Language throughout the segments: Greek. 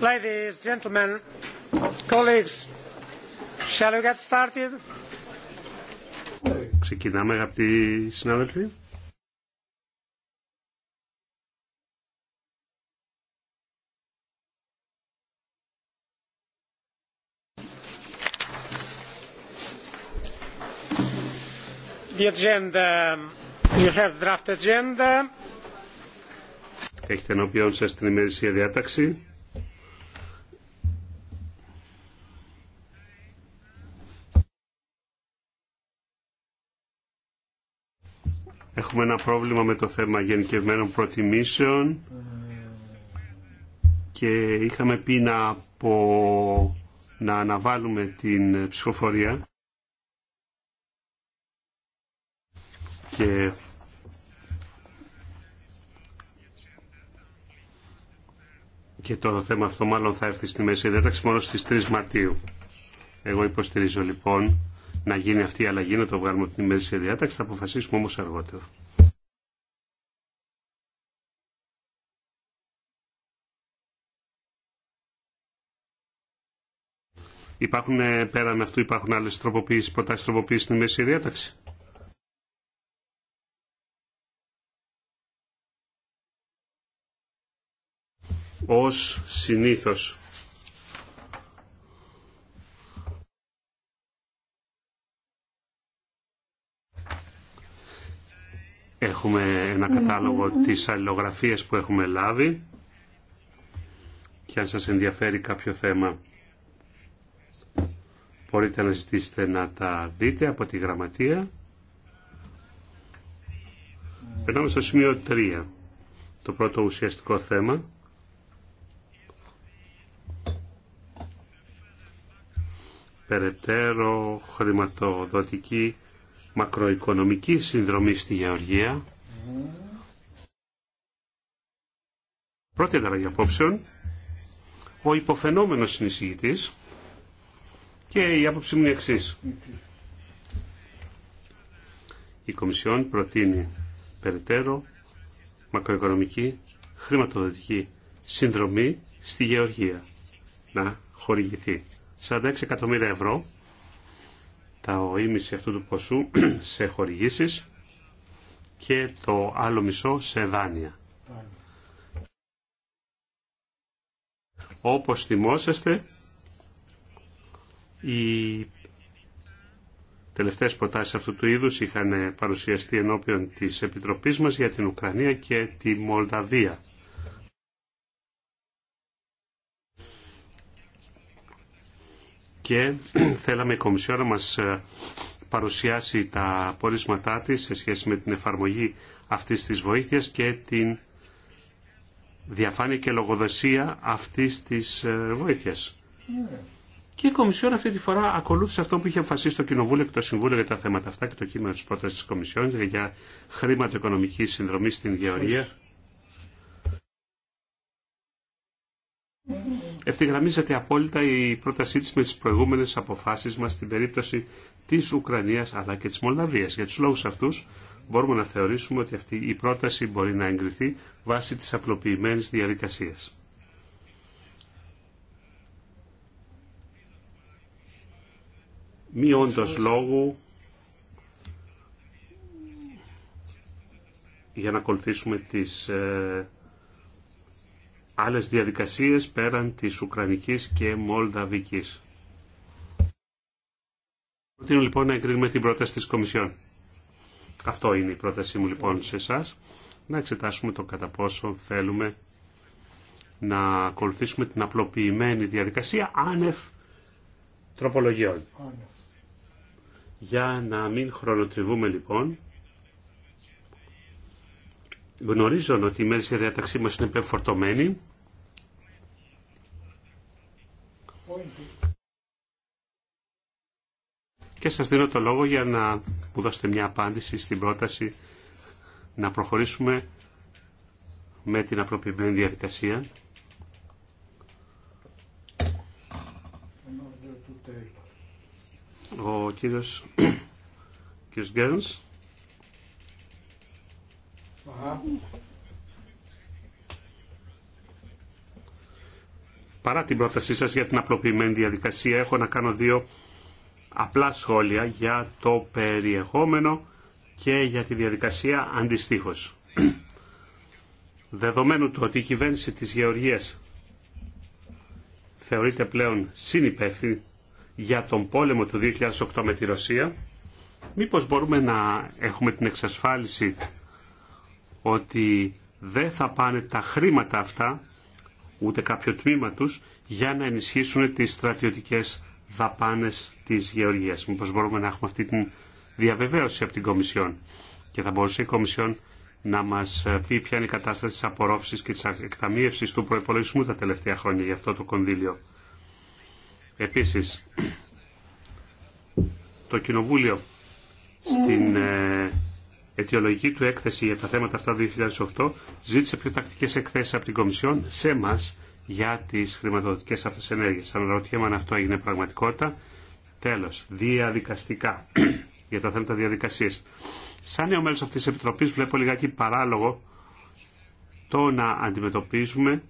Ladies, gentlemen, colleagues, shall we get started? Ξεκινάμε αγαπητοί συνάδελφοι. The agenda, you have draft agenda. Έχετε ενώπιόν σας την ημερησία διάταξη. Έχουμε ένα πρόβλημα με το θέμα γενικευμένων προτιμήσεων και είχαμε πει να, απο... να αναβάλουμε την ψηφοφορία και και το θέμα αυτό μάλλον θα έρθει στη μέση διάταξη μόνο στις 3 Μαρτίου. Εγώ υποστηρίζω λοιπόν να γίνει αυτή η αλλαγή, να το βγάλουμε από τη μέση διάταξη, θα αποφασίσουμε όμως αργότερο. Υπάρχουν, ε, πέραν αυτού υπάρχουν άλλες τροποποιήσεις, προτάσεις τροποποίησης στη μέση διάταξη. ως συνήθως. Έχουμε ένα ναι. κατάλογο της αλληλογραφίας που έχουμε λάβει και αν σας ενδιαφέρει κάποιο θέμα μπορείτε να ζητήσετε να τα δείτε από τη γραμματεία. Περνάμε στο σημείο 3, το πρώτο ουσιαστικό θέμα. περαιτέρω χρηματοδοτική μακροοικονομική συνδρομή στη Γεωργία. Πρώτη ανταλλαγή απόψεων, ο υποφαινόμενος συνεισηγητής και η άποψή μου είναι εξής. Η Κομισιόν προτείνει περαιτέρω μακροοικονομική χρηματοδοτική συνδρομή στη Γεωργία να χορηγηθεί. 46 εκατομμύρια ευρώ, τα οΐμιση αυτού του ποσού σε χορηγήσεις και το άλλο μισό σε δάνεια. Όπως θυμόσαστε, οι τελευταίες προτάσεις αυτού του είδους είχαν παρουσιαστεί ενώπιον της Επιτροπής μας για την Ουκρανία και τη Μολδαβία. και θέλαμε η Κομισιόν να μας ε, παρουσιάσει τα πορίσματά της σε σχέση με την εφαρμογή αυτής της βοήθειας και την διαφάνεια και λογοδοσία αυτής της ε, βοήθειας. Και η Κομισιόν αυτή τη φορά ακολούθησε αυτό που είχε αποφασίσει το Κοινοβούλιο και το Συμβούλιο για τα θέματα αυτά και το κείμενο τη πρόταση τη Κομισιόν για χρήματα οικονομική συνδρομή στην Γεωργία. ευθυγραμμίζεται απόλυτα η πρότασή της με τις προηγούμενες αποφάσεις μας στην περίπτωση της Ουκρανίας αλλά και της Μολδαβίας. Για τους λόγους αυτούς μπορούμε να θεωρήσουμε ότι αυτή η πρόταση μπορεί να εγκριθεί βάσει της απλοποιημένης διαδικασίας. Μη όντως λόγου για να ακολουθήσουμε τις ε, άλλες διαδικασίες πέραν της Ουκρανικής και Μολδαβικής. Προτείνω λοιπόν να εγκρίνουμε την πρόταση της Κομισιόν. Αυτό είναι η πρότασή μου λοιπόν σε εσά να εξετάσουμε το κατά πόσο θέλουμε να ακολουθήσουμε την απλοποιημένη διαδικασία άνευ τροπολογιών. Για να μην χρονοτριβούμε λοιπόν, Γνωρίζω ότι η μέση διάταξή μας είναι πεφορτωμένη. Και σας δίνω το λόγο για να μου δώσετε μια απάντηση στην πρόταση να προχωρήσουμε με την απροποιημένη διαδικασία. Ο κύριος, κύριος Γκέρνς. Παρά την πρότασή σας για την απλοποιημένη διαδικασία, έχω να κάνω δύο απλά σχόλια για το περιεχόμενο και για τη διαδικασία αντιστοίχως. Δεδομένου του ότι η κυβέρνηση της Γεωργίας θεωρείται πλέον συνυπεύθυνη για τον πόλεμο του 2008 με τη Ρωσία, μήπως μπορούμε να έχουμε την εξασφάλιση ότι δεν θα πάνε τα χρήματα αυτά, ούτε κάποιο τμήμα τους, για να ενισχύσουν τις στρατιωτικές δαπάνες της Γεωργίας. Μήπως μπορούμε να έχουμε αυτή την διαβεβαίωση από την Κομισιόν. Και θα μπορούσε η Κομισιόν να μας πει ποια είναι η κατάσταση της απορρόφησης και της εκταμείευσης του προϋπολογισμού τα τελευταία χρόνια για αυτό το κονδύλιο. Επίσης, το Κοινοβούλιο στην ε, αιτιολογική του έκθεση για τα θέματα αυτά 2008 ζήτησε πιο τακτικέ εκθέσει από την Κομισιόν σε εμά για τι χρηματοδοτικές αυτέ ενέργειε. Αναρωτιέμαι αν αυτό έγινε πραγματικότητα. Τέλο, διαδικαστικά για τα θέματα διαδικασία. Σαν νέο μέλος αυτής τη Επιτροπής βλέπω λιγάκι παράλογο το να αντιμετωπίζουμε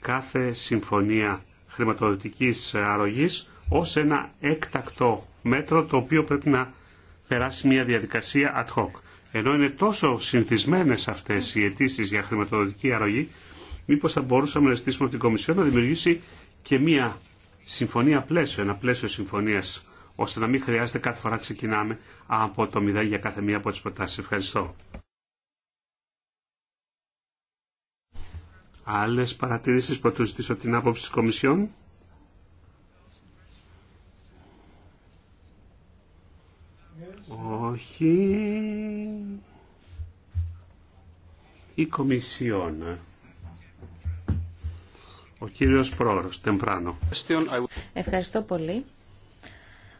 κάθε συμφωνία χρηματοδοτικής αρρωγής ως ένα έκτακτο μέτρο το οποίο πρέπει να περάσει μια διαδικασία ad hoc. Ενώ είναι τόσο συνηθισμένε αυτές οι αιτήσει για χρηματοδοτική αρρωγή, μήπως θα μπορούσαμε να ζητήσουμε από την Κομισιόν να δημιουργήσει και μία συμφωνία πλαίσιο, ένα πλαίσιο συμφωνίας, ώστε να μην χρειάζεται κάθε φορά ξεκινάμε από το μηδέν για κάθε μία από τις προτάσεις. Ευχαριστώ. Άλλες παρατηρήσεις πρωτού ζητήσω την άποψη της Κομισιόν. Όχι η Κομισιόν. Ο κύριος Πρόεδρος, Τεμπράνο. Ευχαριστώ πολύ.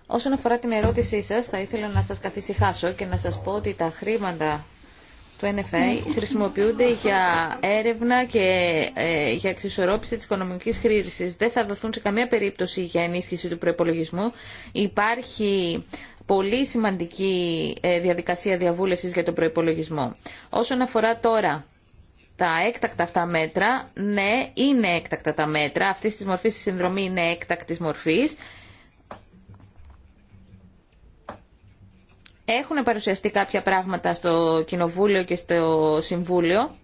Όσον αφορά την ερώτησή σας, θα ήθελα να σας καθησυχάσω και να σας πω ότι τα χρήματα του NFA χρησιμοποιούνται για έρευνα και ε, για εξισορρόπηση της οικονομικής χρήσης. Δεν θα δοθούν σε καμία περίπτωση για ενίσχυση του προπολογισμού. Υπάρχει πολύ σημαντική ε, διαδικασία διαβούλευσης για τον προϋπολογισμό. Όσον αφορά τώρα τα έκτακτα αυτά μέτρα, ναι, είναι έκτακτα τα μέτρα. Αυτή τη μορφή η συνδρομή είναι έκτακτη μορφή. Έχουν παρουσιαστεί κάποια πράγματα στο Κοινοβούλιο και στο Συμβούλιο,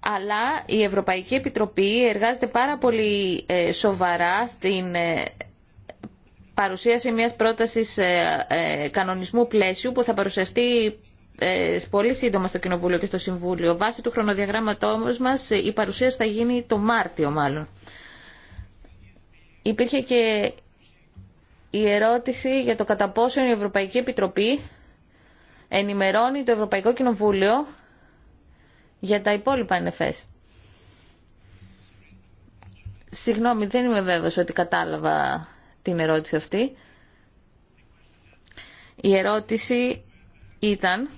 αλλά η Ευρωπαϊκή Επιτροπή εργάζεται πάρα πολύ ε, σοβαρά στην ε, παρουσίαση μιας πρότασης ε, ε, κανονισμού πλαίσιου που θα παρουσιαστεί ε, πολύ σύντομα στο Κοινοβούλιο και στο Συμβούλιο. Βάσει του χρονοδιαγράμματός μας η παρουσίαση θα γίνει το Μάρτιο μάλλον. Υπήρχε και η ερώτηση για το κατά πόσο η Ευρωπαϊκή Επιτροπή ενημερώνει το Ευρωπαϊκό Κοινοβούλιο για τα υπόλοιπα NFS. Συγγνώμη, δεν είμαι βέβαιος ότι κατάλαβα την ερώτηση αυτή. Η ερώτηση ήταν...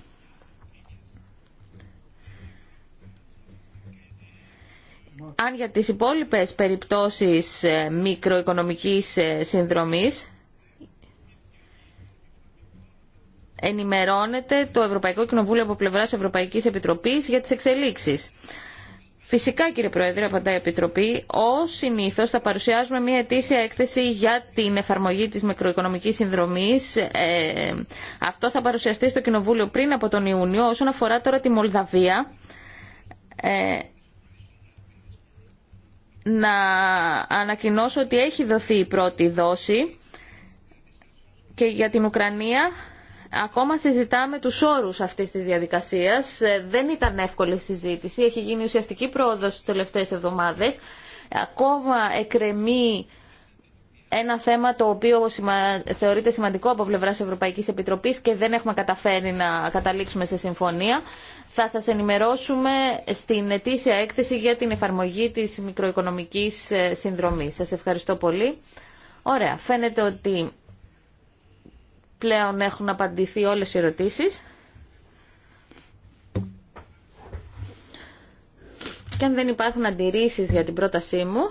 Αν για τις υπόλοιπες περιπτώσεις ε, μικροοικονομικής ε, συνδρομής ενημερώνεται το Ευρωπαϊκό Κοινοβούλιο από πλευράς Ευρωπαϊκής Επιτροπής για τις εξελίξεις. Φυσικά κύριε Πρόεδρε, απαντά η Επιτροπή, ω συνήθω θα παρουσιάζουμε μια ετήσια έκθεση για την εφαρμογή τη μικροοικονομική συνδρομή. Ε, αυτό θα παρουσιαστεί στο Κοινοβούλιο πριν από τον Ιούνιο. Όσον αφορά τώρα τη Μολδαβία, ε, να ανακοινώσω ότι έχει δοθεί η πρώτη δόση και για την Ουκρανία Ακόμα συζητάμε τους όρους αυτής της διαδικασίας. Ε, δεν ήταν εύκολη συζήτηση. Έχει γίνει ουσιαστική πρόοδος τις τελευταίες εβδομάδες. Ακόμα εκρεμεί ένα θέμα το οποίο θεωρείται σημαντικό από πλευρά Ευρωπαϊκή Επιτροπή και δεν έχουμε καταφέρει να καταλήξουμε σε συμφωνία. Θα σα ενημερώσουμε στην ετήσια έκθεση για την εφαρμογή τη μικροοικονομική ε, συνδρομή. Σα ευχαριστώ πολύ. Ωραία. Φαίνεται ότι Πλέον έχουν απαντηθεί όλες οι ερωτήσεις. Και αν δεν υπάρχουν αντιρρήσεις για την πρότασή μου,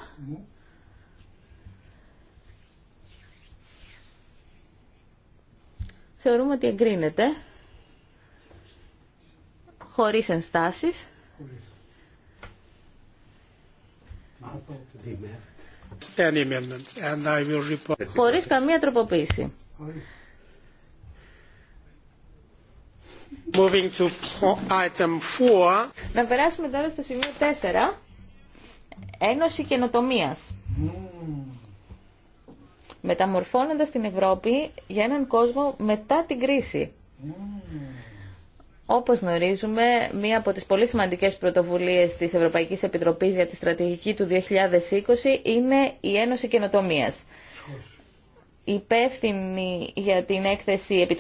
θεωρούμε ότι εγκρίνεται χωρίς ενστάσεις. Χωρίς καμία τροποποίηση. Moving to item Να περάσουμε τώρα στο σημείο 4. Ένωση καινοτομία. Mm. Μεταμορφώνοντας την Ευρώπη για έναν κόσμο μετά την κρίση. Mm. Όπως γνωρίζουμε, μία από τις πολύ σημαντικές πρωτοβουλίες της Ευρωπαϊκής Επιτροπής για τη Στρατηγική του 2020 είναι η Ένωση Καινοτομίας υπεύθυνη για την έκθεση επί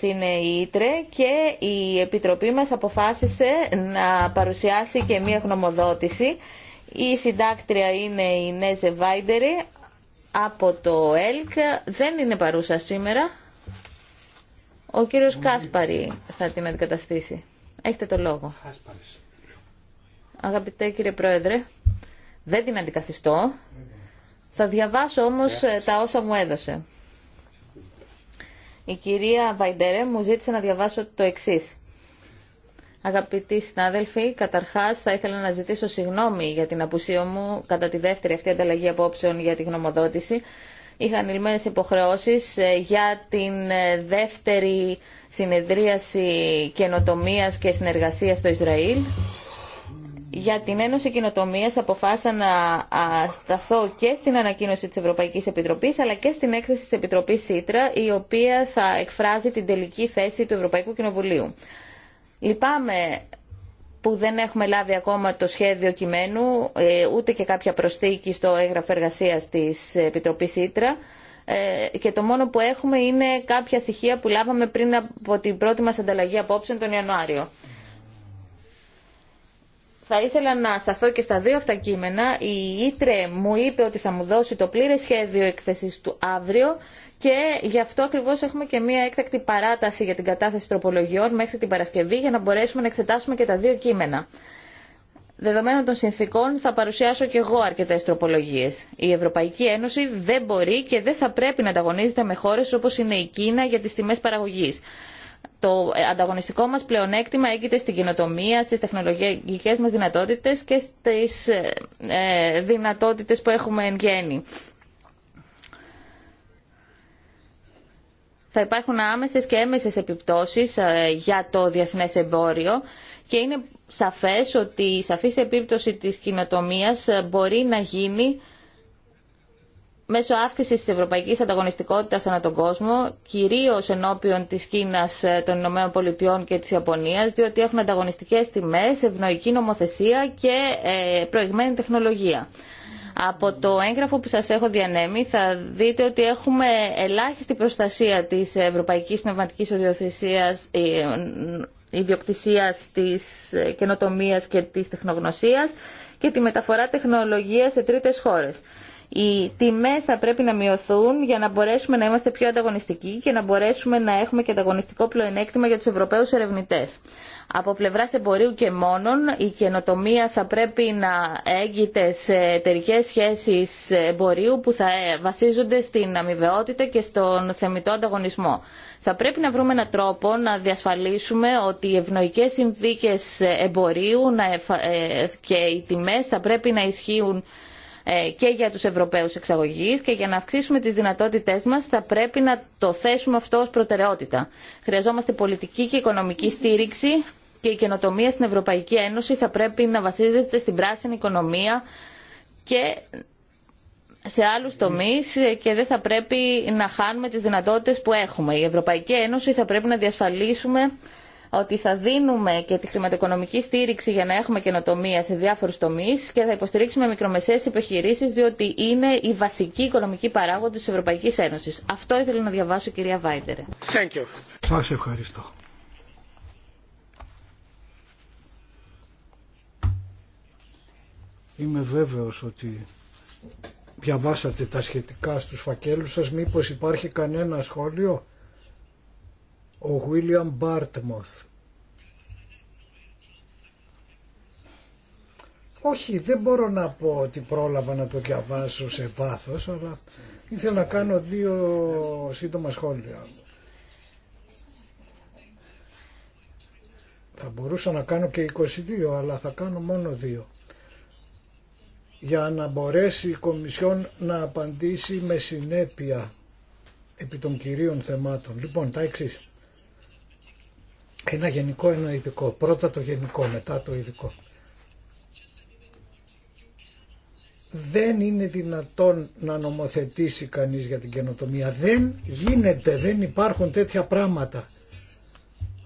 είναι η Ήτρε και η Επιτροπή μας αποφάσισε να παρουσιάσει και μία γνωμοδότηση. Η συντάκτρια είναι η Νέζε Βάιντερη από το ΕΛΚ. Δεν είναι παρούσα σήμερα. Ο κύριος Κάσπαρη θα την αντικαταστήσει. Έχετε το λόγο. Αγαπητέ κύριε Πρόεδρε, δεν την αντικαθιστώ. Θα διαβάσω όμως ε, τα όσα μου έδωσε. Η κυρία Βαϊντερέ μου ζήτησε να διαβάσω το εξής. Αγαπητοί συνάδελφοι, καταρχά θα ήθελα να ζητήσω συγγνώμη για την απουσία μου κατά τη δεύτερη αυτή ανταλλαγή απόψεων για τη γνωμοδότηση. Είχα ανηλμένε υποχρεώσεις ε, για την ε, δεύτερη συνεδρίαση καινοτομίας και συνεργασίας στο Ισραήλ για την Ένωση Κοινοτομίας αποφάσισα να σταθώ και στην ανακοίνωση της Ευρωπαϊκής Επιτροπής αλλά και στην έκθεση της Επιτροπής ΣΥΤΡΑ η οποία θα εκφράζει την τελική θέση του Ευρωπαϊκού Κοινοβουλίου. Λυπάμαι που δεν έχουμε λάβει ακόμα το σχέδιο κειμένου ε, ούτε και κάποια προστίκη στο έγγραφο εργασίας της Επιτροπής ΣΥΤΡΑ ε, και το μόνο που έχουμε είναι κάποια στοιχεία που λάβαμε πριν από την πρώτη μας ανταλλαγή απόψε τον Ιανουάριο. Θα ήθελα να σταθώ και στα δύο αυτά κείμενα. Η Ήτρε μου είπε ότι θα μου δώσει το πλήρε σχέδιο έκθεση του αύριο και γι' αυτό ακριβώ έχουμε και μία έκτακτη παράταση για την κατάθεση τροπολογιών μέχρι την Παρασκευή για να μπορέσουμε να εξετάσουμε και τα δύο κείμενα. Δεδομένων των συνθήκων θα παρουσιάσω και εγώ αρκετέ τροπολογίε. Η Ευρωπαϊκή Ένωση δεν μπορεί και δεν θα πρέπει να ανταγωνίζεται με χώρε όπω είναι η Κίνα για τι τιμέ παραγωγή το ανταγωνιστικό μας πλεονέκτημα έγκυται στην κοινοτομία, στις τεχνολογικές μας δυνατότητες και στις ε, δυνατότητες που έχουμε εν γέννη. Θα υπάρχουν άμεσες και έμεσες επιπτώσεις ε, για το διεθνές εμπόριο και είναι σαφές ότι η σαφής επίπτωση της κοινοτομίας ε, μπορεί να γίνει μέσω αύξηση τη Ευρωπαϊκή Ανταγωνιστικότητα ανά τον κόσμο, κυρίως ενώπιον τη κίνα ε, των Ηνωμένων Πολιτειών και τη Ιαπωνία, διότι έχουν ανταγωνιστικέ τιμέ, ευνοϊκή νομοθεσία και ε, προηγμένη τεχνολογία. Από το έγγραφο που σας έχω διανέμει θα δείτε ότι έχουμε ελάχιστη προστασία της Ευρωπαϊκής Πνευματικής Οδιοθεσίας ε, ιδιοκτησίας της καινοτομίας και της τεχνογνωσίας και τη μεταφορά τεχνολογίας σε τρίτες χώρες. Οι τιμέ θα πρέπει να μειωθούν για να μπορέσουμε να είμαστε πιο ανταγωνιστικοί και να μπορέσουμε να έχουμε και ανταγωνιστικό πλεονέκτημα για του Ευρωπαίου ερευνητέ. Από πλευρά εμπορίου και μόνον, η καινοτομία θα πρέπει να έγκυται σε εταιρικέ σχέσει εμπορίου που θα ε, βασίζονται στην αμοιβαιότητα και στον θεμητό ανταγωνισμό. Θα πρέπει να βρούμε έναν τρόπο να διασφαλίσουμε ότι οι ευνοϊκέ συνθήκε εμπορίου ε, και οι τιμέ θα πρέπει να ισχύουν ε, και για τους Ευρωπαίους εξαγωγείς και για να αυξήσουμε τις δυνατότητές μας θα πρέπει να το θέσουμε αυτό ως προτεραιότητα. Χρειαζόμαστε πολιτική και οικονομική στήριξη και η καινοτομία στην Ευρωπαϊκή Ένωση θα πρέπει να βασίζεται στην πράσινη οικονομία και σε άλλους τομείς και δεν θα πρέπει να χάνουμε τις δυνατότητες που έχουμε. Η Ευρωπαϊκή Ένωση θα πρέπει να διασφαλίσουμε ότι θα δίνουμε και τη χρηματοοικονομική στήριξη για να έχουμε καινοτομία σε διάφορου τομεί και θα υποστηρίξουμε μικρομεσαίες επιχειρήσει, διότι είναι η βασική οικονομική παράγοντα της Ευρωπαϊκής Ένωσης. Αυτό ήθελα να διαβάσω κυρία Βάιτερε. ευχαριστώ. Είμαι βέβαιος ότι διαβάσατε τα σχετικά στους φακέλους σας. Μήπως υπάρχει κανένα σχόλιο ο Βίλιαμ Μπάρτμοθ. Όχι, δεν μπορώ να πω ότι πρόλαβα να το διαβάσω σε βάθος, αλλά ήθελα να κάνω δύο σύντομα σχόλια. Θα μπορούσα να κάνω και 22, αλλά θα κάνω μόνο δύο. Για να μπορέσει η Κομισιόν να απαντήσει με συνέπεια επί των κυρίων θεμάτων. Λοιπόν, τα εξής. Ένα γενικό, ένα ειδικό. Πρώτα το γενικό, μετά το ειδικό. Δεν είναι δυνατόν να νομοθετήσει κανείς για την καινοτομία. Δεν γίνεται, δεν υπάρχουν τέτοια πράγματα.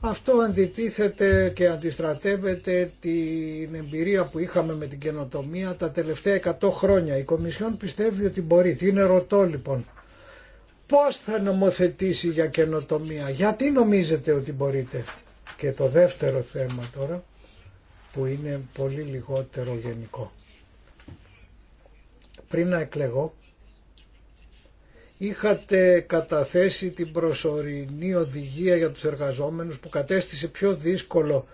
Αυτό αντιτίθεται και αντιστρατεύεται την εμπειρία που είχαμε με την καινοτομία τα τελευταία 100 χρόνια. Η Κομισιόν πιστεύει ότι μπορεί. Τι είναι ρωτό λοιπόν. Πώς θα νομοθετήσει για καινοτομία. Γιατί νομίζετε ότι μπορείτε. Και το δεύτερο θέμα τώρα που είναι πολύ λιγότερο γενικό. Πριν να εκλεγώ είχατε καταθέσει την προσωρινή οδηγία για τους εργαζόμενους που κατέστησε πιο δύσκολο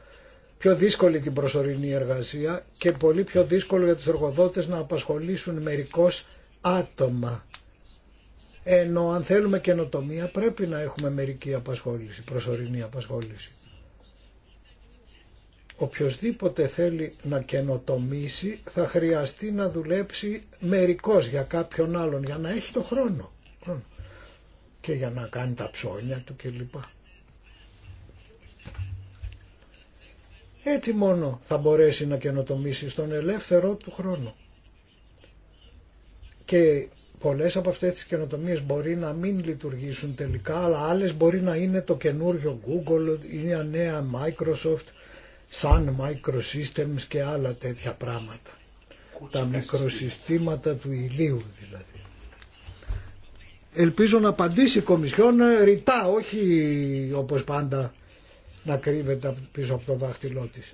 πιο δύσκολη την προσωρινή εργασία και πολύ πιο δύσκολο για τους εργοδότες να απασχολήσουν μερικώς άτομα. Ενώ αν θέλουμε καινοτομία πρέπει να έχουμε μερική απασχόληση, προσωρινή απασχόληση οποιοδήποτε θέλει να καινοτομήσει θα χρειαστεί να δουλέψει μερικός για κάποιον άλλον για να έχει το χρόνο και για να κάνει τα ψώνια του κλπ. Έτσι μόνο θα μπορέσει να καινοτομήσει στον ελεύθερο του χρόνο. Και πολλές από αυτές τις καινοτομίες μπορεί να μην λειτουργήσουν τελικά, αλλά άλλες μπορεί να είναι το καινούριο Google, η νέα Microsoft, σαν microsystems και άλλα τέτοια πράγματα. Τα μικροσυστήματα του ηλίου δηλαδή. Ελπίζω να απαντήσει η Κομισιόν ε, ρητά, όχι όπως πάντα να κρύβεται πίσω από το δάχτυλό της.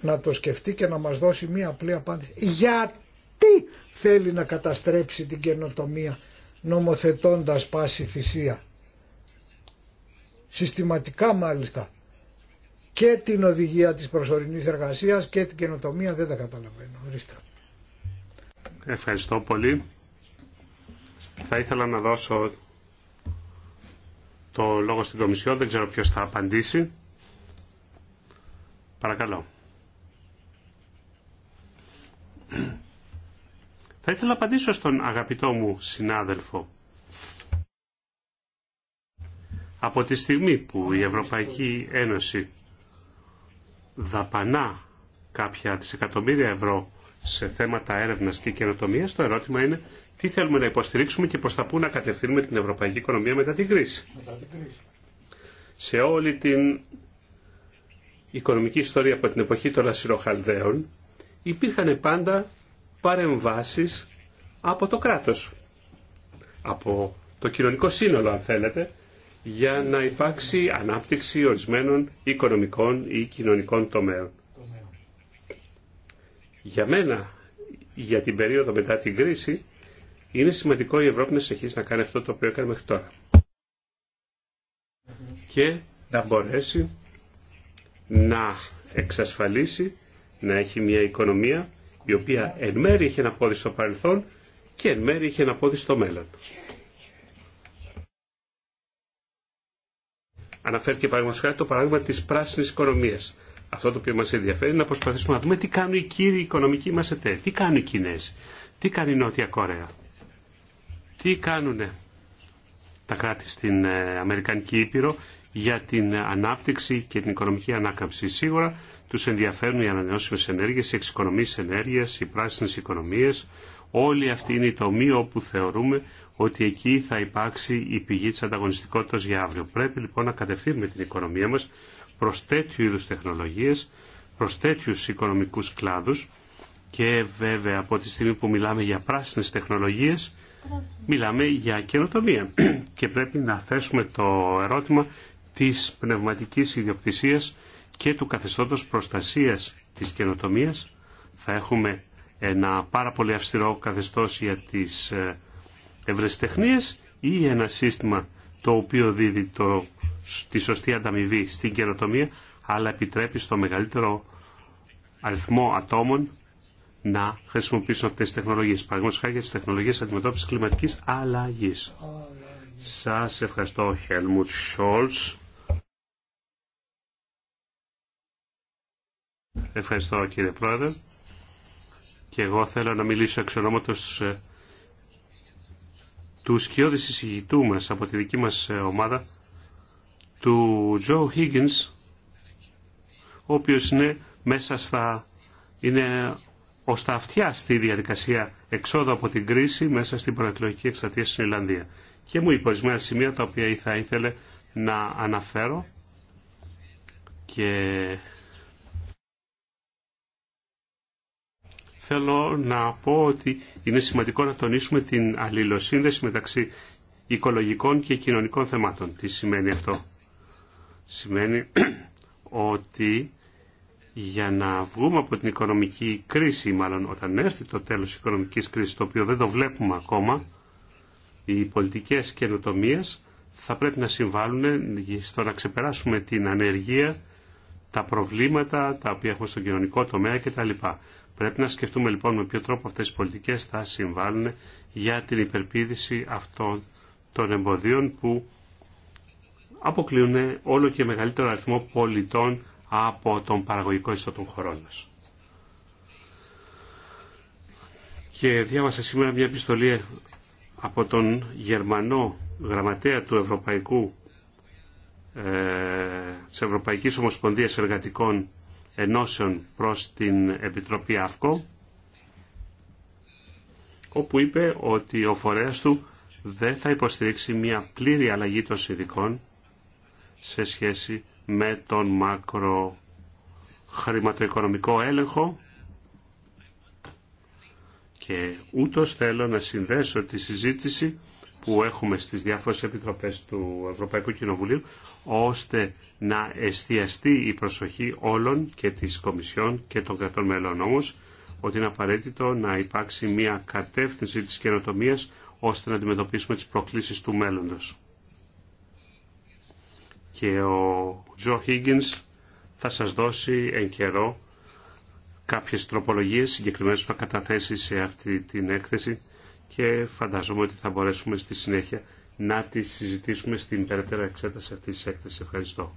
Να το σκεφτεί και να μας δώσει μία απλή απάντηση. Γιατί θέλει να καταστρέψει την καινοτομία νομοθετώντας πάση θυσία. Συστηματικά μάλιστα και την οδηγία της προσωρινής εργασίας και την καινοτομία δεν τα καταλαβαίνω. Ευχαριστώ πολύ. Θα ήθελα να δώσω το λόγο στην Κομισιόν. Δεν ξέρω ποιος θα απαντήσει. Παρακαλώ. Θα ήθελα να απαντήσω στον αγαπητό μου συνάδελφο. Από τη στιγμή που η Ευρωπαϊκή Ένωση δαπανά κάποια δισεκατομμύρια ευρώ σε θέματα έρευνα και καινοτομία, το ερώτημα είναι τι θέλουμε να υποστηρίξουμε και προ θα πού να κατευθύνουμε την ευρωπαϊκή οικονομία μετά την κρίση. Σε όλη την οικονομική ιστορία από την εποχή των ασυροχαλδαίων υπήρχαν πάντα παρεμβάσεις από το κράτος, από το κοινωνικό σύνολο αν θέλετε, για να υπάρξει ανάπτυξη ορισμένων οικονομικών ή κοινωνικών τομέων. Για μένα, για την περίοδο μετά την κρίση, είναι σημαντικό η Ευρώπη να συνεχίσει να κάνει αυτό το οποίο έκανε μέχρι τώρα. Και να μπορέσει να εξασφαλίσει να έχει μια οικονομία η οποία εν μέρει είχε να πόδι στο παρελθόν και εν μέρει είχε να πόδι στο μέλλον. Αναφέρθηκε παραδείγματο το παράδειγμα τη πράσινη οικονομία. Αυτό το οποίο μα ενδιαφέρει είναι να προσπαθήσουμε να δούμε τι κάνουν οι κύριοι οικονομικοί μα εταίροι, τι κάνουν οι Κινέζοι, τι κάνει η Νότια Κορέα, τι κάνουν τα κράτη στην ε, Αμερικανική Ήπειρο για την ανάπτυξη και την οικονομική ανάκαμψη. Σίγουρα τους ενδιαφέρουν οι ανανεώσιμες ενέργειες, οι εξοικονομίες ενέργειας, οι πράσινες οικονομίες. Όλοι αυτοί είναι οι τομεί όπου θεωρούμε ότι εκεί θα υπάρξει η πηγή της ανταγωνιστικότητας για αύριο. Πρέπει λοιπόν να κατευθύνουμε την οικονομία μας προς τέτοιου είδους τεχνολογίες, προς τέτοιους οικονομικούς κλάδους και βέβαια από τη στιγμή που μιλάμε για πράσινες τεχνολογίες μιλάμε για καινοτομία και πρέπει να θέσουμε το ερώτημα της πνευματικής ιδιοκτησίας και του καθεστώτος προστασίας της καινοτομίας. Θα έχουμε ένα πάρα πολύ αυστηρό καθεστώς για τις ε, ευρεστεχνίες ή ένα σύστημα το οποίο δίδει το, τη σωστή ανταμοιβή στην καινοτομία αλλά επιτρέπει στο μεγαλύτερο αριθμό ατόμων να χρησιμοποιήσουν αυτές τις τεχνολογίες. Παραδείγματος χάρη για τις τεχνολογίες αντιμετώπισης κλιματικής αλλαγής. Σας ευχαριστώ, Χέλμουτ Σόλτς. Ευχαριστώ, κύριε Πρόεδρε. Και εγώ θέλω να μιλήσω εξ ονόματος ε, του σκιώδης εισηγητού μας από τη δική μας ε, ομάδα, του Τζο Higgins, ο οποίος είναι μέσα στα, είναι ως τα αυτιά στη διαδικασία εξόδου από την κρίση μέσα στην προεκλογική εκστρατεία στην Ιρλανδία. Και μου είπε σημεία τα οποία θα ήθελε να αναφέρω και θέλω να πω ότι είναι σημαντικό να τονίσουμε την αλληλοσύνδεση μεταξύ οικολογικών και κοινωνικών θεμάτων. Τι σημαίνει αυτό. Σημαίνει ότι για να βγούμε από την οικονομική κρίση, μάλλον όταν έρθει το τέλος της οικονομικής κρίσης, το οποίο δεν το βλέπουμε ακόμα, οι πολιτικές καινοτομίε θα πρέπει να συμβάλλουν στο να ξεπεράσουμε την ανεργία, τα προβλήματα τα οποία έχουμε στον κοινωνικό τομέα κτλ. Πρέπει να σκεφτούμε λοιπόν με ποιο τρόπο αυτές οι πολιτικές θα συμβάλλουν για την υπερπίδηση αυτών των εμποδίων που αποκλείουν όλο και μεγαλύτερο αριθμό πολιτών από τον παραγωγικό ιστό των χωρών μας. Και διάβασα σήμερα μια επιστολή από τον Γερμανό γραμματέα του Ευρωπαϊκού, ε, της Ευρωπαϊκής Ομοσπονδίας Εργατικών ενώσεων προς την Επιτροπή ΑΦΚΟ όπου είπε ότι ο φορέας του δεν θα υποστηρίξει μια πλήρη αλλαγή των συνδικών σε σχέση με τον μακροχρηματοοικονομικό έλεγχο και ούτως θέλω να συνδέσω τη συζήτηση που έχουμε στις διάφορες επιτροπές του Ευρωπαϊκού Κοινοβουλίου, ώστε να εστιαστεί η προσοχή όλων και της Κομισιόν και των κρατών μελών όμως, ότι είναι απαραίτητο να υπάρξει μια κατεύθυνση της καινοτομία ώστε να αντιμετωπίσουμε τις προκλήσεις του μέλλοντος. Και ο Τζο Higgins θα σας δώσει εν καιρό κάποιες τροπολογίες συγκεκριμένες που θα καταθέσει σε αυτή την έκθεση και φαντάζομαι ότι θα μπορέσουμε στη συνέχεια να τη συζητήσουμε στην περαιτέρω εξέταση αυτής της έκθεσης. Ευχαριστώ.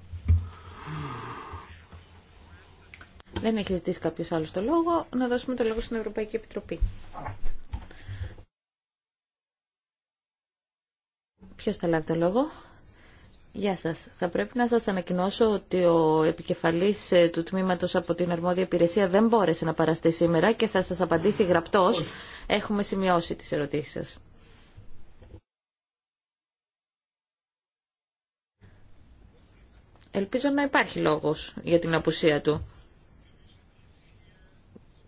Δεν έχει ζητήσει κάποιος άλλος το λόγο. Να δώσουμε το λόγο στην Ευρωπαϊκή Επιτροπή. Ποιος θα λάβει το λόγο. Γεια σας. Θα πρέπει να σας ανακοινώσω ότι ο επικεφαλής ε, του τμήματος από την αρμόδια υπηρεσία δεν μπόρεσε να παραστεί σήμερα και θα σας απαντήσει γραπτός. Έχουμε σημειώσει τις ερωτήσεις σας. Ελπίζω να υπάρχει λόγος για την απουσία του.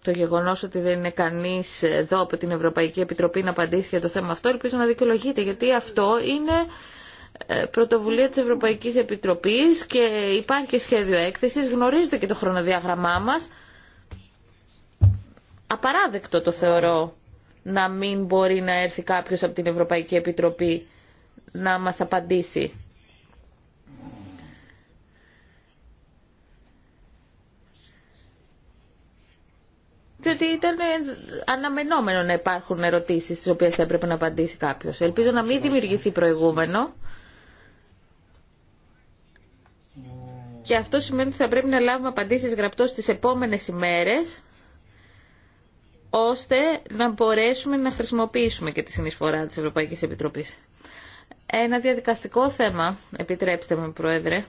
Το γεγονός ότι δεν είναι κανείς ε, εδώ από την Ευρωπαϊκή Επιτροπή να απαντήσει για το θέμα αυτό, ελπίζω να δικαιολογείται, γιατί αυτό είναι ε, πρωτοβουλία της Ευρωπαϊκής Επιτροπής και υπάρχει και σχέδιο έκθεσης, γνωρίζετε και το χρονοδιάγραμμά μας. Απαράδεκτο το θεωρώ να μην μπορεί να έρθει κάποιος από την Ευρωπαϊκή Επιτροπή να μας απαντήσει. διότι ήταν αναμενόμενο να υπάρχουν ερωτήσεις στις οποίες θα έπρεπε να απαντήσει κάποιος. Ελπίζω να μην δημιουργηθεί προηγούμενο και αυτό σημαίνει ότι θα πρέπει να λάβουμε απαντήσεις γραπτός στις επόμενες ημέρες ώστε να μπορέσουμε να χρησιμοποιήσουμε και τη συνεισφορά της Ευρωπαϊκής Επιτροπής. Ένα διαδικαστικό θέμα, επιτρέψτε μου Πρόεδρε,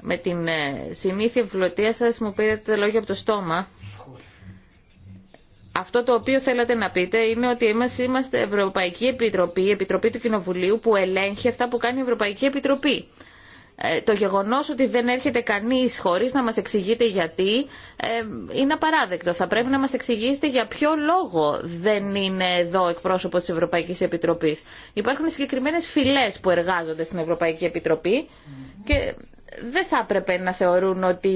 με την ε, συνήθεια ευλωτία σας μου πήρατε τα λόγια από το στόμα αυτό το οποίο θέλατε να πείτε είναι ότι εμείς είμαστε Ευρωπαϊκή Επιτροπή, Επιτροπή του Κοινοβουλίου που ελέγχει αυτά που κάνει η Ευρωπαϊκή Επιτροπή. Ε, το γεγονός ότι δεν έρχεται κανείς χωρίς να μας εξηγείτε γιατί ε, είναι απαράδεκτο. Θα πρέπει να μας εξηγήσετε για ποιο λόγο δεν είναι εδώ εκπρόσωπος της Ευρωπαϊκής Επιτροπής. Υπάρχουν συγκεκριμένες φυλές που εργάζονται στην Ευρωπαϊκή Επιτροπή και δεν θα έπρεπε να θεωρούν ότι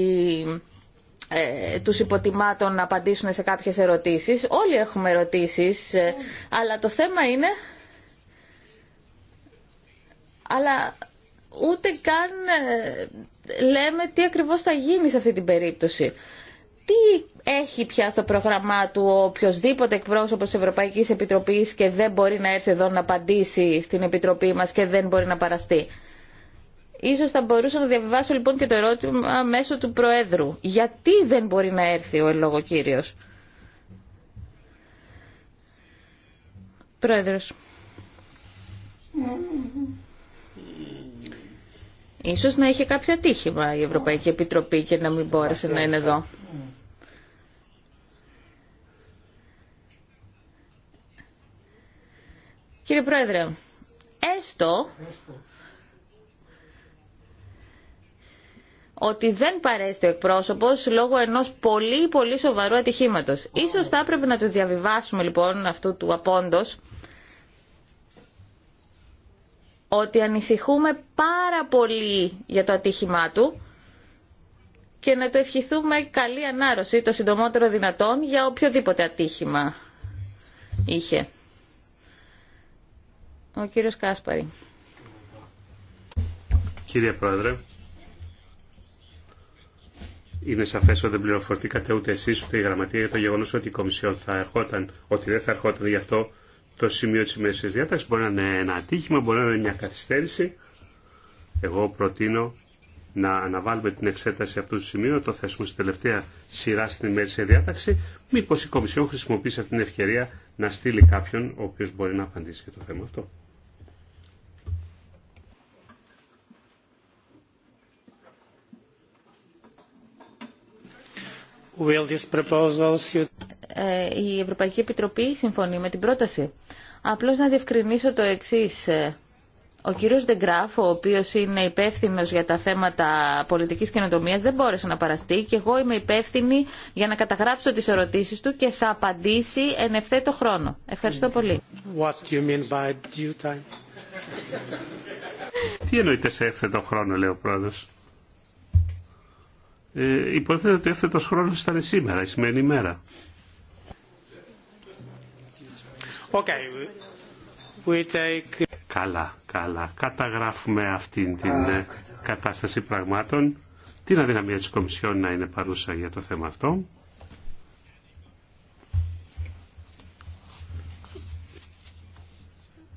ε, τους υποτιμάτων να απαντήσουν σε κάποιες ερωτήσεις. Όλοι έχουμε ερωτήσεις, ε, αλλά το θέμα είναι... Αλλά ούτε καν ε, λέμε τι ακριβώς θα γίνει σε αυτή την περίπτωση. Τι έχει πια στο πρόγραμμά του ο οποιοδήποτε εκπρόσωπο τη Ευρωπαϊκή Επιτροπή και δεν μπορεί να έρθει εδώ να απαντήσει στην Επιτροπή μα και δεν μπορεί να παραστεί. Ίσως θα μπορούσα να διαβιβάσω λοιπόν και το ερώτημα μέσω του Προέδρου. Γιατί δεν μπορεί να έρθει ο λόγο κύριος. Πρόεδρος. Ίσως να είχε κάποιο ατύχημα η Ευρωπαϊκή Επιτροπή και να μην μπόρεσε να είναι εδώ. Κύριε Πρόεδρε, έστω ότι δεν παρέστη ο εκπρόσωπος λόγω ενός πολύ πολύ σοβαρού ατυχήματος. Ίσως θα έπρεπε να του διαβιβάσουμε λοιπόν αυτού του απόντος ότι ανησυχούμε πάρα πολύ για το ατύχημά του και να το ευχηθούμε καλή ανάρρωση το συντομότερο δυνατόν για οποιοδήποτε ατύχημα είχε. Ο κύριος Κάσπαρη. Κύριε Πρόεδρε, είναι σαφέ ότι δεν πληροφορηθήκατε ούτε εσεί ούτε η Γραμματεία για το γεγονό ότι η Κομισιόν θα ερχόταν, ότι δεν θα ερχόταν γι' αυτό το σημείο τη ημερησία διάταξη. Μπορεί να είναι ένα ατύχημα, μπορεί να είναι μια καθυστέρηση. Εγώ προτείνω να αναβάλουμε την εξέταση αυτού του σημείου, να το θέσουμε στην τελευταία σειρά στην ημερησία διάταξη. Μήπω η Κομισιόν χρησιμοποιήσει αυτή την ευκαιρία να στείλει κάποιον ο οποίο μπορεί να απαντήσει για το θέμα αυτό. Ε, η Ευρωπαϊκή Επιτροπή συμφωνεί με την πρόταση. Απλώς να διευκρινίσω το εξής. Ε, ο κύριος Δεγκράφ, ο οποίος είναι υπεύθυνο για τα θέματα πολιτικής καινοτομίας, δεν μπόρεσε να παραστεί και εγώ είμαι υπεύθυνη για να καταγράψω τις ερωτήσεις του και θα απαντήσει εν ευθέτω χρόνο. Ευχαριστώ πολύ. Τι εννοείται σε ευθέτω χρόνο, λέει ο πρόεδρος ε, υποθέτω ότι χρόνος ήταν σήμερα, η σημερινή μέρα. Okay. We take... Καλά, καλά. Καταγράφουμε αυτήν την ε, κατάσταση πραγμάτων. Τι είναι αδυναμία της Κομισιόν να είναι παρούσα για το θέμα αυτό.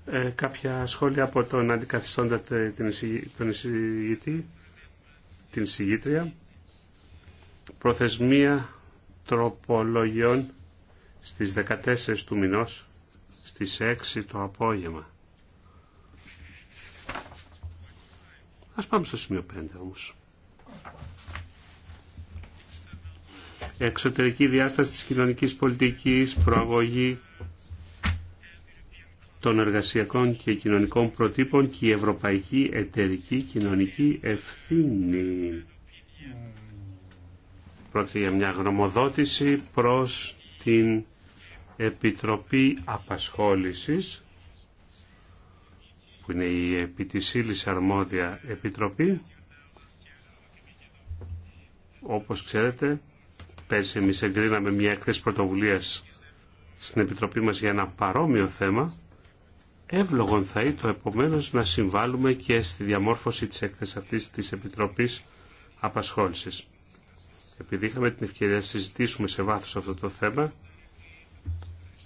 Ε, κάποια σχόλια από τον αντικαθιστώντα την εισηγητή, την εισηγήτρια. Προθεσμία τροπολογιών στις 14 του μηνός, στις 6 το απόγευμα. Ας πάμε στο σημείο 5 όμως. Εξωτερική διάσταση της κοινωνικής πολιτικής, προαγωγή των εργασιακών και κοινωνικών προτύπων και η ευρωπαϊκή εταιρική κοινωνική ευθύνη. Πρόκειται για μια γνωμοδότηση προς την Επιτροπή Απασχόλησης που είναι η επί αρμόδια επιτροπή. Όπως ξέρετε, πέρσι εμεί εγκρίναμε μια έκθεση πρωτοβουλίας στην Επιτροπή μας για ένα παρόμοιο θέμα. Εύλογον θα το επομένως να συμβάλλουμε και στη διαμόρφωση της έκθεσης αυτής της Επιτροπής Απασχόλησης επειδή είχαμε την ευκαιρία να συζητήσουμε σε βάθος αυτό το θέμα,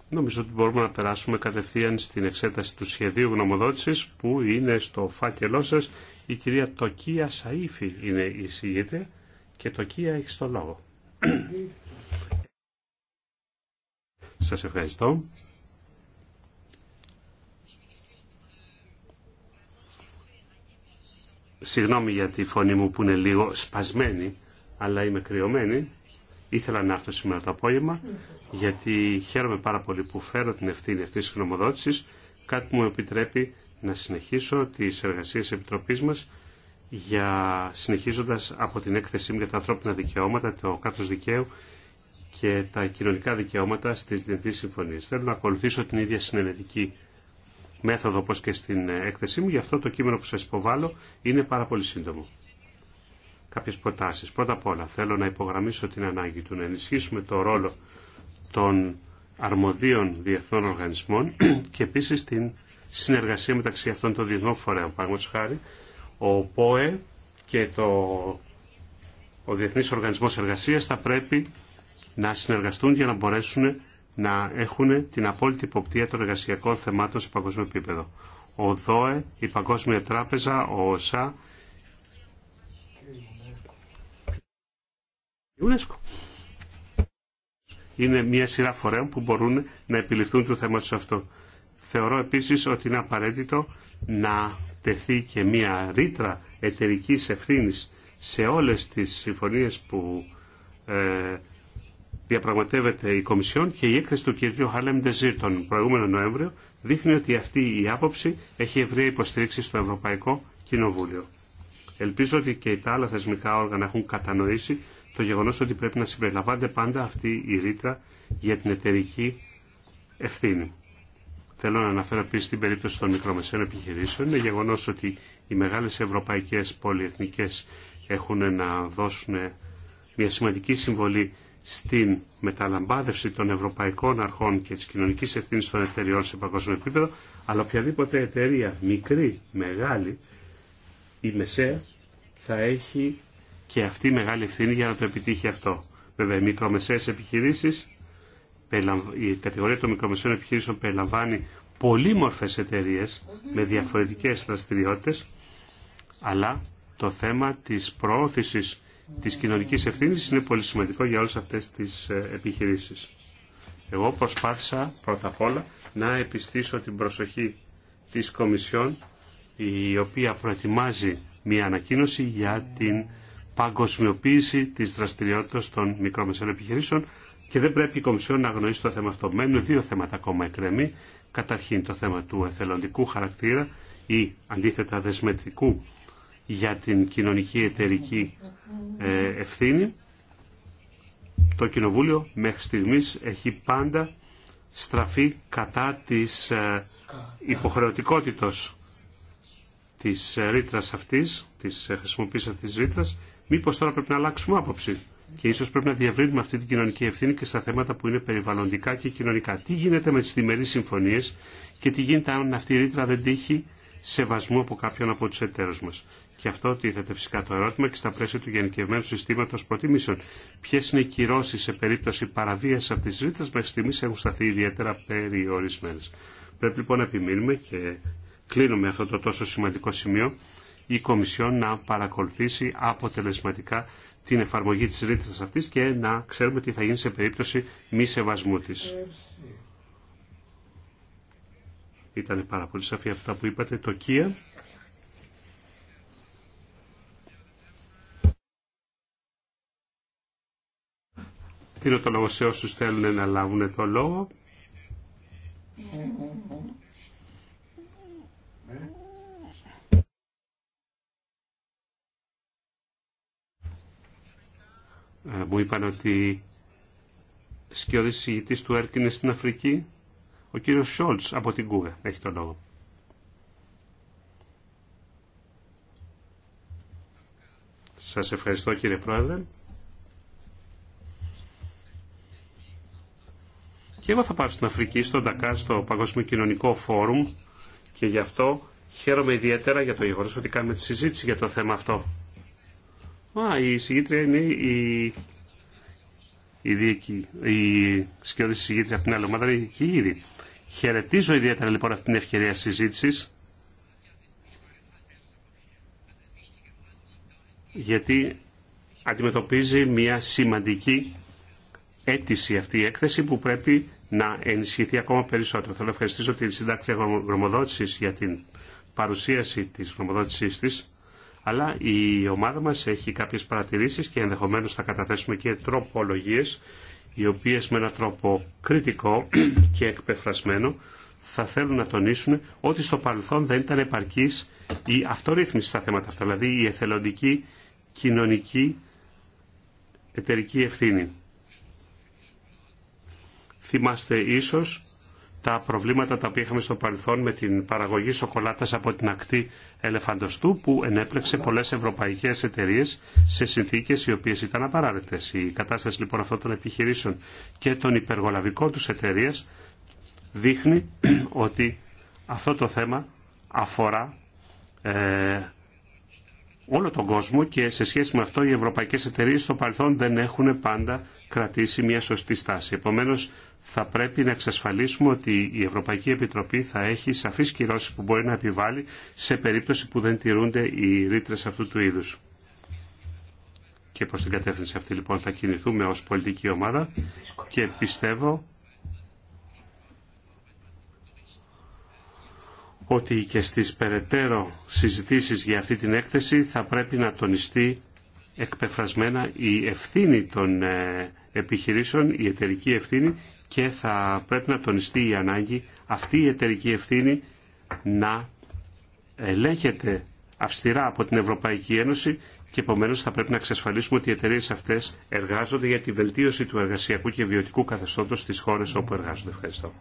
νομίζω ότι μπορούμε να περάσουμε κατευθείαν στην εξέταση του σχεδίου γνωμοδότησης που είναι στο φάκελό σας. Η κυρία Τοκία Σαΐφη είναι η συγγήτρια και Τοκία έχει το λόγο. σας ευχαριστώ. Συγγνώμη για τη φωνή μου που είναι λίγο σπασμένη αλλά είμαι κρυωμένη. Ήθελα να έρθω σήμερα το απόγευμα, γιατί χαίρομαι πάρα πολύ που φέρω την ευθύνη αυτή τη γνωμοδότηση, κάτι που μου επιτρέπει να συνεχίσω τι εργασίε τη Επιτροπή μα, για συνεχίζοντα από την έκθεσή μου για τα ανθρώπινα δικαιώματα, το κράτο δικαίου και τα κοινωνικά δικαιώματα στι διεθνεί συμφωνίε. Θέλω να ακολουθήσω την ίδια συνενετική μέθοδο όπω και στην έκθεσή μου, γι' αυτό το κείμενο που σα υποβάλλω είναι πάρα πολύ σύντομο κάποιες προτάσεις. Πρώτα απ' όλα θέλω να υπογραμμίσω την ανάγκη του να ενισχύσουμε το ρόλο των αρμοδίων διεθνών οργανισμών και επίσης την συνεργασία μεταξύ αυτών των διεθνών φορέων. Παραγματος χάρη, ο ΠΟΕ και το, ο Διεθνής Οργανισμός Εργασίας θα πρέπει να συνεργαστούν για να μπορέσουν να έχουν την απόλυτη υποπτία των εργασιακών θεμάτων σε παγκόσμιο επίπεδο. Ο ΔΟΕ, η Παγκόσμια Τράπεζα, ο ΟΣΑ UNESCO. Είναι μια σειρά φορέων που μπορούν να επιληφθούν του θέματος αυτό. Θεωρώ επίσης ότι είναι απαραίτητο να τεθεί και μια ρήτρα εταιρική ευθύνη σε όλες τις συμφωνίες που ε, διαπραγματεύεται η Κομισιόν και η έκθεση του κ. Χαλέμ Ντεζίρ τον προηγούμενο Νοέμβριο δείχνει ότι αυτή η άποψη έχει ευρεία υποστήριξη στο Ευρωπαϊκό Κοινοβούλιο. Ελπίζω ότι και τα άλλα θεσμικά όργανα έχουν κατανοήσει το γεγονός ότι πρέπει να συμπεριλαμβάνεται πάντα αυτή η ρήτρα για την εταιρική ευθύνη. Θέλω να αναφέρω επίση την περίπτωση των μικρομεσαίων επιχειρήσεων. Είναι γεγονό ότι οι μεγάλε ευρωπαϊκέ πολυεθνικέ έχουν να δώσουν μια σημαντική συμβολή στην μεταλαμπάδευση των ευρωπαϊκών αρχών και τη κοινωνική ευθύνη των εταιριών σε παγκόσμιο επίπεδο, αλλά οποιαδήποτε εταιρεία, μικρή, μεγάλη ή μεσαία, θα έχει και αυτή η μεγάλη ευθύνη για να το επιτύχει αυτό. Βέβαια, οι μικρομεσαίες επιχειρήσεις, η κατηγορία των μικρομεσαίων επιχειρήσεων περιλαμβάνει πολύμορφες εταιρείε με διαφορετικές δραστηριότητε, αλλά το θέμα της προώθηση της κοινωνική ευθύνης είναι πολύ σημαντικό για όλες αυτές τις ε, επιχειρήσεις. Εγώ προσπάθησα πρώτα απ' όλα να επιστήσω την προσοχή της Κομισιόν η οποία προετοιμάζει μια ανακοίνωση για την παγκοσμιοποίηση της δραστηριότητας των μικρομεσαίων επιχειρήσεων και δεν πρέπει η Κομισιόν να αγνοήσει το θέμα αυτό. Μένουν δύο θέματα ακόμα εκκρεμή. Καταρχήν το θέμα του εθελοντικού χαρακτήρα ή αντίθετα δεσμευτικού για την κοινωνική εταιρική ε, ευθύνη. Το Κοινοβούλιο μέχρι στιγμής έχει πάντα στραφεί κατά της ε, υποχρεωτικότητος της ε, ρήτρας αυτής, της χρησιμοποίησης αυτής της ρήτρας Μήπω τώρα πρέπει να αλλάξουμε άποψη και ίσω πρέπει να διευρύνουμε αυτή την κοινωνική ευθύνη και στα θέματα που είναι περιβαλλοντικά και κοινωνικά. Τι γίνεται με τι διμερείς συμφωνίε και τι γίνεται αν αυτή η ρήτρα δεν τύχει σεβασμού από κάποιον από του εταίρου μα. Και αυτό τίθεται φυσικά το ερώτημα και στα πλαίσια του γενικευμένου συστήματο προτιμήσεων. Ποιε είναι οι κυρώσει σε περίπτωση παραβίαση αυτή τη ρήτρα μέχρι στιγμή έχουν σταθεί ιδιαίτερα περιορισμένε. Πρέπει λοιπόν να επιμείνουμε και κλείνουμε αυτό το τόσο σημαντικό σημείο η Κομισιόν να παρακολουθήσει αποτελεσματικά την εφαρμογή της ρήτρας αυτής και να ξέρουμε τι θα γίνει σε περίπτωση μη σεβασμού της. Ήταν πάρα πολύ σαφή αυτά που είπατε. Το ΚΙΑ. είναι το λόγο σε όσους θέλουν να λάβουν το λόγο. Ε, ε, ε. Ε, μου είπαν ότι σκιώδης συγητής του ΕΡΚ είναι στην Αφρική. Ο κύριος Σόλτς από την Κούγα έχει τον λόγο. Σας ευχαριστώ κύριε Πρόεδρε. Και εγώ θα πάω στην Αφρική, στον Τακά, στο Παγκόσμιο Κοινωνικό Φόρουμ και γι' αυτό χαίρομαι ιδιαίτερα για το γεγονό ότι κάνουμε τη συζήτηση για το θέμα αυτό. Α, η εισηγήτρια είναι η, η, δίκη, η από την άλλη ομάδα, είναι ήδη. Χαιρετίζω ιδιαίτερα λοιπόν αυτή την ευκαιρία συζήτηση. γιατί αντιμετωπίζει μια σημαντική αίτηση αυτή η έκθεση που πρέπει να ενισχυθεί ακόμα περισσότερο. Θέλω να ευχαριστήσω την συντάκτρια γνωμοδότησης για την παρουσίαση της γνωμοδότησής της αλλά η ομάδα μας έχει κάποιες παρατηρήσεις και ενδεχομένως θα καταθέσουμε και τροπολογίες οι οποίες με έναν τρόπο κριτικό και εκπεφρασμένο θα θέλουν να τονίσουν ότι στο παρελθόν δεν ήταν επαρκής η αυτορύθμιση στα θέματα αυτά, δηλαδή η εθελοντική κοινωνική εταιρική ευθύνη. Θυμάστε ίσως τα προβλήματα τα οποία είχαμε στο παρελθόν με την παραγωγή σοκολάτας από την ακτή ελεφαντοστού που ενέπλεξε πολλές ευρωπαϊκές εταιρείε σε συνθήκες οι οποίες ήταν απαράδεκτες. Η κατάσταση λοιπόν αυτών των επιχειρήσεων και των υπεργολαβικών τους εταιρείε δείχνει ότι αυτό το θέμα αφορά ε, όλο τον κόσμο και σε σχέση με αυτό οι ευρωπαϊκές εταιρείες στο παρελθόν δεν έχουν πάντα κρατήσει μια σωστή στάση. Επομένως, θα πρέπει να εξασφαλίσουμε ότι η Ευρωπαϊκή Επιτροπή θα έχει σαφείς κυρώσεις που μπορεί να επιβάλλει σε περίπτωση που δεν τηρούνται οι ρήτρες αυτού του είδους. Και προς την κατεύθυνση αυτή λοιπόν θα κινηθούμε ως πολιτική ομάδα και πιστεύω ότι και στις περαιτέρω συζητήσεις για αυτή την έκθεση θα πρέπει να τονιστεί εκπεφρασμένα η ευθύνη των ε, επιχειρήσεων, η εταιρική ευθύνη και θα πρέπει να τονιστεί η ανάγκη αυτή η εταιρική ευθύνη να ελέγχεται αυστηρά από την Ευρωπαϊκή Ένωση και επομένως θα πρέπει να εξασφαλίσουμε ότι οι εταιρείε αυτές εργάζονται για τη βελτίωση του εργασιακού και βιωτικού καθεστώτος στις χώρες όπου εργάζονται. Ευχαριστώ.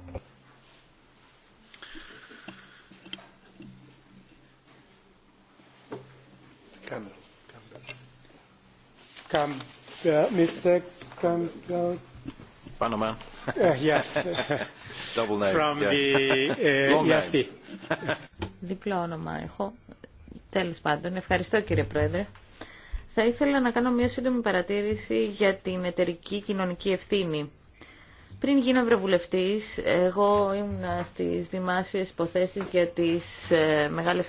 Yes. Double name. Eh, e Διπλό όνομα έχω. Τέλος πάντων. Ευχαριστώ κύριε Πρόεδρε. Θα ήθελα να κάνω μια σύντομη παρατήρηση για την εταιρική κοινωνική ευθύνη. Πριν γίνω ευρωβουλευτής, εγώ ήμουν στις δημάσιες υποθέσει για τι ε, μεγάλε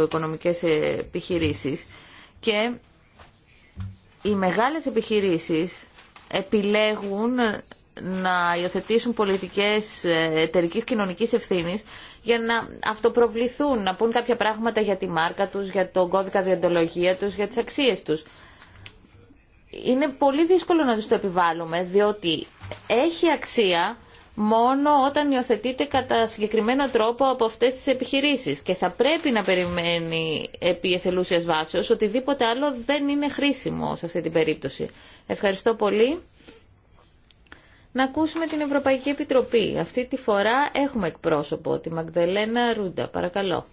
οικονομικές ε, επιχειρήσεις και οι μεγάλες επιχειρήσεις επιλέγουν να υιοθετήσουν πολιτικές εταιρική κοινωνικής ευθύνης για να αυτοπροβληθούν, να πούν κάποια πράγματα για τη μάρκα τους, για τον κώδικα διοντολογία τους, για τις αξίες τους. Είναι πολύ δύσκολο να τους το επιβάλλουμε, διότι έχει αξία μόνο όταν υιοθετείται κατά συγκεκριμένο τρόπο από αυτές τις επιχειρήσεις και θα πρέπει να περιμένει επί εθελούσιας βάσεως οτιδήποτε άλλο δεν είναι χρήσιμο σε αυτή την περίπτωση. Ευχαριστώ πολύ. Να ακούσουμε την Ευρωπαϊκή Επιτροπή. Αυτή τη φορά έχουμε εκπρόσωπο, τη Μαγδελένα Ρούντα. Παρακαλώ.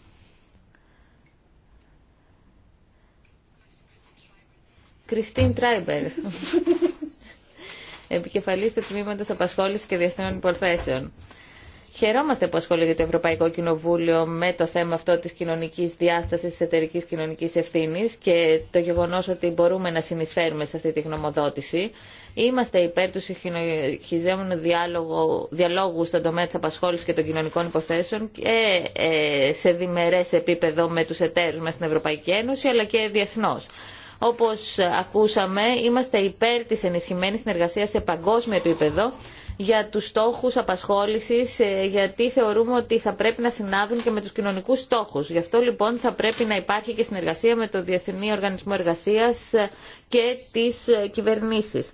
Κριστίν Τράιμπερ. Επικεφαλή του Τμήματο Απασχόληση και Διεθνών Υποθέσεων. Χαιρόμαστε που ασχολείται το Ευρωπαϊκό Κοινοβούλιο με το θέμα αυτό τη κοινωνική διάσταση τη εταιρική κοινωνική ευθύνη και το γεγονό ότι μπορούμε να συνεισφέρουμε σε αυτή τη γνωμοδότηση. Είμαστε υπέρ του διαλόγου στον τομέα τη απασχόληση και των κοινωνικών υποθέσεων και ε, σε διμερές επίπεδο με του εταίρου μα στην Ευρωπαϊκή Ένωση αλλά και διεθνώ. Όπως ακούσαμε, είμαστε υπέρ της ενισχυμένης συνεργασίας σε παγκόσμιο επίπεδο για τους στόχους απασχόλησης, ε, γιατί θεωρούμε ότι θα πρέπει να συνάδουν και με τους κοινωνικούς στόχους. Γι' αυτό λοιπόν θα πρέπει να υπάρχει και συνεργασία με το Διεθνή Οργανισμό Εργασίας ε, και τις ε, κυβερνήσεις.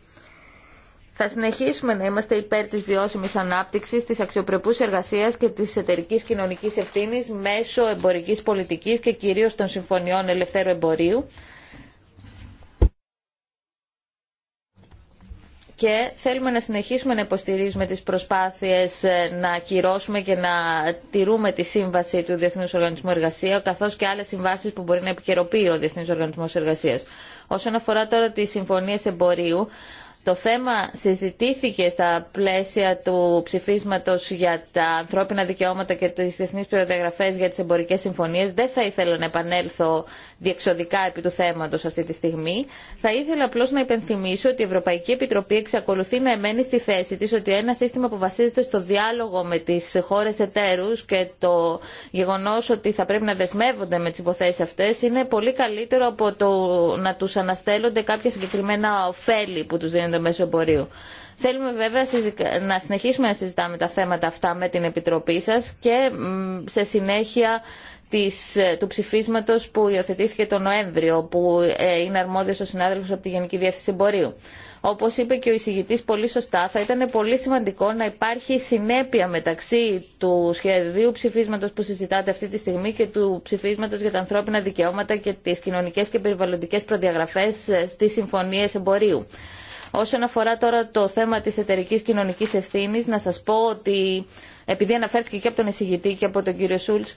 Θα συνεχίσουμε να είμαστε υπέρ της βιώσιμης ανάπτυξης, της αξιοπρεπούς εργασίας και της εταιρικής κοινωνικής ευθύνης μέσω εμπορικής πολιτικής και κυρίως των συμφωνιών ελευθέρου εμπορίου και θέλουμε να συνεχίσουμε να υποστηρίζουμε τις προσπάθειες ε, να κυρώσουμε και να τηρούμε τη σύμβαση του Διεθνούς Οργανισμού Εργασίας καθώς και άλλες συμβάσεις που μπορεί να επικαιροποιεί ο Διεθνής Οργανισμός Εργασίας. Όσον αφορά τώρα τις συμφωνίες εμπορίου, το θέμα συζητήθηκε στα πλαίσια του ψηφίσματο για τα ανθρώπινα δικαιώματα και τι διεθνεί προδιαγραφές για τι εμπορικέ συμφωνίε. Δεν θα ήθελα να επανέλθω διεξοδικά επί του θέματος αυτή τη στιγμή. Θα ήθελα απλώς να υπενθυμίσω ότι η Ευρωπαϊκή Επιτροπή εξακολουθεί να εμένει στη θέση της ότι ένα σύστημα που βασίζεται στο διάλογο με τις χώρες εταίρους και το γεγονός ότι θα πρέπει να δεσμεύονται με τις υποθέσεις αυτές είναι πολύ καλύτερο από το να τους αναστέλλονται κάποια συγκεκριμένα ωφέλη που τους δίνονται μέσω εμπορίου. Θέλουμε βέβαια να συνεχίσουμε να συζητάμε τα θέματα αυτά με την Επιτροπή σας και σε συνέχεια της, ε, του ψηφίσματος που υιοθετήθηκε τον Νοέμβριο, που ε, είναι αρμόδιο ο συνάδελφο από τη Γενική Διεύθυνση Εμπορίου. Όπω είπε και ο εισηγητής πολύ σωστά, θα ήταν πολύ σημαντικό να υπάρχει συνέπεια μεταξύ του σχεδίου ψηφίσματο που συζητάτε αυτή τη στιγμή και του ψηφίσματος για τα ανθρώπινα δικαιώματα και τι κοινωνικέ και περιβαλλοντικέ προδιαγραφέ ε, στι Συμφωνίε εμπορίου. Όσον αφορά τώρα το θέμα της εταιρική κοινωνική Ευθύνη, να σας πω ότι επειδή αναφέρθηκε και από τον εισηγητή και από τον κύριο Σούλτς,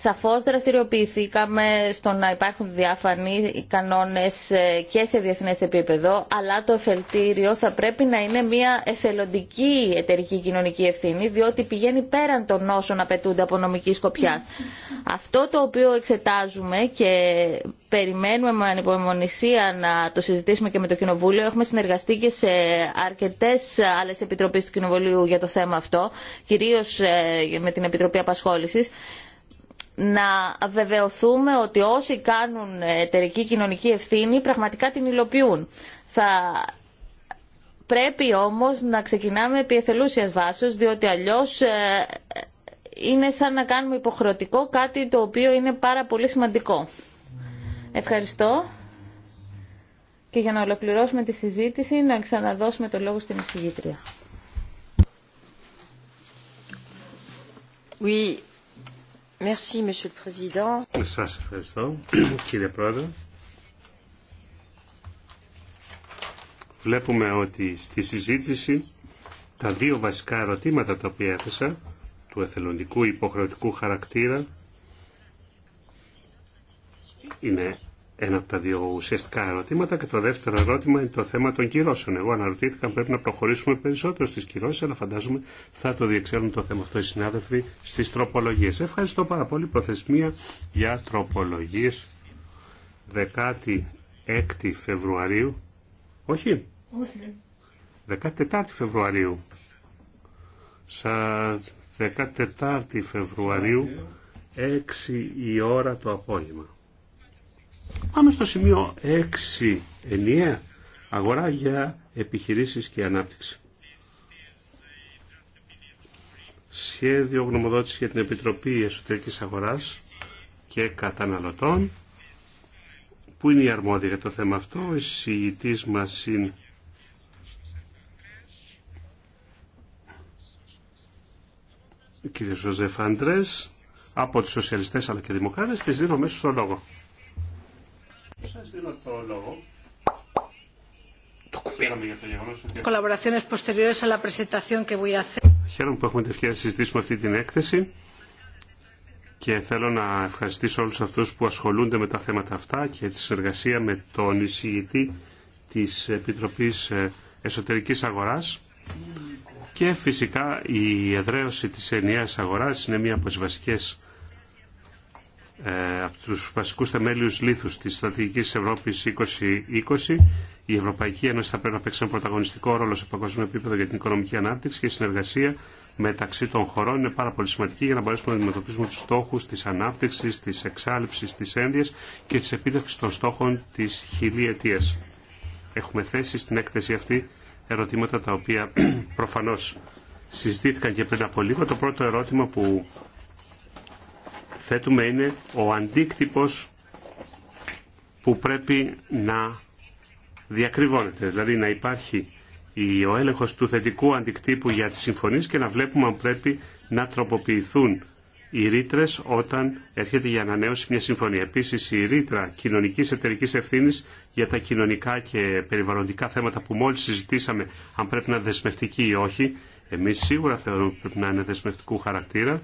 Σαφώ δραστηριοποιηθήκαμε στο να υπάρχουν διάφανοι κανόνε ε, και σε διεθνέ επίπεδο, αλλά το εφελτήριο θα πρέπει να είναι μια εθελοντική εταιρική κοινωνική ευθύνη, διότι πηγαίνει πέραν των όσων απαιτούνται από νομική σκοπιά. Αυτό το οποίο εξετάζουμε και περιμένουμε με ανυπομονησία να το συζητήσουμε και με το Κοινοβούλιο, έχουμε συνεργαστεί και σε αρκετέ άλλε επιτροπέ του Κοινοβουλίου για το θέμα αυτό, κυρίω ε, με την Επιτροπή απασχόληση να βεβαιωθούμε ότι όσοι κάνουν εταιρική κοινωνική ευθύνη πραγματικά την υλοποιούν. Θα πρέπει όμως να ξεκινάμε επί εθελούσιας βάσης, διότι αλλιώς ε, είναι σαν να κάνουμε υποχρεωτικό κάτι το οποίο είναι πάρα πολύ σημαντικό. Ευχαριστώ. Και για να ολοκληρώσουμε τη συζήτηση, να ξαναδώσουμε το λόγο στην εισηγήτρια. Oui, Monsieur le Président. ευχαριστώ, κύριε Πρόεδρε. Βλέπουμε ότι στη συζήτηση τα δύο βασικά ερωτήματα τα οποία έθεσα, του εθελοντικού υποχρεωτικού χαρακτήρα, είναι ένα από τα δύο ουσιαστικά ερωτήματα και το δεύτερο ερώτημα είναι το θέμα των κυρώσεων. Εγώ αναρωτήθηκα αν πρέπει να προχωρήσουμε περισσότερο στις κυρώσεις, αλλά φαντάζομαι θα το διεξέλνουν το θέμα αυτό οι συνάδελφοι στις τροπολογίες. Ευχαριστώ πάρα πολύ. Προθεσμία για τροπολογίες 16 Φεβρουαρίου. Όχι. Όχι. 14 Φεβρουαρίου. Σα 14 Φεβρουαρίου 6 η ώρα το απόγευμα. Πάμε στο σημείο 6. Ενιαία αγορά για επιχειρήσεις και ανάπτυξη. Σχέδιο γνωμοδότηση για την Επιτροπή Εσωτερικής Αγοράς και Καταναλωτών. Πού είναι η αρμόδια για το θέμα αυτό. Ο εισηγητής μας είναι ο κ. Ζωζεφ Αντρές από τους Σοσιαλιστές αλλά και Δημοκράτες. Της δίνω μέσα στο λόγο. Σας δίνω το λόγο. Το κοπήραμε για το γεγονό ότι. Χαίρομαι που έχουμε την ευκαιρία να συζητήσουμε αυτή την έκθεση και θέλω να ευχαριστήσω όλους αυτούς που ασχολούνται με τα θέματα αυτά και τη συνεργασία με τον εισηγητή της Επιτροπής ε, Εσωτερικής Αγοράς και φυσικά η εδραίωση της ενιαίας αγοράς είναι μία από τις βασικές ε, από τους βασικούς θεμέλιους λήθους της στρατηγικής Ευρώπης 2020, η Ευρωπαϊκή Ένωση θα πρέπει να παίξει ένα πρωταγωνιστικό ρόλο σε παγκόσμιο επίπεδο για την οικονομική ανάπτυξη και η συνεργασία μεταξύ των χωρών είναι πάρα πολύ σημαντική για να μπορέσουμε να αντιμετωπίσουμε τους στόχους της ανάπτυξης, της εξάλληψης, της ένδυας και της επίτευξης των στόχων της χιλιετίας. Έχουμε θέσει στην έκθεση αυτή ερωτήματα τα οποία προφανώς συζητήθηκαν και πριν από λίγο. Το πρώτο ερώτημα που θέτουμε είναι ο αντίκτυπος που πρέπει να διακριβώνεται. Δηλαδή να υπάρχει ο έλεγχος του θετικού αντικτύπου για τις συμφωνίες και να βλέπουμε αν πρέπει να τροποποιηθούν οι ρήτρε όταν έρχεται για ανανέωση μια συμφωνία. Επίση, η ρήτρα κοινωνική εταιρική ευθύνη για τα κοινωνικά και περιβαλλοντικά θέματα που μόλι συζητήσαμε, αν πρέπει να είναι δεσμευτική ή όχι. Εμεί σίγουρα θεωρούμε ότι πρέπει να είναι δεσμευτικού χαρακτήρα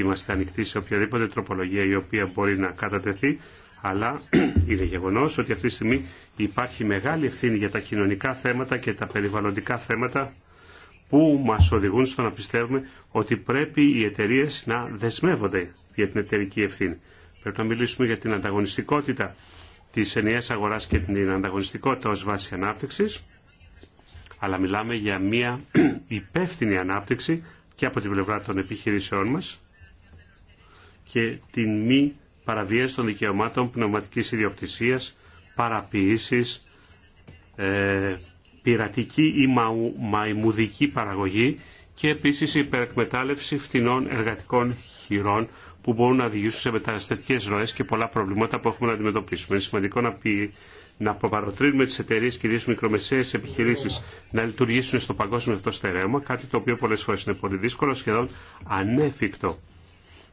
Είμαστε ανοιχτοί σε οποιαδήποτε τροπολογία η οποία μπορεί να κατατεθεί, αλλά είναι γεγονό ότι αυτή τη στιγμή υπάρχει μεγάλη ευθύνη για τα κοινωνικά θέματα και τα περιβαλλοντικά θέματα που μας οδηγούν στο να πιστεύουμε ότι πρέπει οι εταιρείε να δεσμεύονται για την εταιρική ευθύνη. Πρέπει να μιλήσουμε για την ανταγωνιστικότητα τη ενιαίας αγορά και την ανταγωνιστικότητα ω βάση ανάπτυξη, αλλά μιλάμε για μια υπεύθυνη ανάπτυξη και από την πλευρά των επιχειρήσεών μας και την μη παραβίαση των δικαιωμάτων πνευματικής ιδιοκτησίας, μαϊμουδική παραγωγή ε, πειρατική ή μαϊμουδική παραγωγή και επίσης υπερεκμετάλλευση φτηνών εργατικών χειρών που μπορούν να οδηγήσουν σε μεταναστευτικές ροές και πολλά προβλήματα που έχουμε να αντιμετωπίσουμε. Είναι σημαντικό να, πει, να προπαροτρύνουμε τις εταιρείες, επιχειρήσει μικρομεσαίες επιχειρήσεις, να λειτουργήσουν στο παγκόσμιο αυτό στερέωμα, κάτι το οποίο πολλές φορές είναι πολύ δύσκολο, σχεδόν ανέφικτο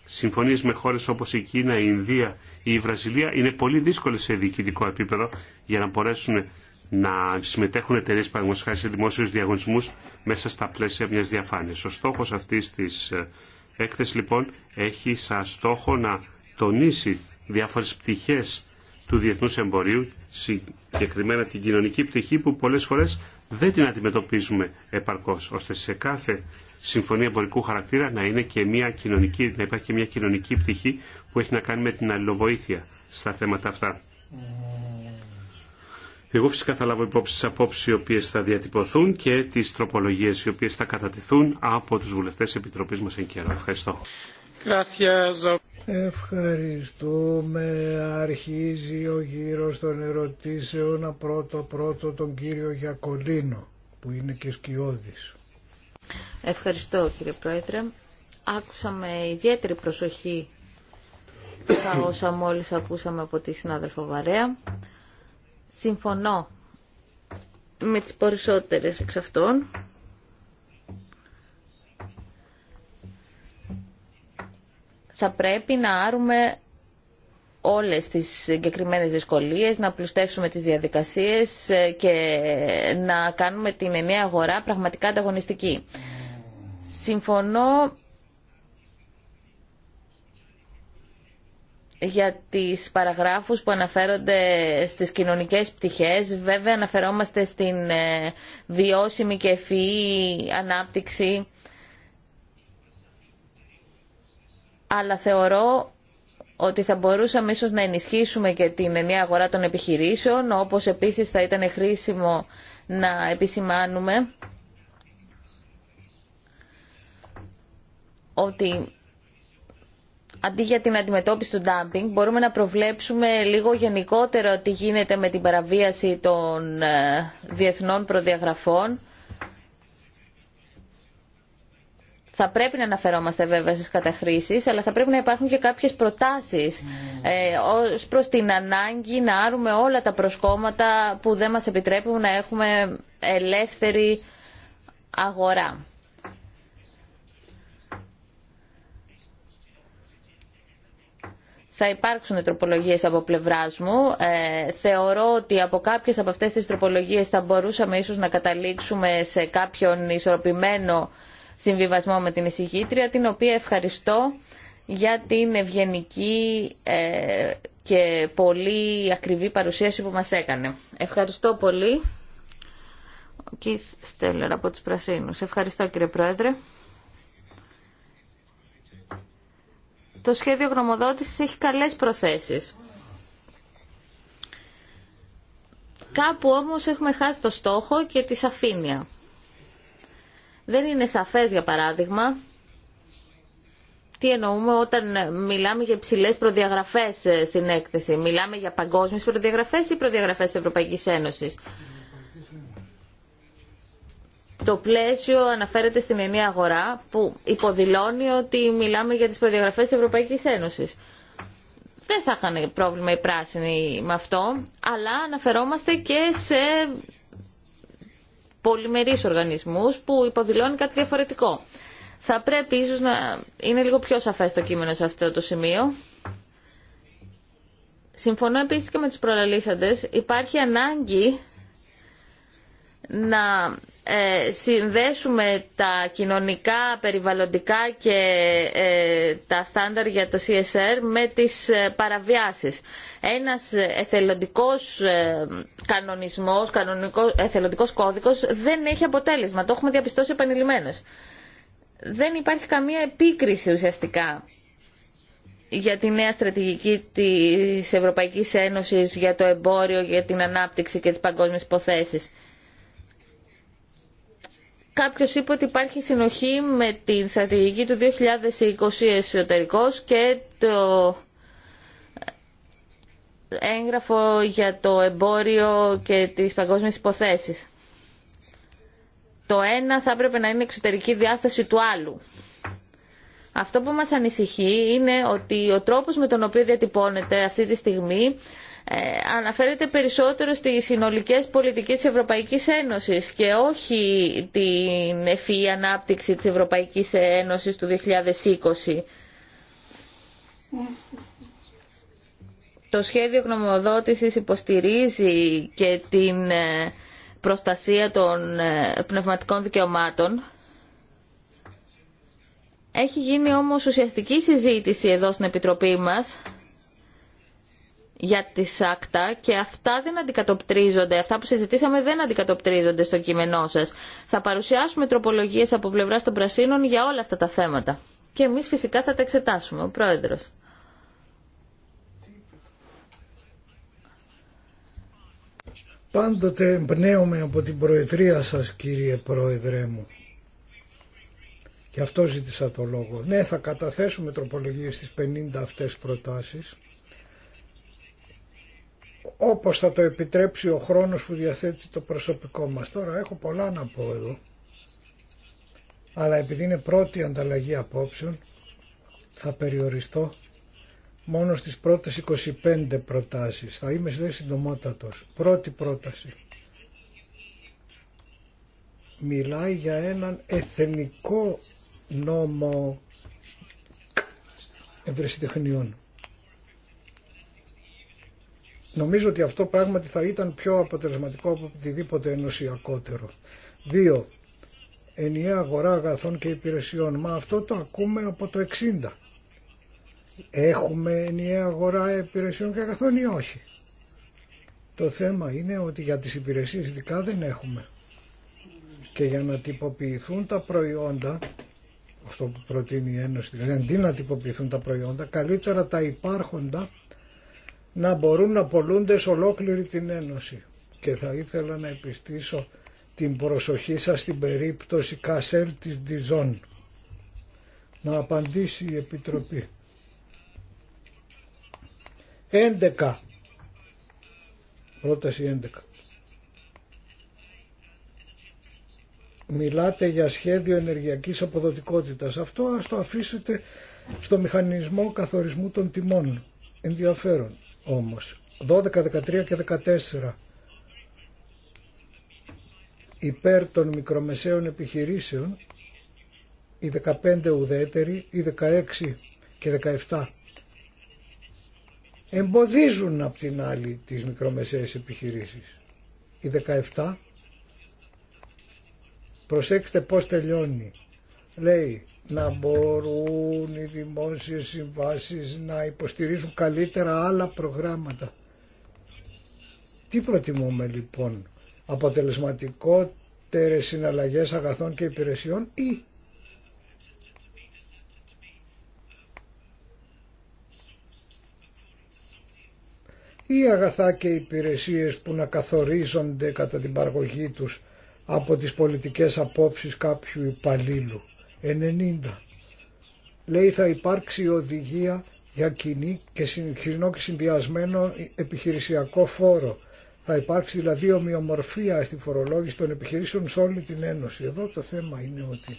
συμφωνίες με χώρες όπως η Κίνα, η Ινδία ή η Βραζιλία είναι πολύ δύσκολες σε διοικητικό επίπεδο για να μπορέσουν να συμμετέχουν εταιρείε παραγωγικά σε δημόσιους διαγωνισμούς μέσα στα πλαίσια μιας διαφάνειας. Ο στόχος αυτής της ε, έκθεσης λοιπόν έχει σαν στόχο να τονίσει διάφορες πτυχές του διεθνούς εμπορίου, συγκεκριμένα την κοινωνική πτυχή που πολλές φορές δεν την αντιμετωπίζουμε επαρκώς, ώστε σε κάθε συμφωνία εμπορικού χαρακτήρα να, είναι και μια κοινωνική, να υπάρχει και μια κοινωνική πτυχή που έχει να κάνει με την αλληλοβοήθεια στα θέματα αυτά. Εγώ φυσικά θα λάβω υπόψη τι απόψει οι οποίε θα διατυπωθούν και τι τροπολογίε οι οποίε θα κατατεθούν από του βουλευτέ τη Επιτροπή μα εν καιρό. Ευχαριστώ. Ευχαριστούμε. Αρχίζει ο γύρος των ερωτήσεων πρώτο πρώτο τον κύριο Γιακολίνο που είναι και σκιώδης. Ευχαριστώ κύριε Πρόεδρε. Άκουσα με ιδιαίτερη προσοχή τα όσα μόλις ακούσαμε από τη συνάδελφο Βαρέα. Συμφωνώ με τις περισσότερες εξ αυτών. Θα πρέπει να άρουμε όλες τις συγκεκριμένες δυσκολίες, να πλουστεύσουμε τις διαδικασίες ε, και να κάνουμε την ενιαία αγορά πραγματικά ανταγωνιστική. Συμφωνώ για τις παραγράφους που αναφέρονται στις κοινωνικές πτυχές. Βέβαια αναφερόμαστε στην ε, βιώσιμη και ευφυή ανάπτυξη. Αλλά θεωρώ ότι θα μπορούσαμε ίσως να ενισχύσουμε και την ενιαία αγορά των επιχειρήσεων, όπως επίσης θα ήταν χρήσιμο να επισημάνουμε ότι αντί για την αντιμετώπιση του ντάμπινγκ μπορούμε να προβλέψουμε λίγο γενικότερα τι γίνεται με την παραβίαση των ε, διεθνών προδιαγραφών Θα πρέπει να αναφερόμαστε βέβαια στις καταχρήσεις, αλλά θα πρέπει να υπάρχουν και κάποιες προτάσεις ε, ως προς την ανάγκη να άρουμε όλα τα προσκόμματα που δεν μας επιτρέπουν να έχουμε ελεύθερη αγορά. θα υπάρξουν τροπολογίες από πλευράς μου. Ε, θεωρώ ότι από κάποιες από αυτές τις τροπολογίες θα μπορούσαμε ίσως να καταλήξουμε σε κάποιον ισορροπημένο συμβιβασμό με την εισηγήτρια, την οποία ευχαριστώ για την ευγενική ε, και πολύ ακριβή παρουσίαση που μας έκανε. Ευχαριστώ πολύ. Ο Στέλλερ από τις Πρασίνους. Ευχαριστώ κύριε Πρόεδρε. Το σχέδιο γνωμοδότησης έχει καλές προθέσεις. Κάπου όμως έχουμε χάσει το στόχο και τη σαφήνεια. Δεν είναι σαφές, για παράδειγμα, τι εννοούμε όταν μιλάμε για ψηλέ προδιαγραφές ε, στην έκθεση. Μιλάμε για παγκόσμιες προδιαγραφές ή προδιαγραφές της Ευρωπαϊκής Ένωσης. Το πλαίσιο αναφέρεται στην ενία αγορά που υποδηλώνει ότι μιλάμε για τις προδιαγραφές της Ευρωπαϊκής Ένωσης. Δεν θα είχαν πρόβλημα οι πράσινοι με αυτό, αλλά αναφερόμαστε και σε πολυμερείς οργανισμούς που υποδηλώνει κάτι διαφορετικό. Θα πρέπει ίσως να είναι λίγο πιο σαφές το κείμενο σε αυτό το σημείο. Συμφωνώ επίσης και με τους προλαλήσαντες. Υπάρχει ανάγκη να ε, συνδέσουμε τα κοινωνικά, περιβαλλοντικά και ε, τα στάνταρ για το CSR με τις ε, παραβιάσεις. Ένας εθελοντικός κανονισμός, κανονικός, εθελοντικός κώδικος δεν έχει αποτέλεσμα. Το έχουμε διαπιστώσει επανειλημμένως. Δεν υπάρχει καμία επίκριση ουσιαστικά για τη νέα στρατηγική της Ευρωπαϊκής Ένωσης για το εμπόριο, για την ανάπτυξη και τις παγκόσμιες υποθέσεις. Κάποιο είπε ότι υπάρχει συνοχή με την στρατηγική του 2020 εσωτερικός και το έγγραφο για το εμπόριο και τις παγκόσμιες υποθέσεις. Το ένα θα έπρεπε να είναι εξωτερική διάσταση του άλλου. Αυτό που μας ανησυχεί είναι ότι ο τρόπος με τον οποίο διατυπώνεται αυτή τη στιγμή ε, αναφέρεται περισσότερο στις συνολικές πολιτικές της Ευρωπαϊκής Ένωσης και όχι την ευφυή ανάπτυξη της Ευρωπαϊκής Ένωσης του 2020. Το σχέδιο γνωμοδότησης υποστηρίζει και την ε, προστασία των ε, πνευματικών δικαιωμάτων. Έχει γίνει όμως ουσιαστική συζήτηση εδώ στην Επιτροπή μας για τη ΣΑΚΤΑ και αυτά δεν αντικατοπτρίζονται, αυτά που συζητήσαμε δεν αντικατοπτρίζονται στο κείμενό σας. Θα παρουσιάσουμε τροπολογίες από πλευράς των Πρασίνων για όλα αυτά τα θέματα. Και εμείς φυσικά θα τα εξετάσουμε, ο Πρόεδρος. Πάντοτε εμπνέομαι από την Προεδρία σας κύριε Πρόεδρε μου. Γι' αυτό ζήτησα το λόγο. Ναι, θα καταθέσουμε τροπολογίες στις 50 αυτές προτάσεις όπως θα το επιτρέψει ο χρόνος που διαθέτει το προσωπικό μας. Τώρα έχω πολλά να πω εδώ, αλλά επειδή είναι πρώτη ανταλλαγή απόψεων, θα περιοριστώ μόνο στις πρώτες 25 προτάσεις. Θα είμαι λέει συντομότατος. Πρώτη πρόταση. Μιλάει για έναν εθνικό νόμο ευρεσιτεχνιών. Νομίζω ότι αυτό πράγματι θα ήταν πιο αποτελεσματικό από οτιδήποτε ενωσιακότερο. Δύο, ενιαία αγορά αγαθών και υπηρεσιών. Μα αυτό το ακούμε από το 60. Έχουμε ενιαία αγορά υπηρεσιών και αγαθών ή όχι. Το θέμα είναι ότι για τις υπηρεσίες ειδικά δεν έχουμε. Και για να τυποποιηθούν τα προϊόντα, αυτό που προτείνει η Ένωση, δηλαδή αντί να τυποποιηθούν τα προϊόντα, καλύτερα τα υπάρχοντα να μπορούν να πολλούνται σε ολόκληρη την Ένωση. Και θα ήθελα να επιστήσω την προσοχή σας στην περίπτωση Κασέλ της Διζών. Να απαντήσει η Επιτροπή. 11. Πρόταση 11. Μιλάτε για σχέδιο ενεργειακής αποδοτικότητας. Αυτό ας το αφήσετε στο μηχανισμό καθορισμού των τιμών. Ενδιαφέρον όμως. 12, 13 και 14 υπέρ των μικρομεσαίων επιχειρήσεων οι 15 ουδέτεροι, οι 16 και 17 εμποδίζουν απ' την άλλη τις μικρομεσαίες επιχειρήσεις. Οι 17 προσέξτε πώς τελειώνει λέει να μπορούν οι δημόσιες συμβάσεις να υποστηρίζουν καλύτερα άλλα προγράμματα. Τι προτιμούμε λοιπόν, αποτελεσματικότερες συναλλαγές αγαθών και υπηρεσιών ή ή αγαθά και υπηρεσίες που να καθορίζονται κατά την παραγωγή τους από τις πολιτικές απόψεις κάποιου υπαλλήλου. 90. Λέει θα υπάρξει οδηγία για κοινή και κοινό και συνδυασμένο επιχειρησιακό φόρο. Θα υπάρξει δηλαδή ομοιομορφία στη φορολόγηση των επιχειρήσεων σε όλη την Ένωση. Εδώ το θέμα είναι ότι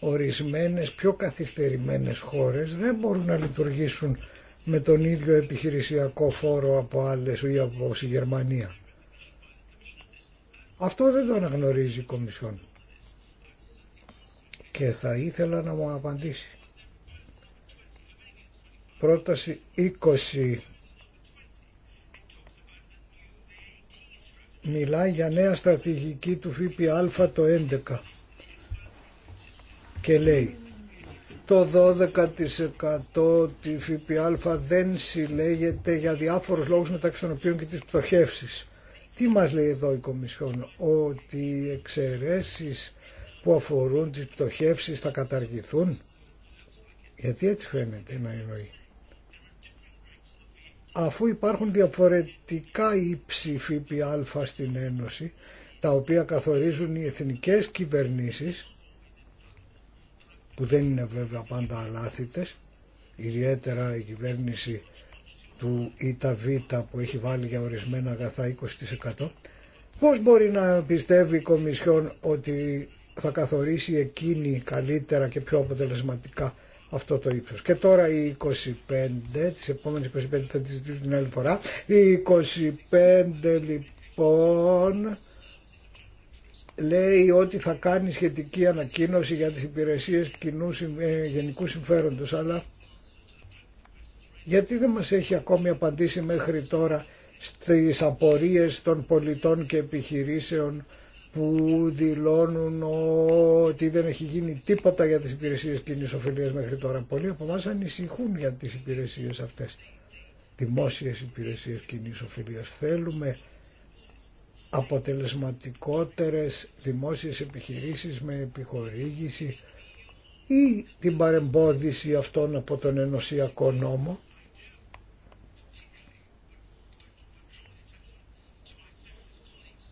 ορισμένες πιο καθυστερημένες χώρες δεν μπορούν να λειτουργήσουν με τον ίδιο επιχειρησιακό φόρο από άλλες ή από η Γερμανία. Αυτό δεν το αναγνωρίζει η Κομισιόν και θα ήθελα να μου απαντήσει. Πρόταση 20 μιλάει για νέα στρατηγική του ΦΠΑ το 11 και λέει το 12% τη ΦΠΑ δεν συλλέγεται για διάφορους λόγους μεταξύ των οποίων και τις πτωχεύσεις. Τι μας λέει εδώ η Κομισιόν, ότι οι εξαιρέσεις που αφορούν τις πτωχεύσεις θα καταργηθούν. Γιατί έτσι φαίνεται να εννοεί. Αφού υπάρχουν διαφορετικά ύψη ΦΠΑ στην Ένωση, τα οποία καθορίζουν οι εθνικές κυβερνήσεις, που δεν είναι βέβαια πάντα αλάθητες, ιδιαίτερα η κυβέρνηση του ΙΤΑΒ που έχει βάλει για ορισμένα αγαθά 20%, πώς μπορεί να πιστεύει η Κομισιόν ότι θα καθορίσει εκείνη καλύτερα και πιο αποτελεσματικά αυτό το ύψος. Και τώρα οι 25, τις επόμενες 25 θα τις ζητήσω την άλλη φορά. Οι 25 λοιπόν λέει ότι θα κάνει σχετική ανακοίνωση για τις υπηρεσίες κοινού, ε, γενικού συμφέροντος, αλλά γιατί δεν μας έχει ακόμη απαντήσει μέχρι τώρα στις απορίες των πολιτών και επιχειρήσεων που δηλώνουν ότι δεν έχει γίνει τίποτα για τις υπηρεσίες κοινής ωφελίας μέχρι τώρα. Πολλοί από εμάς ανησυχούν για τις υπηρεσίες αυτές, δημόσιες υπηρεσίες κοινής ωφελίας. Θέλουμε αποτελεσματικότερες δημόσιες επιχειρήσεις με επιχορήγηση ή την παρεμπόδιση αυτών από τον ενωσιακό νόμο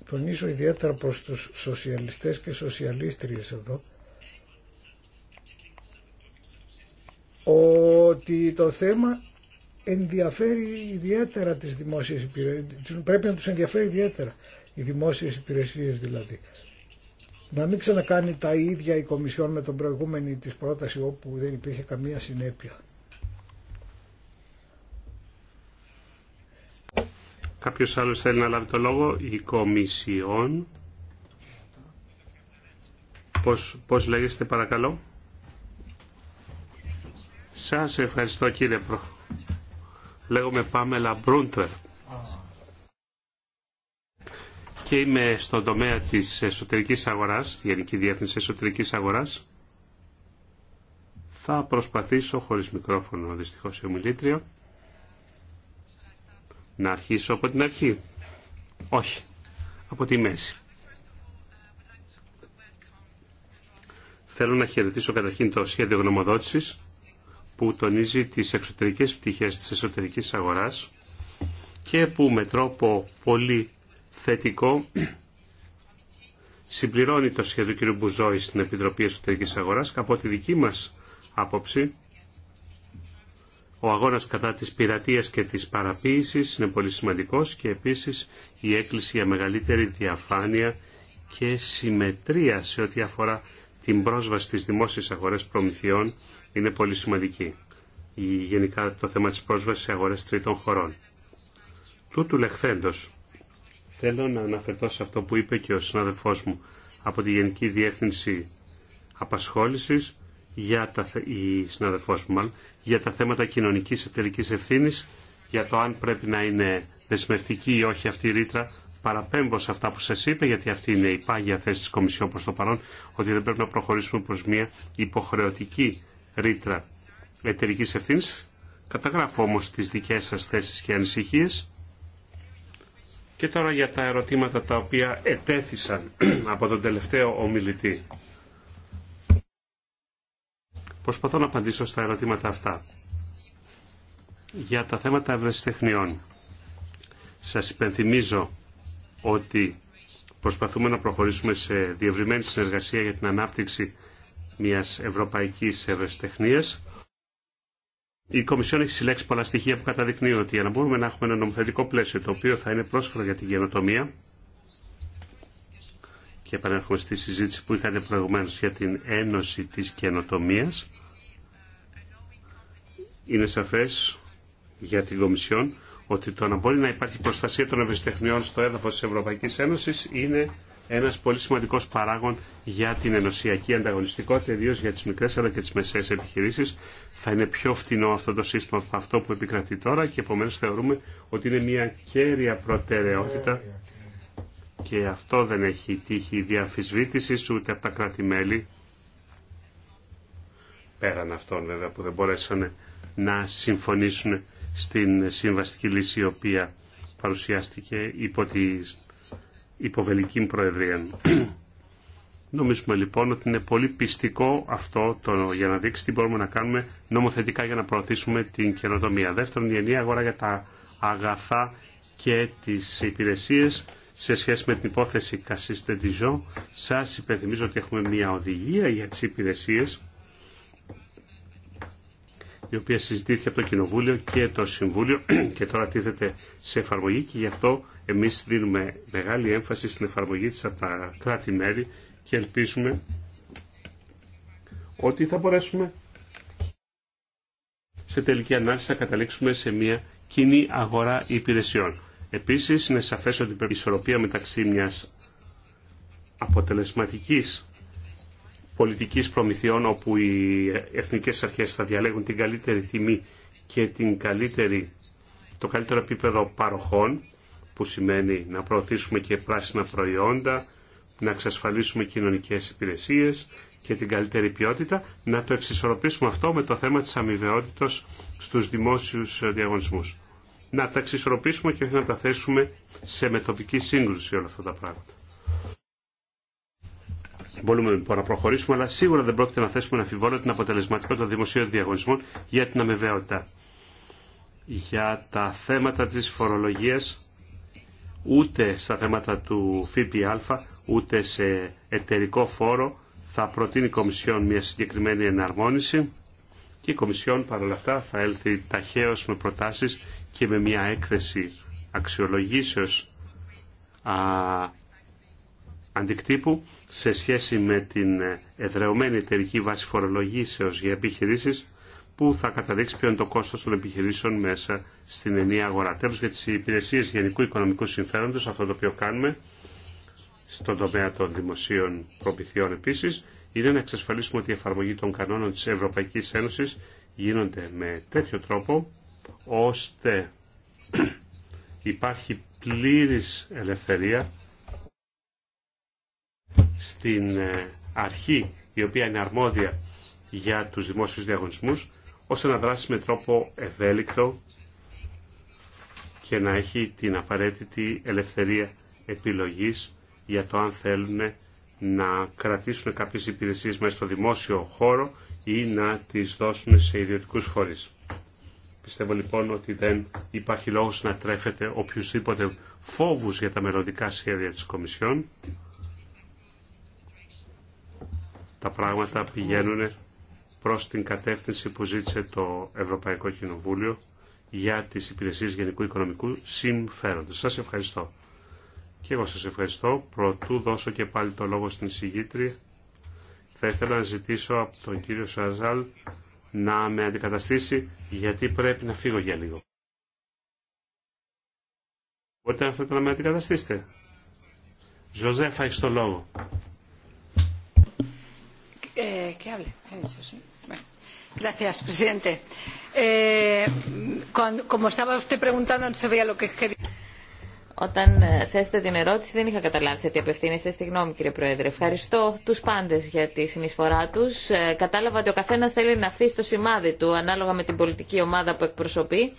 τονίσω ιδιαίτερα προς τους σοσιαλιστές και σοσιαλίστριες εδώ ότι το θέμα ενδιαφέρει ιδιαίτερα τις δημόσιες υπηρεσίες, πρέπει να τους ενδιαφέρει ιδιαίτερα οι δημόσιες υπηρεσίες δηλαδή. Να μην ξανακάνει τα ίδια η Κομισιόν με τον προηγούμενη της πρόταση όπου δεν υπήρχε καμία συνέπεια. Κάποιος άλλος θέλει να λάβει το λόγο. Η Κομισιόν. Πώς, πώς λέγεστε παρακαλώ. Σας ευχαριστώ κύριε Προ. Λέγομαι Πάμελα Μπρούντερ. Και είμαι στον τομέα της εσωτερικής αγοράς, τη Γενική Διεύθυνση Εσωτερικής Αγοράς. Θα προσπαθήσω χωρίς μικρόφωνο δυστυχώς η ομιλήτρια. Να αρχίσω από την αρχή. Όχι. Από τη μέση. Θέλω να χαιρετήσω καταρχήν το σχέδιο γνωμοδότησης που τονίζει τις εξωτερικές πτυχές της εσωτερικής αγοράς και που με τρόπο πολύ θετικό συμπληρώνει το σχέδιο κ. Μπουζόη στην Επιτροπή Εσωτερικής Αγοράς από τη δική μας άποψη ο αγώνας κατά της πειρατείας και της παραποίησης είναι πολύ σημαντικός και επίσης η έκκληση για μεγαλύτερη διαφάνεια και συμμετρία σε ό,τι αφορά την πρόσβαση στις δημόσιες αγορές προμηθειών είναι πολύ σημαντική. Γενικά το θέμα της πρόσβασης σε αγορές τρίτων χωρών. Τούτου λεχθέντος. Θέλω να αναφερθώ σε αυτό που είπε και ο συνάδελφός μου από τη Γενική Διεύθυνση Απασχόλησης για τα, η συναδελφός μου μάλλον, για τα θέματα κοινωνικής εταιρικής ευθύνης, για το αν πρέπει να είναι δεσμευτική ή όχι αυτή η ρήτρα. Παραπέμπω σε αυτά που σας είπε, γιατί αυτή είναι η πάγια θέση της Κομισιόν προς το παρόν, ότι δεν πρέπει να προχωρήσουμε προς μια υποχρεωτική ρήτρα εταιρικής ευθύνης. Καταγράφω όμως τις δικές σας θέσεις και ανησυχίες. Και τώρα για τα ερωτήματα τα οποία ετέθησαν από τον τελευταίο ομιλητή. Προσπαθώ να απαντήσω στα ερωτήματα αυτά. Για τα θέματα ευρεσιτεχνιών. Σας υπενθυμίζω ότι προσπαθούμε να προχωρήσουμε σε διευρυμένη συνεργασία για την ανάπτυξη μιας ευρωπαϊκής ευρεσιτεχνίας. Η Κομισιόν έχει συλλέξει πολλά στοιχεία που καταδεικνύουν ότι για να μπορούμε να έχουμε ένα νομοθετικό πλαίσιο το οποίο θα είναι πρόσφορο για την καινοτομία και επανέρχομαι στη συζήτηση που είχατε προηγουμένω για την Ένωση της Καινοτομίας είναι σαφές για την Κομισιόν ότι το να μπορεί να υπάρχει προστασία των ευρεσιτεχνιών στο έδαφος της Ευρωπαϊκής Ένωσης είναι ένας πολύ σημαντικός παράγον για την ενωσιακή ανταγωνιστικότητα, ιδίω για τις μικρές αλλά και τις μεσαίες επιχειρήσεις. Θα είναι πιο φτηνό αυτό το σύστημα από αυτό που επικρατεί τώρα και επομένω θεωρούμε ότι είναι μια κέρια προτεραιότητα και αυτό δεν έχει τύχει διαφυσβήτηση ούτε από τα κράτη-μέλη πέραν αυτών βέβαια που δεν μπορέσανε να συμφωνήσουν στην συμβαστική λύση η οποία παρουσιάστηκε υπό τη υποβελική προεδρία. Νομίζουμε λοιπόν ότι είναι πολύ πιστικό αυτό το, για να δείξει τι μπορούμε να κάνουμε νομοθετικά για να προωθήσουμε την καινοτομία. Δεύτερον, η ενιαία αγορά για τα αγαθά και τις υπηρεσίες σε σχέση με την υπόθεση Cassis de Σας υπενθυμίζω ότι έχουμε μια οδηγία για τις υπηρεσίες η οποία συζητήθηκε από το Κοινοβούλιο και το Συμβούλιο και τώρα τίθεται σε εφαρμογή και γι' αυτό εμείς δίνουμε μεγάλη έμφαση στην εφαρμογή της από τα κράτη-μέρη και ελπίζουμε ότι θα μπορέσουμε σε τελική ανάλυση να καταλήξουμε σε μια κοινή αγορά υπηρεσιών. Επίσης είναι σαφές ότι η ισορροπία μεταξύ μιας αποτελεσματικής πολιτικής προμηθειών όπου οι εθνικές αρχές θα διαλέγουν την καλύτερη τιμή και την καλύτερη, το καλύτερο επίπεδο παροχών που σημαίνει να προωθήσουμε και πράσινα προϊόντα, να εξασφαλίσουμε κοινωνικές υπηρεσίες και την καλύτερη ποιότητα, να το εξισορροπήσουμε αυτό με το θέμα της αμοιβαιότητας στους δημόσιου διαγωνισμούς. Να τα εξισορροπήσουμε και όχι να τα θέσουμε σε μετοπική σύγκρουση όλα αυτά τα πράγματα. Μπορούμε λοιπόν να προχωρήσουμε, αλλά σίγουρα δεν πρόκειται να θέσουμε να αφιβόλο την αποτελεσματικότητα των δημοσίων διαγωνισμών για την αμοιβαιότητα. Για τα θέματα της φορολογίας, ούτε στα θέματα του ΦΠΑ, ούτε σε εταιρικό φόρο, θα προτείνει η Κομισιόν μια συγκεκριμένη εναρμόνιση και η Κομισιόν παρόλα αυτά θα έλθει ταχαίως με προτάσεις και με μια έκθεση αξιολογήσεως αντικτύπου σε σχέση με την εδρεωμένη εταιρική βάση φορολογήσεως για επιχειρήσεις που θα καταδείξει ποιο είναι το κόστος των επιχειρήσεων μέσα στην ενία αγορά. Τέλος για τις υπηρεσίες γενικού οικονομικού συμφέροντος, αυτό το οποίο κάνουμε στον τομέα των δημοσίων προμηθειών επίσης, είναι να εξασφαλίσουμε ότι η εφαρμογή των κανόνων της Ευρωπαϊκής Ένωσης γίνονται με τέτοιο τρόπο ώστε υπάρχει πλήρης ελευθερία στην ε, αρχή η οποία είναι αρμόδια για τους δημόσιους διαγωνισμούς ώστε να δράσει με τρόπο ευέλικτο και να έχει την απαραίτητη ελευθερία επιλογής για το αν θέλουν να κρατήσουν κάποιες υπηρεσίες μέσα στο δημόσιο χώρο ή να τις δώσουν σε ιδιωτικούς φορείς. Πιστεύω λοιπόν ότι δεν υπάρχει λόγος να τρέφεται οποιουσδήποτε φόβους για τα μελλοντικά σχέδια της Κομισιόν τα πράγματα πηγαίνουν προς την κατεύθυνση που ζήτησε το Ευρωπαϊκό Κοινοβούλιο για τις υπηρεσίες γενικού οικονομικού συμφέροντος. Σας ευχαριστώ. Και εγώ σας ευχαριστώ. Προτού δώσω και πάλι το λόγο στην εισηγήτρια. Θα ήθελα να ζητήσω από τον κύριο Σαζάλ να με αντικαταστήσει γιατί πρέπει να φύγω για λίγο. Μπορείτε να θέλετε να με αντικαταστήσετε. Ζωζέφα, έχει το λόγο. Eh, eh, gracias, presidente. Eh, como estaba usted preguntando, no sabía lo que quería. Όταν ε, θέσετε την ερώτηση δεν είχα καταλάβει σε τι απευθύνεστε. Συγγνώμη κύριε Πρόεδρε. Ευχαριστώ του πάντε για τη συνεισφορά τους. Ε, κατάλαβα ότι ο καθένα θέλει να αφήσει το σημάδι του ανάλογα με την πολιτική ομάδα που εκπροσωπεί.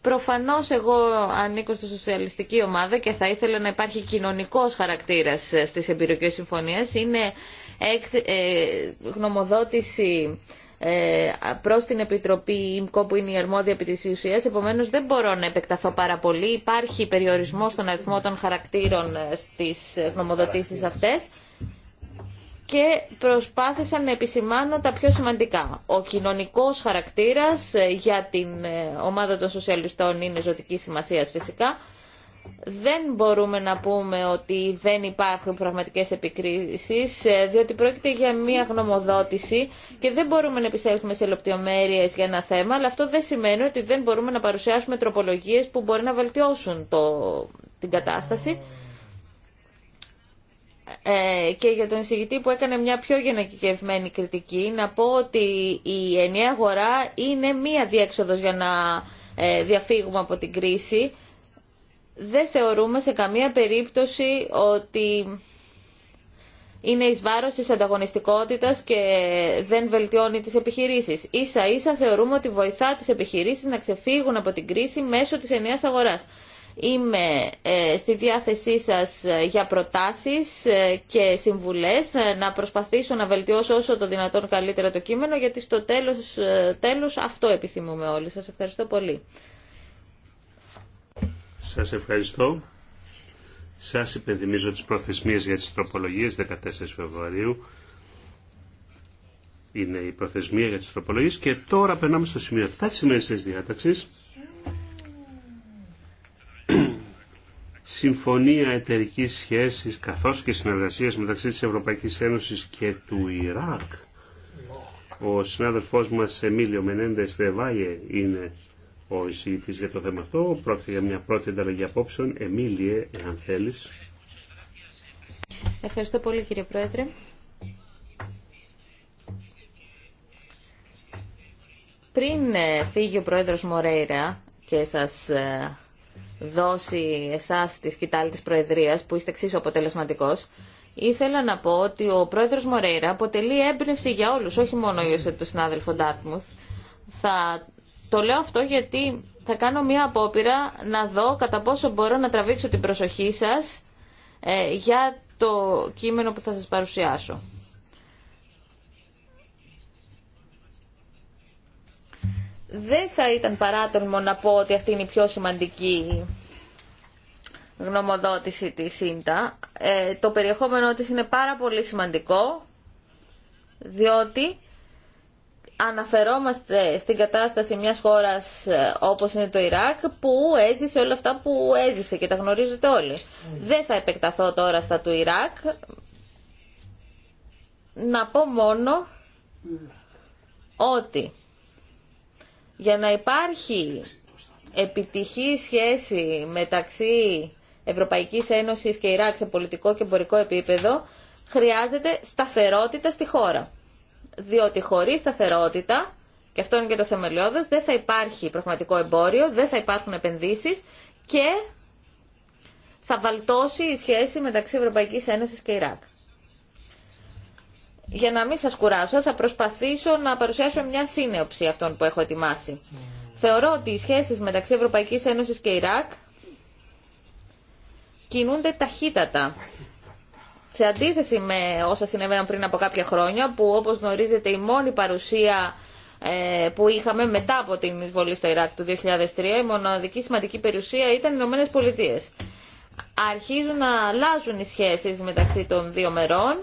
Προφανώ εγώ ανήκω στη σοσιαλιστική ομάδα και θα ήθελα να υπάρχει κοινωνικό χαρακτήρα ε, στις εμπειρικές συμφωνίες. Είναι ε, γνωμοδότηση ε, προς την Επιτροπή ΙΜΚΟ που είναι η αρμόδια επί της Επομένως δεν μπορώ να επεκταθώ πάρα πολύ. Υπάρχει περιορισμό στον αριθμό των χαρακτήρων ε, στις γνωμοδοτήσεις αυτές και προσπάθησα να επισημάνω τα πιο σημαντικά. Ο κοινωνικός χαρακτήρας για την ομάδα των σοσιαλιστών είναι ζωτική σημασία φυσικά δεν μπορούμε να πούμε ότι δεν υπάρχουν πραγματικές επικρίσεις, ε, διότι πρόκειται για μία γνωμοδότηση και δεν μπορούμε να επισέλθουμε σε λεπτομέρειε για ένα θέμα, αλλά αυτό δεν σημαίνει ότι δεν μπορούμε να παρουσιάσουμε τροπολογίες που μπορεί να βελτιώσουν το, την κατάσταση. Ε, και για τον εισηγητή που έκανε μια πιο γενικευμένη κριτική, να πω ότι η ενιαία αγορά είναι μία διέξοδος για να ε, διαφύγουμε από την κρίση δεν θεωρούμε σε καμία περίπτωση ότι είναι εις βάρος της ανταγωνιστικότητας και δεν βελτιώνει τις επιχειρήσεις. Ίσα ίσα θεωρούμε ότι βοηθά τις επιχειρήσεις να ξεφύγουν από την κρίση μέσω της ενιαίας αγοράς. Είμαι ε, στη διάθεσή σας ε, για προτάσεις ε, και συμβουλές, να προσπαθήσω να βελτιώσω όσο το δυνατόν καλύτερα το κείμενο, γιατί στο τέλος, τέλος αυτό επιθυμούμε όλοι. Σας ευχαριστώ πολύ. Σας ευχαριστώ. Σας υπενθυμίζω τις προθεσμίες για τις τροπολογίες 14 Φεβρουαρίου. Είναι η προθεσμία για τις τροπολογίες και τώρα περνάμε στο σημείο 7 της διάταξεις. διάταξης. Συμφωνία εταιρική σχέσης καθώς και συνεργασίας μεταξύ της Ευρωπαϊκής Ένωσης και του Ιράκ. Ο συνάδελφός μας Εμίλιο Μενέντες Δεβάγε είναι ο εισηγητή για το θέμα αυτό. Πρόκειται για μια πρώτη ανταλλαγή απόψεων. Εμίλια, εάν θέλει. Ευχαριστώ πολύ κύριε Πρόεδρε. Πριν ε, φύγει ο Πρόεδρος Μορέιρα και σας ε, δώσει εσάς τη σκητάλη της Προεδρίας, που είστε εξίσου αποτελεσματικός, ήθελα να πω ότι ο Πρόεδρος Μορέιρα αποτελεί έμπνευση για όλους, όχι μόνο για τον συνάδελφο Ντάρτμουθ. Θα το λέω αυτό γιατί θα κάνω μία απόπειρα να δω κατά πόσο μπορώ να τραβήξω την προσοχή σας ε, για το κείμενο που θα σας παρουσιάσω. Δεν θα ήταν παράτολμο να πω ότι αυτή είναι η πιο σημαντική γνωμοδότηση της ΣΥΝΤΑ. Ε, το περιεχόμενό της είναι πάρα πολύ σημαντικό, διότι αναφερόμαστε στην κατάσταση μιας χώρας ε, όπως είναι το Ιράκ που έζησε όλα αυτά που έζησε και τα γνωρίζετε όλοι. Δεν θα επεκταθώ τώρα στα του Ιράκ. Να πω μόνο ότι για να υπάρχει επιτυχή σχέση μεταξύ Ευρωπαϊκής Ένωσης και Ιράκ σε πολιτικό και εμπορικό επίπεδο χρειάζεται σταθερότητα στη χώρα διότι χωρίς σταθερότητα, και αυτό είναι και το θεμελιώδες, δεν θα υπάρχει πραγματικό εμπόριο, δεν θα υπάρχουν επενδύσεις και θα βαλτώσει η σχέση μεταξύ Ευρωπαϊκή Ένωσης και Ιράκ. Για να μην σα κουράσω, θα προσπαθήσω να παρουσιάσω μια σύνεοψη αυτών που έχω ετοιμάσει. Θεωρώ ότι οι σχέσεις μεταξύ Ευρωπαϊκή Ένωση και Ιράκ κινούνται ταχύτατα σε αντίθεση με όσα συνέβαιναν πριν από κάποια χρόνια, που όπως γνωρίζετε η μόνη παρουσία ε, που είχαμε μετά από την εισβολή στο Ιράκ του 2003, η μοναδική σημαντική περιουσία ήταν οι Ηνωμένε Πολιτείε. Αρχίζουν να αλλάζουν οι σχέσεις μεταξύ των δύο μερών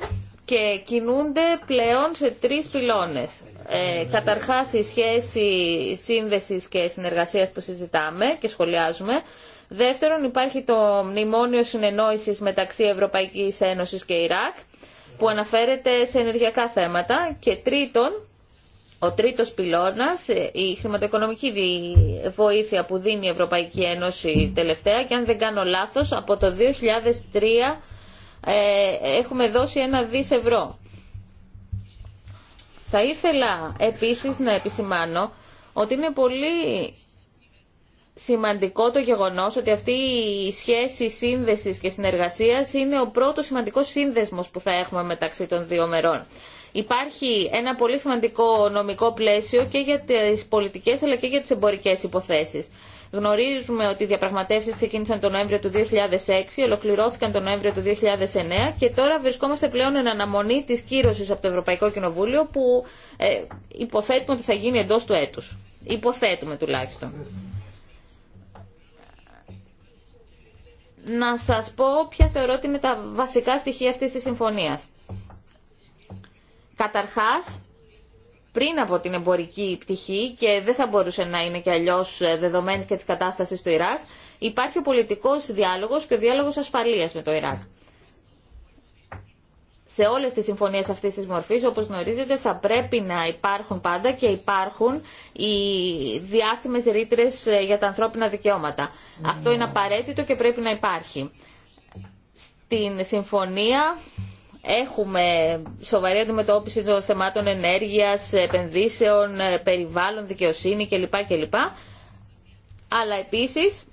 και κινούνται πλέον σε τρεις πυλώνες. Ε, καταρχάς η σχέση σύνδεσης και συνεργασίας που συζητάμε και σχολιάζουμε, Δεύτερον, υπάρχει το μνημόνιο συνεννόηση μεταξύ Ευρωπαϊκής Ένωσης και Ιράκ, που αναφέρεται σε ενεργειακά θέματα. Και τρίτον, ο τρίτος πυλώνας, η χρηματοοικονομική βοήθεια που δίνει η Ευρωπαϊκή Ένωση τελευταία και αν δεν κάνω λάθος, από το 2003 ε, έχουμε δώσει ένα δις ευρώ. Θα ήθελα επίσης να επισημάνω ότι είναι πολύ σημαντικό το γεγονός ότι αυτή η σχέση σύνδεσης και συνεργασίας είναι ο πρώτος σημαντικός σύνδεσμος που θα έχουμε μεταξύ των δύο μερών. Υπάρχει ένα πολύ σημαντικό νομικό πλαίσιο και για τις πολιτικές αλλά και για τις εμπορικές υποθέσεις. Γνωρίζουμε ότι οι διαπραγματεύσει ξεκίνησαν τον Νοέμβριο του 2006, ολοκληρώθηκαν τον Νοέμβριο του 2009 και τώρα βρισκόμαστε πλέον εν αναμονή της κύρωση από το Ευρωπαϊκό Κοινοβούλιο που ε, υποθέτουμε ότι θα γίνει εντό του έτου. Υποθέτουμε τουλάχιστον. να σας πω ποια θεωρώ ότι είναι τα βασικά στοιχεία αυτής της συμφωνίας. Καταρχάς, πριν από την εμπορική πτυχή και δεν θα μπορούσε να είναι και αλλιώς δεδομένης και της κατάστασης του Ιράκ, υπάρχει ο πολιτικός διάλογος και ο διάλογος ασφαλείας με το Ιράκ σε όλες τις συμφωνίες αυτής της μορφής, όπως γνωρίζετε, θα πρέπει να υπάρχουν πάντα και υπάρχουν οι διάσημες ρήτρε ε, για τα ανθρώπινα δικαιώματα. Ναι. Αυτό είναι απαραίτητο και πρέπει να υπάρχει. Στην συμφωνία έχουμε σοβαρή αντιμετώπιση των θεμάτων ενέργειας, επενδύσεων, ε, περιβάλλον, δικαιοσύνη κλπ. κλπ. Αλλά επίσης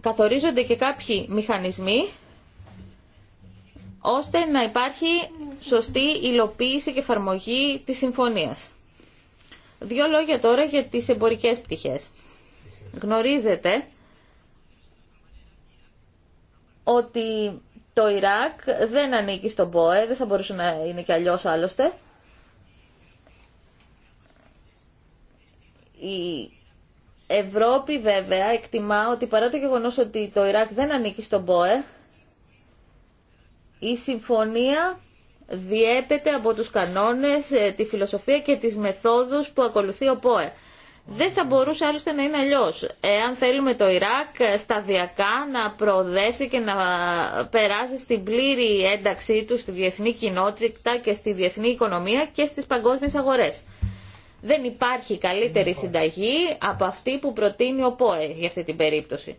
καθορίζονται και κάποιοι μηχανισμοί ώστε να υπάρχει σωστή υλοποίηση και εφαρμογή της συμφωνίας. Δύο λόγια τώρα για τις εμπορικές πτυχές. Γνωρίζετε ότι το Ιράκ δεν ανήκει στον ΠΟΕ, δεν θα μπορούσε να είναι και αλλιώς άλλωστε. Η Ευρώπη βέβαια εκτιμά ότι παρά το γεγονός ότι το Ιράκ δεν ανήκει στον ΠΟΕ, η συμφωνία διέπεται από τους κανόνες, ε, τη φιλοσοφία και τις μεθόδους που ακολουθεί ο ΠΟΕ. Δεν θα μπορούσε άλλωστε να είναι αλλιώ. Εάν θέλουμε το Ιράκ ε, σταδιακά να προοδεύσει και να περάσει στην πλήρη ένταξή του στη διεθνή κοινότητα και στη διεθνή οικονομία και στις παγκόσμιες αγορές. Δεν υπάρχει καλύτερη συνταγή από αυτή που προτείνει ο ΠΟΕ για αυτή την περίπτωση.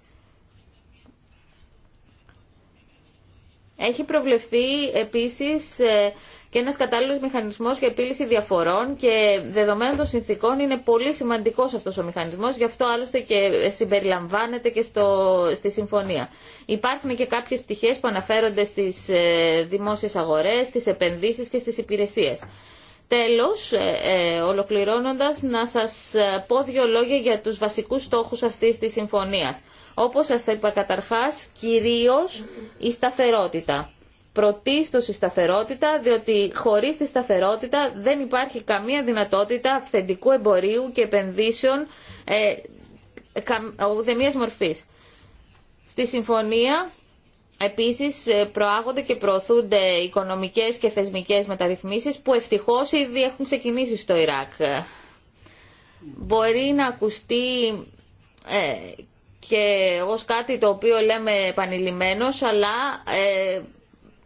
Έχει προβλεφθεί επίσης ε, και ένας κατάλληλος μηχανισμός για επίλυση διαφορών και δεδομένων των συνθήκων είναι πολύ σημαντικός αυτός ο μηχανισμός, γι' αυτό άλλωστε και συμπεριλαμβάνεται και στο, στη συμφωνία. Υπάρχουν και κάποιες πτυχές που αναφέρονται στις ε, δημόσιες αγορές, στις επενδύσεις και στις υπηρεσίες. Τέλος, ε, ε, ολοκληρώνοντας, να σας ε, πω δύο λόγια για τους βασικούς στόχους αυτής της συμφωνίας. Όπως σας είπα καταρχάς, κυρίως η σταθερότητα. Πρωτίστως η σταθερότητα, διότι χωρίς τη σταθερότητα δεν υπάρχει καμία δυνατότητα αυθεντικού εμπορίου και επενδύσεων ε, ουδεμίας μορφής. Στη συμφωνία Επίσης ε, προάγονται και προωθούνται οικονομικές και θεσμικές μεταρρυθμίσεις που ευτυχώς ήδη έχουν ξεκινήσει στο Ιράκ. Μπορεί να ακουστεί ε, και ως κάτι το οποίο λέμε επανειλημμένος, αλλά ε,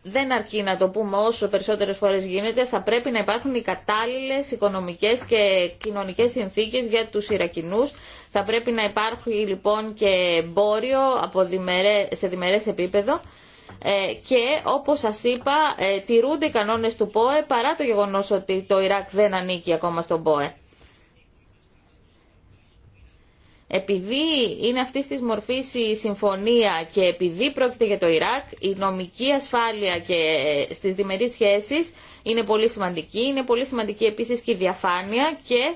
δεν αρκεί να το πούμε όσο περισσότερες φορές γίνεται, θα πρέπει να υπάρχουν οι κατάλληλες οικονομικές και κοινωνικές συνθήκες για τους Ιρακινούς, θα πρέπει να υπάρχει λοιπόν και εμπόριο από σε διμερές επίπεδο ε, και όπως σας είπα ε, τηρούνται οι κανόνες του ΠΟΕ παρά το γεγονός ότι το Ιράκ δεν ανήκει ακόμα στον ΠΟΕ. Επειδή είναι αυτή της μορφής η συμφωνία και επειδή πρόκειται για το Ιράκ, η νομική ασφάλεια και ε, στις διμερείς σχέσεις είναι πολύ σημαντική. Είναι πολύ σημαντική επίσης και η διαφάνεια και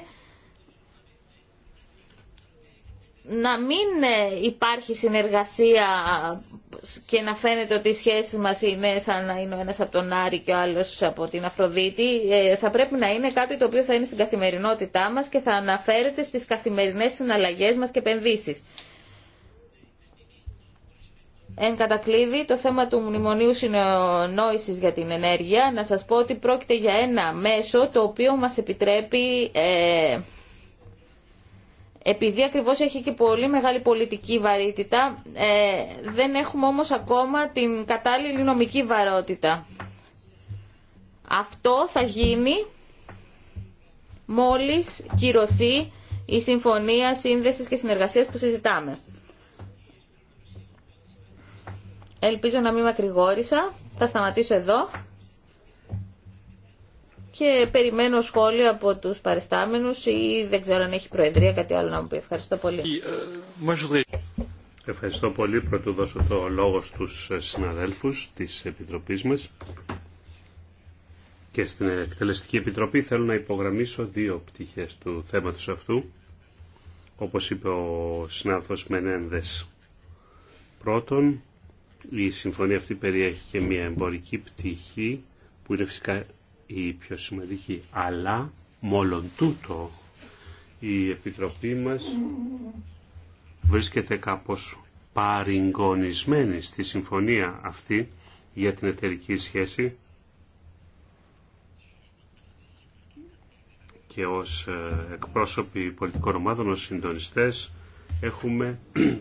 να μην ε, υπάρχει συνεργασία και να φαίνεται ότι οι σχέσεις μας είναι σαν να είναι ο ένας από τον Άρη και ο άλλος από την Αφροδίτη. Ε, θα πρέπει να είναι κάτι το οποίο θα είναι στην καθημερινότητά μας και θα αναφέρεται στις καθημερινές συναλλαγές μας και επενδύσεις. Εν κατακλείδη, το θέμα του Μνημονίου Συνεννόησης για την Ενέργεια, να σας πω ότι πρόκειται για ένα μέσο το οποίο μας επιτρέπει... Ε, επειδή ακριβώς έχει και πολύ μεγάλη πολιτική βαρύτητα, ε, δεν έχουμε όμως ακόμα την κατάλληλη νομική βαρότητα. Αυτό θα γίνει μόλις κυρωθεί η συμφωνία σύνδεσης και συνεργασίας που συζητάμε. Ελπίζω να μην ακρηγόρησα. Θα σταματήσω εδώ και περιμένω σχόλια από τους παριστάμενους ή δεν ξέρω αν έχει προεδρία κάτι άλλο να μου πει. Ευχαριστώ πολύ. Ε, Ευχαριστώ πολύ. Πρωτού δώσω το λόγο στους ε, συναδέλφους της Επιτροπής μας και στην Εκτελεστική Επιτροπή θέλω να υπογραμμίσω δύο πτυχές του θέματος αυτού όπως είπε ο συνάδελφος Μενένδες. Πρώτον, η συμφωνία αυτή περιέχει και μια εμπορική πτυχή που είναι φυσικά η πιο σημαντική. Αλλά μόλον τούτο η Επιτροπή μας βρίσκεται κάπως παριγκονισμένη στη συμφωνία αυτή για την εταιρική σχέση και ως ε, εκπρόσωποι πολιτικών ομάδων, ως συντονιστές, έχουμε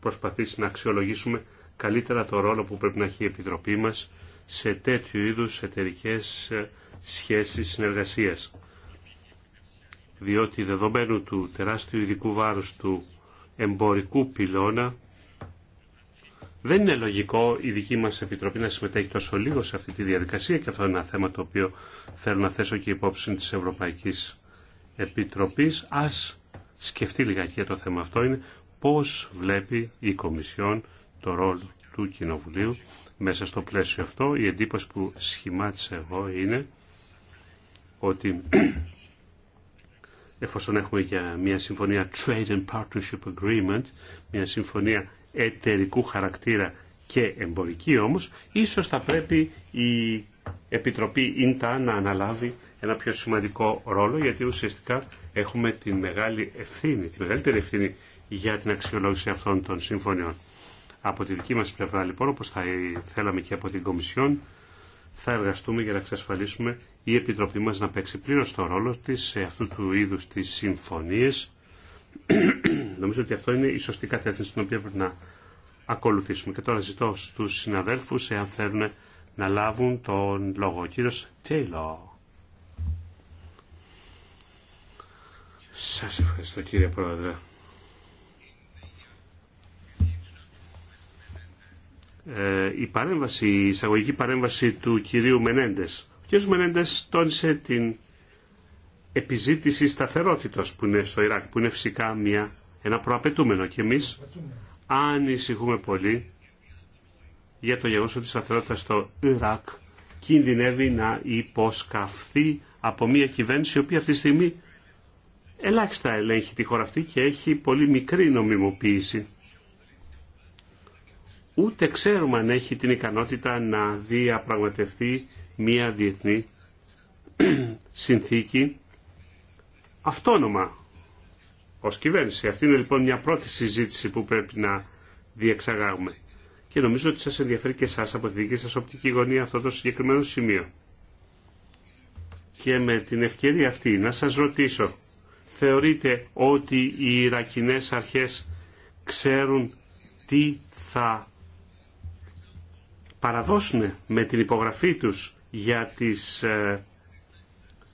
προσπαθήσει να αξιολογήσουμε καλύτερα το ρόλο που πρέπει να έχει η Επιτροπή μας σε τέτοιου είδους εταιρικές ε, σχέσεις συνεργασίας. Διότι δεδομένου του τεράστιου ειδικού βάρους του εμπορικού πυλώνα δεν είναι λογικό η δική μας Επιτροπή να συμμετέχει τόσο λίγο σε αυτή τη διαδικασία και αυτό είναι ένα θέμα το οποίο θέλω να θέσω και υπόψη της Ευρωπαϊκής Επιτροπής. Ας σκεφτεί λιγάκι για το θέμα αυτό είναι πώς βλέπει η Κομισιόν το ρόλο του Κοινοβουλίου μέσα στο πλαίσιο αυτό η εντύπωση που σχημάτισα εγώ είναι ότι εφόσον έχουμε για μια συμφωνία Trade and Partnership Agreement, μια συμφωνία εταιρικού χαρακτήρα και εμπορική όμως, ίσως θα πρέπει η Επιτροπή ΙΝΤΑ να αναλάβει ένα πιο σημαντικό ρόλο, γιατί ουσιαστικά έχουμε τη μεγάλη ευθύνη, τη μεγαλύτερη ευθύνη για την αξιολόγηση αυτών των συμφωνιών. Από τη δική μας πλευρά λοιπόν, όπως θα θέλαμε και από την Κομισιόν, θα εργαστούμε για να εξασφαλίσουμε η Επιτροπή μας να παίξει πλήρως τον ρόλο της σε αυτού του είδους τις συμφωνίες. Νομίζω ότι αυτό είναι η σωστή κατεύθυνση την οποία πρέπει να ακολουθήσουμε. Και τώρα ζητώ στους συναδέλφους εάν θέλουν να λάβουν τον λόγο. Ο κύριος Τέιλο. Σας ευχαριστώ κύριε Πρόεδρε. Ε, η παρέμβαση, η εισαγωγική παρέμβαση του κυρίου Μενέντες. Ο κύριος Μενέντες τόνισε την επιζήτηση σταθερότητας που είναι στο Ιράκ, που είναι φυσικά μια, ένα προαπαιτούμενο και εμείς ανησυχούμε πολύ για το γεγονός ότι η σταθερότητα στο Ιράκ κινδυνεύει να υποσκαφθεί από μια κυβέρνηση η οποία αυτή τη στιγμή ελάχιστα ελέγχει τη χώρα αυτή και έχει πολύ μικρή νομιμοποίηση ούτε ξέρουμε αν έχει την ικανότητα να διαπραγματευτεί μία διεθνή συνθήκη αυτόνομα ως κυβέρνηση. Αυτή είναι λοιπόν μια πρώτη συζήτηση που πρέπει να διεξαγάγουμε. Και νομίζω ότι σας ενδιαφέρει και εσάς από τη δική σας οπτική γωνία αυτό το συγκεκριμένο σημείο. Και με την ευκαιρία αυτή να σας ρωτήσω, θεωρείτε ότι οι Ιρακινές αρχές ξέρουν τι θα παραδώσουν με την υπογραφή τους για, τις, ε,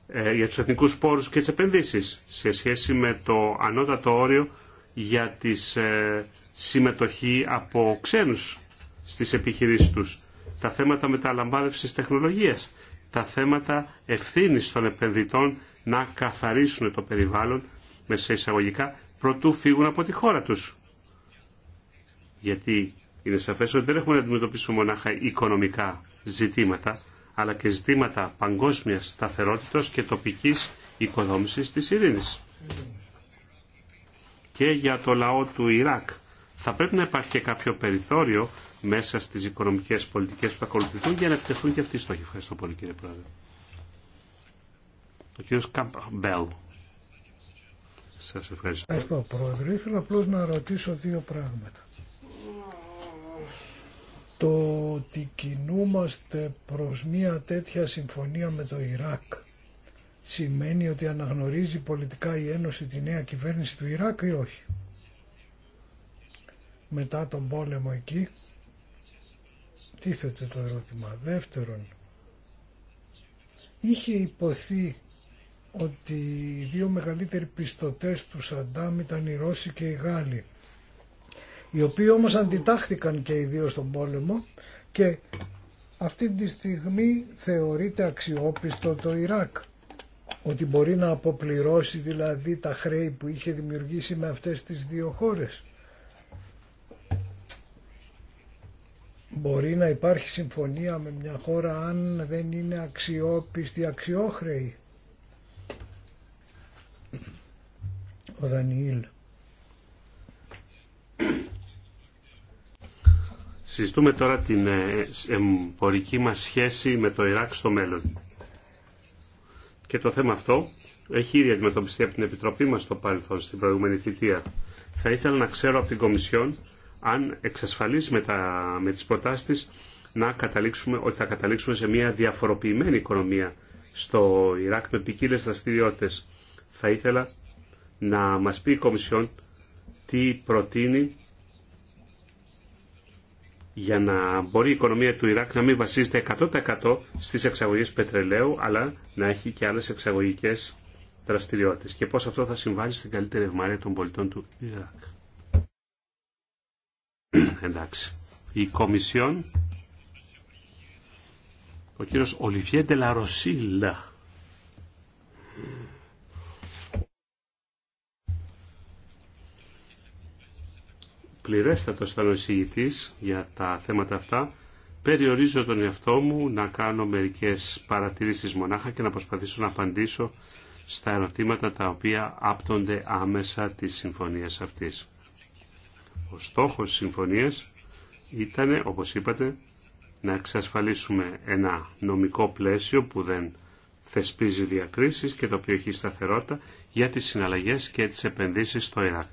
ε, για τους εθνικούς πόρους και τις επενδύσεις σε σχέση με το ανώτατο όριο για τη ε, συμμετοχή από ξένους στις επιχειρήσεις τους, τα θέματα μεταλαμβάνευσης τεχνολογίας, τα θέματα ευθύνης των επενδυτών να καθαρίσουν το περιβάλλον μεσαϊσαγωγικά, εισαγωγικά προτού φύγουν από τη χώρα τους. Γιατί είναι σαφέ ότι δεν έχουμε να αντιμετωπίσουμε μονάχα οικονομικά ζητήματα, αλλά και ζητήματα παγκόσμια σταθερότητα και τοπικής οικοδόμησης τη ειρήνης. Και για το λαό του Ιράκ θα πρέπει να υπάρχει και κάποιο περιθώριο μέσα στις οικονομικές πολιτικές που ακολουθηθούν για να επιτευχθούν και αυτοί οι στόχοι. Ευχαριστώ πολύ κύριε Πρόεδρε. Ο κύριος Καμπέλ. Σας ευχαριστώ. Ευχαριστώ Πρόεδρε. Ήθελα απλώς να ρωτήσω δύο πράγματα το ότι κινούμαστε προς μία τέτοια συμφωνία με το Ιράκ σημαίνει ότι αναγνωρίζει πολιτικά η Ένωση τη νέα κυβέρνηση του Ιράκ ή όχι. Μετά τον πόλεμο εκεί τίθεται το ερώτημα. Δεύτερον, είχε υποθεί ότι οι δύο μεγαλύτεροι πιστωτές του Σαντάμ ήταν οι Ρώσοι και οι Γάλλοι οι οποίοι όμως αντιτάχθηκαν και οι δύο στον πόλεμο και αυτή τη στιγμή θεωρείται αξιόπιστο το Ιράκ ότι μπορεί να αποπληρώσει δηλαδή τα χρέη που είχε δημιουργήσει με αυτές τις δύο χώρες. Μπορεί να υπάρχει συμφωνία με μια χώρα αν δεν είναι αξιόπιστη αξιόχρεη. Ο Δανιήλ. Συζητούμε τώρα την ε, εμπορική μας σχέση με το Ιράκ στο μέλλον. Και το θέμα αυτό έχει ήδη αντιμετωπιστεί από την Επιτροπή μας στο παρελθόν, στην προηγούμενη θητεία. Θα ήθελα να ξέρω από την Κομισιόν αν εξασφαλίσει με, τα, με τις προτάσεις να καταλήξουμε, ότι θα καταλήξουμε σε μια διαφοροποιημένη οικονομία στο Ιράκ με ποικίλε δραστηριότητε. Θα ήθελα να μας πει η Κομισιόν τι προτείνει για να μπορεί η οικονομία του Ιράκ να μην βασίζεται 100% στις εξαγωγές πετρελαίου, αλλά να έχει και άλλες εξαγωγικές δραστηριότητες. Και πώς αυτό θα συμβάλλει στην καλύτερη ευμάρεια των πολιτών του Ιράκ. Εντάξει. Η Κομισιόν, ο κύριος Ολιβιέ Ντελαροσίλα, πληρέστατος ήταν για τα θέματα αυτά. Περιορίζω τον εαυτό μου να κάνω μερικές παρατηρήσεις μονάχα και να προσπαθήσω να απαντήσω στα ερωτήματα τα οποία άπτονται άμεσα τη συμφωνίας αυτής. Ο στόχος της συμφωνίας ήταν, όπως είπατε, να εξασφαλίσουμε ένα νομικό πλαίσιο που δεν θεσπίζει διακρίσεις και το οποίο έχει σταθερότητα για τις συναλλαγές και τις επενδύσεις στο Ιράκ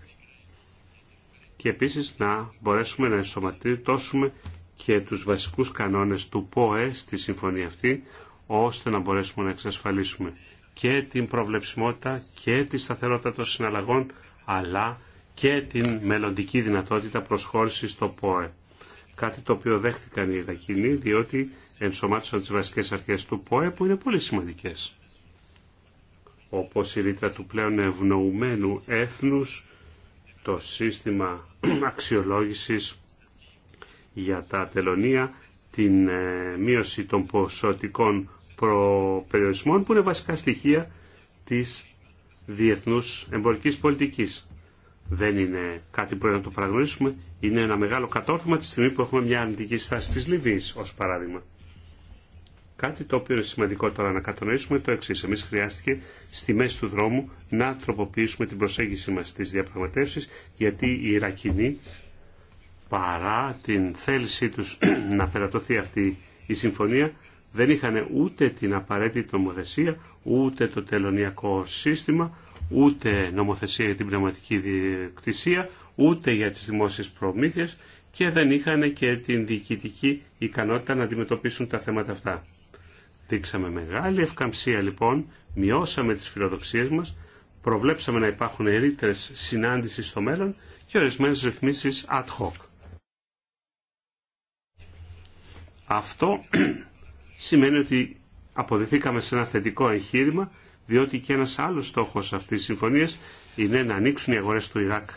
και επίσης να μπορέσουμε να ενσωματώσουμε και τους βασικούς κανόνες του ΠΟΕ στη συμφωνία αυτή, ώστε να μπορέσουμε να εξασφαλίσουμε και την προβλεψιμότητα και τη σταθερότητα των συναλλαγών, αλλά και την μελλοντική δυνατότητα προσχώρησης στο ΠΟΕ. Κάτι το οποίο δέχτηκαν οι Ιρακινοί, διότι ενσωμάτωσαν τις βασικές αρχές του ΠΟΕ, που είναι πολύ σημαντικές. Όπως η ρήτρα του πλέον ευνοουμένου έθνους, το σύστημα αξιολόγησης για τα τελωνία, την ε, μείωση των ποσοτικών προπεριορισμών που είναι βασικά στοιχεία της διεθνούς εμπορικής πολιτικής. Δεν είναι κάτι που πρέπει να το παραγνωρίσουμε, είναι ένα μεγάλο κατόρθωμα τη στιγμή που έχουμε μια αρνητική στάση της Λιβύης ως παράδειγμα. Κάτι το οποίο είναι σημαντικό τώρα να κατανοήσουμε το εξή. Εμεί χρειάστηκε στη μέση του δρόμου να τροποποιήσουμε την προσέγγιση μα στι διαπραγματεύσει, γιατί οι Ιρακινοί, παρά την θέλησή του να περατωθεί αυτή η συμφωνία, δεν είχαν ούτε την απαραίτητη νομοθεσία, ούτε το τελωνιακό σύστημα, ούτε νομοθεσία για την πνευματική κτησία, ούτε για τις δημόσιες προμήθειες και δεν είχαν και την διοικητική ικανότητα να αντιμετωπίσουν τα θέματα αυτά. Δείξαμε μεγάλη ευκαμψία λοιπόν, μειώσαμε τις φιλοδοξίες μας, προβλέψαμε να υπάρχουν ερήτερες συνάντησεις στο μέλλον και ορισμένες ρυθμίσεις ad hoc. Αυτό σημαίνει ότι αποδεθήκαμε σε ένα θετικό εγχείρημα, διότι και ένας άλλος στόχος αυτής της συμφωνίας είναι να ανοίξουν οι αγορές του Ιράκ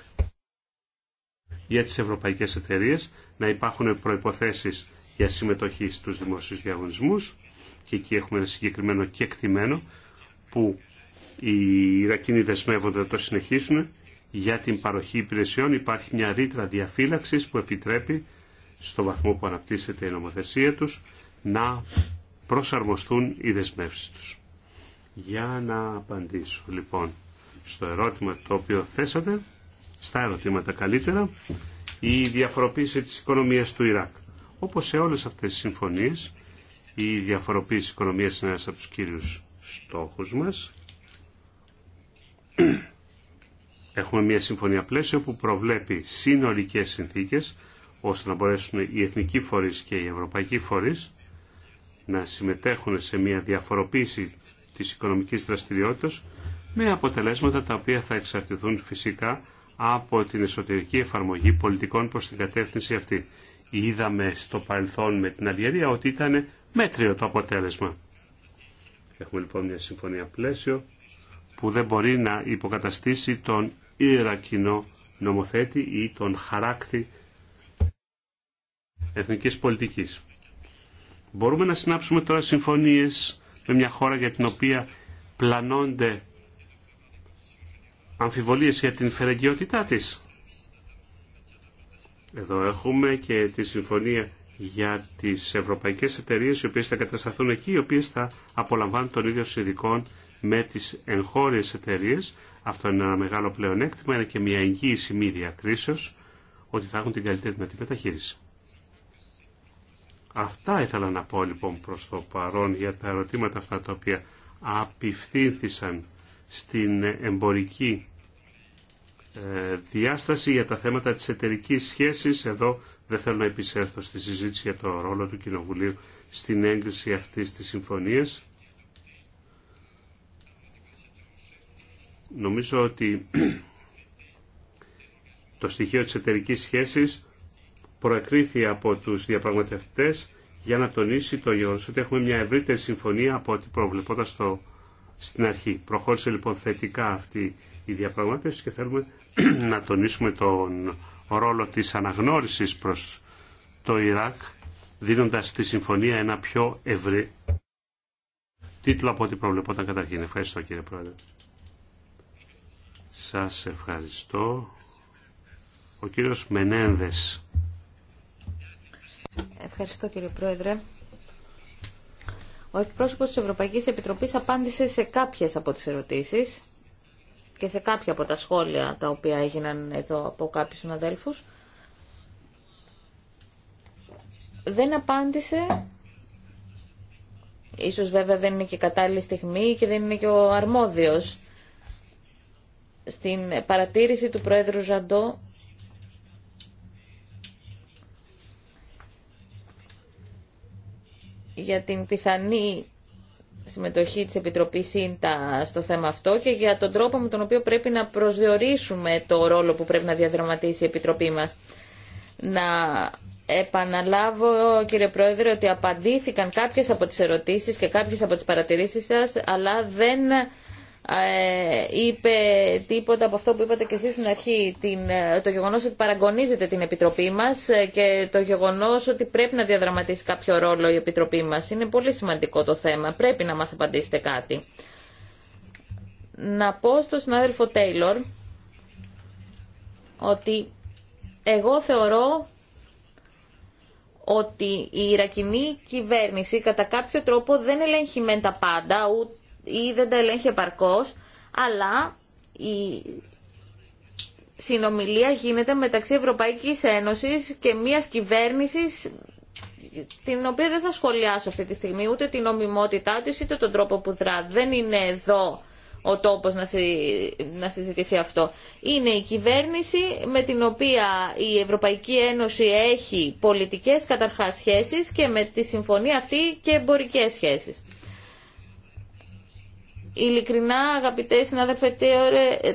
για τις ευρωπαϊκές εταιρείες, να υπάρχουν προϋποθέσεις για συμμετοχή στους δημόσιους διαγωνισμούς και εκεί έχουμε ένα συγκεκριμένο κεκτημένο που οι Ιρακινοί δεσμεύονται να το συνεχίσουν. Για την παροχή υπηρεσιών υπάρχει μια ρήτρα διαφύλαξης που επιτρέπει στο βαθμό που αναπτύσσεται η νομοθεσία τους να προσαρμοστούν οι δεσμεύσεις τους. Για να απαντήσω λοιπόν στο ερώτημα το οποίο θέσατε, στα ερωτήματα καλύτερα, η διαφοροποίηση της οικονομίας του Ιράκ. Όπως σε όλες αυτές τις συμφωνίες, η διαφοροποίηση οικονομίας είναι ένας από τους κύριους στόχους μας. Έχουμε μια συμφωνία πλαίσιο που προβλέπει συνολικές συνθήκες ώστε να μπορέσουν οι εθνικοί φορείς και οι ευρωπαϊκοί φορείς να συμμετέχουν σε μια διαφοροποίηση της οικονομικής δραστηριότητας με αποτελέσματα τα οποία θα εξαρτηθούν φυσικά από την εσωτερική εφαρμογή πολιτικών προς την κατεύθυνση αυτή. Είδαμε στο παρελθόν με την Αλγερία ότι ήταν μέτριο το αποτέλεσμα. Έχουμε λοιπόν μια συμφωνία πλαίσιο που δεν μπορεί να υποκαταστήσει τον Ιρακινό νομοθέτη ή τον χαράκτη εθνικής πολιτικής. Μπορούμε να συνάψουμε τώρα συμφωνίες με μια χώρα για την οποία πλανώνται αμφιβολίες για την φερεγγιότητά της. Εδώ έχουμε και τη συμφωνία για τις ευρωπαϊκές εταιρείες οι οποίες θα κατασταθούν εκεί, οι οποίες θα απολαμβάνουν τον ίδιο συνδικών με τις εγχώριες εταιρείες. Αυτό είναι ένα μεγάλο πλεονέκτημα, είναι και μια εγγύηση μη διακρίσεως ότι θα έχουν την καλύτερη δυνατή μεταχείριση. Αυτά ήθελα να πω λοιπόν προς το παρόν για τα ερωτήματα αυτά τα οποία απευθύνθησαν στην εμπορική διάσταση για τα θέματα της εταιρική σχέσης. Εδώ δεν θέλω να επισέλθω στη συζήτηση για το ρόλο του Κοινοβουλίου στην έγκριση αυτής της συμφωνίας. Νομίζω ότι το στοιχείο της εταιρική σχέσης προεκρίθη από τους διαπραγματευτές για να τονίσει το γεγονός ότι έχουμε μια ευρύτερη συμφωνία από ό,τι προβλεπόταν στο, στην αρχή. Προχώρησε λοιπόν θετικά αυτή η διαπραγμάτευση και θέλουμε να τονίσουμε τον ρόλο της αναγνώρισης προς το Ιράκ, δίνοντας στη συμφωνία ένα πιο ευρύ τίτλο από ό,τι προβλεπόταν καταρχήν. Ευχαριστώ κύριε Πρόεδρε. Σας ευχαριστώ. Ο κύριος Μενένδες. Ευχαριστώ κύριε Πρόεδρε. Ο εκπρόσωπος της Ευρωπαϊκής Επιτροπής απάντησε σε κάποιες από τις ερωτήσεις και σε κάποια από τα σχόλια τα οποία έγιναν εδώ από κάποιους συναδέλφους. Δεν απάντησε, ίσως βέβαια δεν είναι και κατάλληλη στιγμή και δεν είναι και ο αρμόδιος, στην παρατήρηση του Πρόεδρου Ζαντό για την πιθανή συμμετοχή της Επιτροπής ΣΥΝΤΑ στο θέμα αυτό και για τον τρόπο με τον οποίο πρέπει να προσδιορίσουμε το ρόλο που πρέπει να διαδραματίσει η Επιτροπή μας. Να επαναλάβω, κύριε Πρόεδρε, ότι απαντήθηκαν κάποιες από τις ερωτήσεις και κάποιες από τις παρατηρήσεις σας, αλλά δεν ε, είπε τίποτα από αυτό που είπατε και εσείς στην αρχή, την, ε, το γεγονός ότι παραγωνίζεται την Επιτροπή μας ε, και το γεγονός ότι πρέπει να διαδραματίσει κάποιο ρόλο η Επιτροπή μας. Είναι πολύ σημαντικό το θέμα. Πρέπει να μας απαντήσετε κάτι. Να πω στον συνάδελφο Τέιλορ ότι εγώ θεωρώ ότι η Ιρακινή κυβέρνηση κατά κάποιο τρόπο δεν ελέγχει μεν τα πάντα, ούτε ή δεν τα ελέγχει επαρκώς, αλλά η συνομιλία γίνεται μεταξύ Ευρωπαϊκής Ένωσης και μιας κυβέρνησης την οποία δεν θα σχολιάσω αυτή τη στιγμή ούτε την ομιμότητά της ούτε τον τρόπο που δρά. Δεν είναι εδώ ο τόπος να, να συζητηθεί αυτό. Είναι η κυβέρνηση με την οποία η Ευρωπαϊκή Ένωση έχει πολιτικές καταρχάς σχέσεις και με τη συμφωνία αυτή και εμπορικές σχέσεις ειλικρινά αγαπητέ συνάδελφε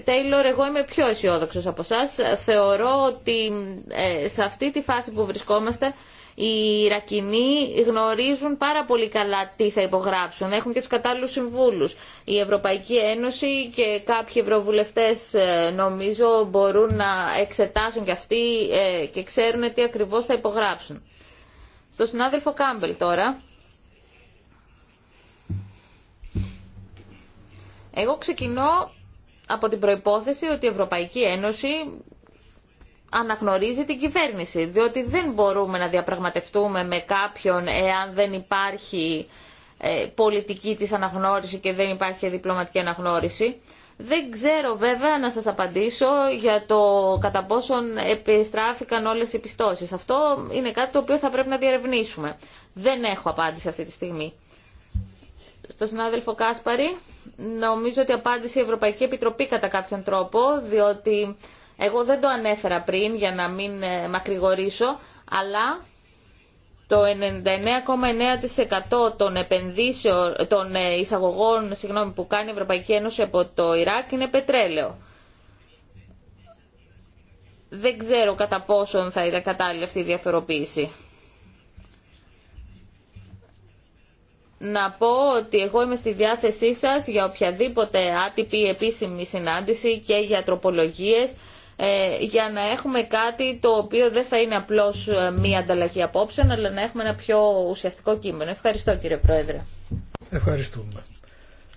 Τέιλορ, εγώ είμαι πιο αισιόδοξο από εσά. Θεωρώ ότι ε, σε αυτή τη φάση που βρισκόμαστε οι Ιρακινοί γνωρίζουν πάρα πολύ καλά τι θα υπογράψουν. Έχουν και του κατάλληλου συμβούλους. Η Ευρωπαϊκή Ένωση και κάποιοι ευρωβουλευτές ε, νομίζω μπορούν να εξετάσουν και αυτοί ε, και ξέρουν τι ακριβώ θα υπογράψουν. Στο συνάδελφο Κάμπελ τώρα Εγώ ξεκινώ από την προϋπόθεση ότι η Ευρωπαϊκή Ένωση αναγνωρίζει την κυβέρνηση, διότι δεν μπορούμε να διαπραγματευτούμε με κάποιον εάν δεν υπάρχει ε, πολιτική της αναγνώριση και δεν υπάρχει διπλωματική αναγνώριση. Δεν ξέρω βέβαια να σας απαντήσω για το κατά πόσον επιστράφηκαν όλες οι πιστώσεις. Αυτό είναι κάτι το οποίο θα πρέπει να διαρευνήσουμε. Δεν έχω απάντηση αυτή τη στιγμή στον συνάδελφο Κάσπαρη. Νομίζω ότι απάντησε η Ευρωπαϊκή Επιτροπή κατά κάποιον τρόπο, διότι εγώ δεν το ανέφερα πριν για να μην ε, μακρηγορήσω, αλλά το 99,9% των, επενδύσεων, των ε, εισαγωγών συγγνώμη, που κάνει η Ευρωπαϊκή Ένωση από το Ιράκ είναι πετρέλαιο. Δεν ξέρω κατά πόσον θα είναι κατάλληλη αυτή η διαφοροποίηση. να πω ότι εγώ είμαι στη διάθεσή σας για οποιαδήποτε άτυπη επίσημη συνάντηση και για τροπολογίες ε, για να έχουμε κάτι το οποίο δεν θα είναι απλώς ε, μία ανταλλαγή απόψεων αλλά να έχουμε ένα πιο ουσιαστικό κείμενο. Ευχαριστώ κύριε Πρόεδρε. Ευχαριστούμε.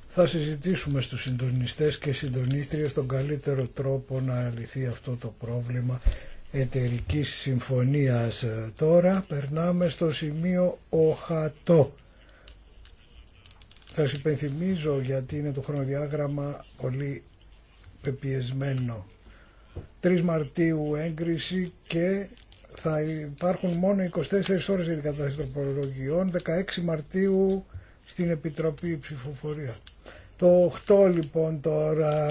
Θα συζητήσουμε στους συντονιστές και συντονίστριες τον καλύτερο τρόπο να λυθεί αυτό το πρόβλημα εταιρικής συμφωνίας. Ε, τώρα περνάμε στο σημείο οχατό. Σας υπενθυμίζω γιατί είναι το χρονοδιάγραμμα πολύ πεπιεσμένο. 3 Μαρτίου έγκριση και θα υπάρχουν μόνο 24 ώρες για την κατάσταση των προλογιών, 16 Μαρτίου στην Επιτροπή Ψηφοφορία. Το 8 λοιπόν τώρα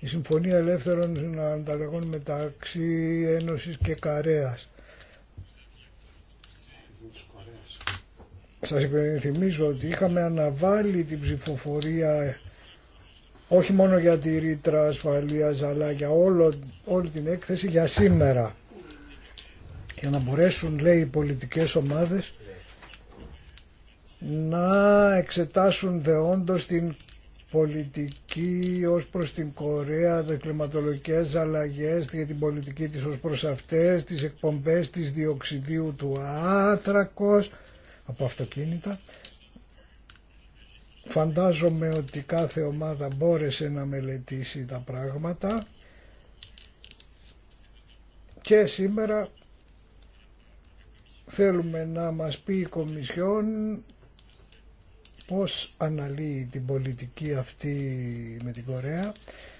η Συμφωνία Ελεύθερων Ανταλλαγών μεταξύ Ένωσης και Καρέας. Σας υπενθυμίζω ότι είχαμε αναβάλει την ψηφοφορία όχι μόνο για τη ρήτρα ασφαλείας αλλά για όλο, όλη την έκθεση για σήμερα για να μπορέσουν λέει οι πολιτικές ομάδες να εξετάσουν δεόντως την πολιτική ως προς την Κορέα, τις κλιματολογικές αλλαγές για την πολιτική της ως προς αυτές, τις εκπομπές της διοξιδίου του άνθρακος, από αυτοκίνητα. Φαντάζομαι ότι κάθε ομάδα μπόρεσε να μελετήσει τα πράγματα και σήμερα θέλουμε να μας πει η Κομισιόν πώς αναλύει την πολιτική αυτή με την Κορέα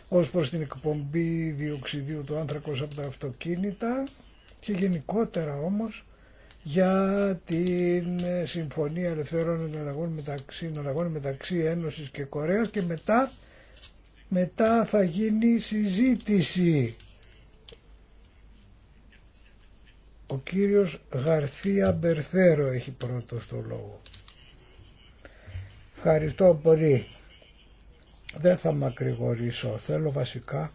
ως προς την εκπομπή διοξιδίου του άνθρακος από τα αυτοκίνητα και γενικότερα όμως για την ε, Συμφωνία Ελευθερών Εναλλαγών μεταξύ, Εναλλαγών μεταξύ Ένωσης και Κορέας και μετά, μετά θα γίνει συζήτηση. Ο κύριος Γαρθία Μπερθέρο έχει πρώτο στο λόγο. Ευχαριστώ πολύ. Δεν θα μακρηγορήσω. Θέλω βασικά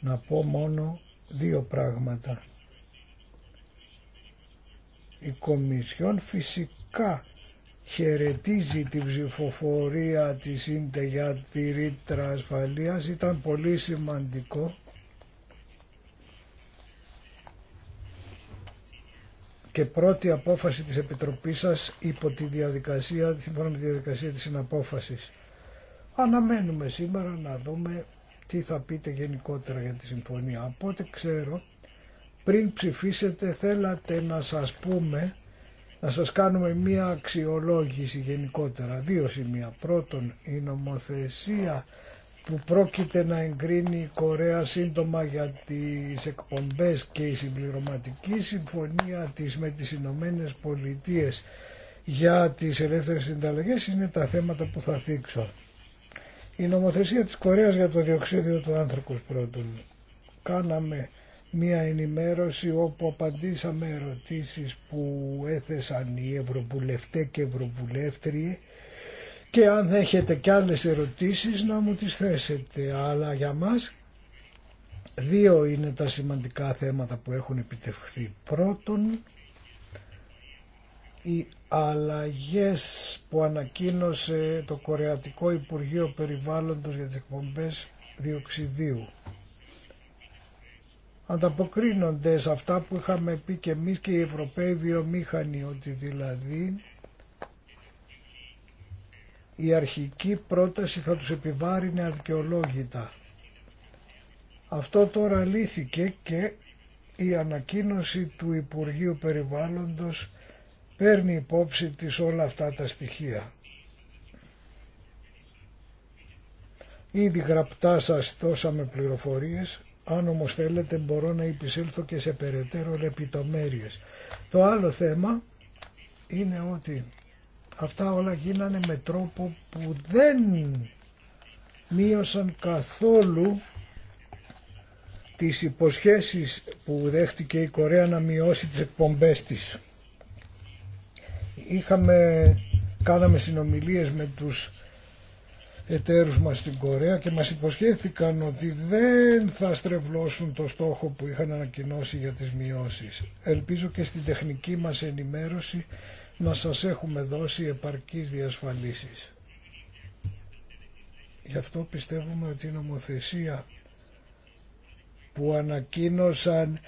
να πω μόνο δύο πράγματα. Η Κομισιόν φυσικά χαιρετίζει την ψηφοφορία της ίντε για τη ρήτρα ασφαλείας. Ήταν πολύ σημαντικό. και πρώτη απόφαση της Επιτροπής σας υπό τη διαδικασία, σύμφωνα με τη διαδικασία της συναπόφασης. Αναμένουμε σήμερα να δούμε τι θα πείτε γενικότερα για τη συμφωνία. Από ό,τι ξέρω, πριν ψηφίσετε θέλατε να σας πούμε, να σας κάνουμε μία αξιολόγηση γενικότερα. Δύο σημεία. Πρώτον, η νομοθεσία που πρόκειται να εγκρίνει η Κορέα σύντομα για τις εκπομπές και η συμπληρωματική συμφωνία της με τις Ηνωμένε Πολιτείες για τις ελεύθερες συνταλλαγές είναι τα θέματα που θα θίξω. Η νομοθεσία της Κορέας για το διοξίδιο του άνθρακος πρώτον. Κάναμε μία ενημέρωση όπου απαντήσαμε ερωτήσεις που έθεσαν οι Ευρωβουλευτέ και Ευρωβουλεύτριοι και αν έχετε κι άλλες ερωτήσεις να μου τις θέσετε. Αλλά για μας δύο είναι τα σημαντικά θέματα που έχουν επιτευχθεί. Πρώτον, οι αλλαγές που ανακοίνωσε το Κορεατικό Υπουργείο Περιβάλλοντος για τις εκπομπές διοξιδίου ανταποκρίνονται σε αυτά που είχαμε πει και εμείς και οι Ευρωπαίοι βιομήχανοι ότι δηλαδή η αρχική πρόταση θα τους επιβάρυνε αδικαιολόγητα. Αυτό τώρα λύθηκε και η ανακοίνωση του Υπουργείου Περιβάλλοντος παίρνει υπόψη της όλα αυτά τα στοιχεία. Ήδη γραπτά σας δώσαμε πληροφορίες αν όμως θέλετε μπορώ να υπησέλθω και σε περαιτέρω λεπτομέρειες. Το άλλο θέμα είναι ότι αυτά όλα γίνανε με τρόπο που δεν μείωσαν καθόλου τις υποσχέσεις που δέχτηκε η Κορέα να μειώσει τις εκπομπές της. Είχαμε, κάναμε συνομιλίες με τους εταίρους μας στην Κορέα και μας υποσχέθηκαν ότι δεν θα στρεβλώσουν το στόχο που είχαν ανακοινώσει για τις μειώσεις. Ελπίζω και στην τεχνική μας ενημέρωση να σας έχουμε δώσει επαρκείς διασφαλίσεις. Γι' αυτό πιστεύουμε ότι η νομοθεσία που ανακοίνωσαν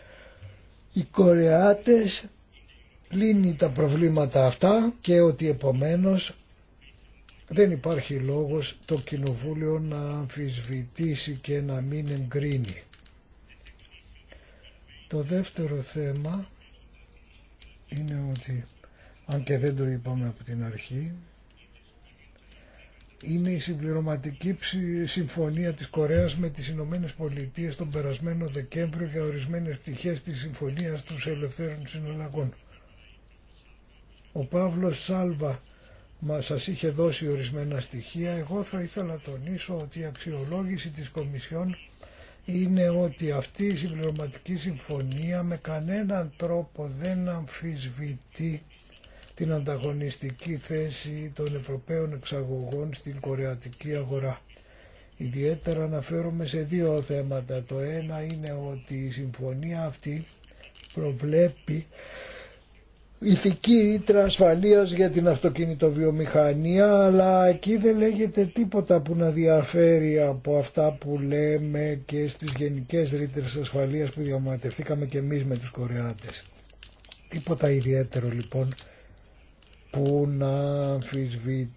οι Κορεάτες λύνει τα προβλήματα αυτά και ότι επομένως δεν υπάρχει λόγος το Κοινοβούλιο να αμφισβητήσει και να μην εγκρίνει. Το δεύτερο θέμα είναι ότι, αν και δεν το είπαμε από την αρχή, είναι η συμπληρωματική συμφωνία της Κορέας με τις Ηνωμένες Πολιτείες τον περασμένο Δεκέμβριο για ορισμένες πτυχές της συμφωνίας τους ελευθέρων συναλλαγών. Ο Παύλος Σάλβα μα σας είχε δώσει ορισμένα στοιχεία. Εγώ θα ήθελα να τονίσω ότι η αξιολόγηση της Κομισιόν είναι ότι αυτή η συμπληρωματική συμφωνία με κανέναν τρόπο δεν αμφισβητεί την ανταγωνιστική θέση των Ευρωπαίων εξαγωγών στην κορεατική αγορά. Ιδιαίτερα αναφέρομαι σε δύο θέματα. Το ένα είναι ότι η συμφωνία αυτή προβλέπει ηθική ήτρα ασφαλείας για την αυτοκινητοβιομηχανία αλλά εκεί δεν λέγεται τίποτα που να διαφέρει από αυτά που λέμε και στις γενικές ρήτρες ασφαλείας που διαμαρτυρθήκαμε και εμείς με τους Κορεάτες. Τίποτα ιδιαίτερο λοιπόν που να αμφισβητεί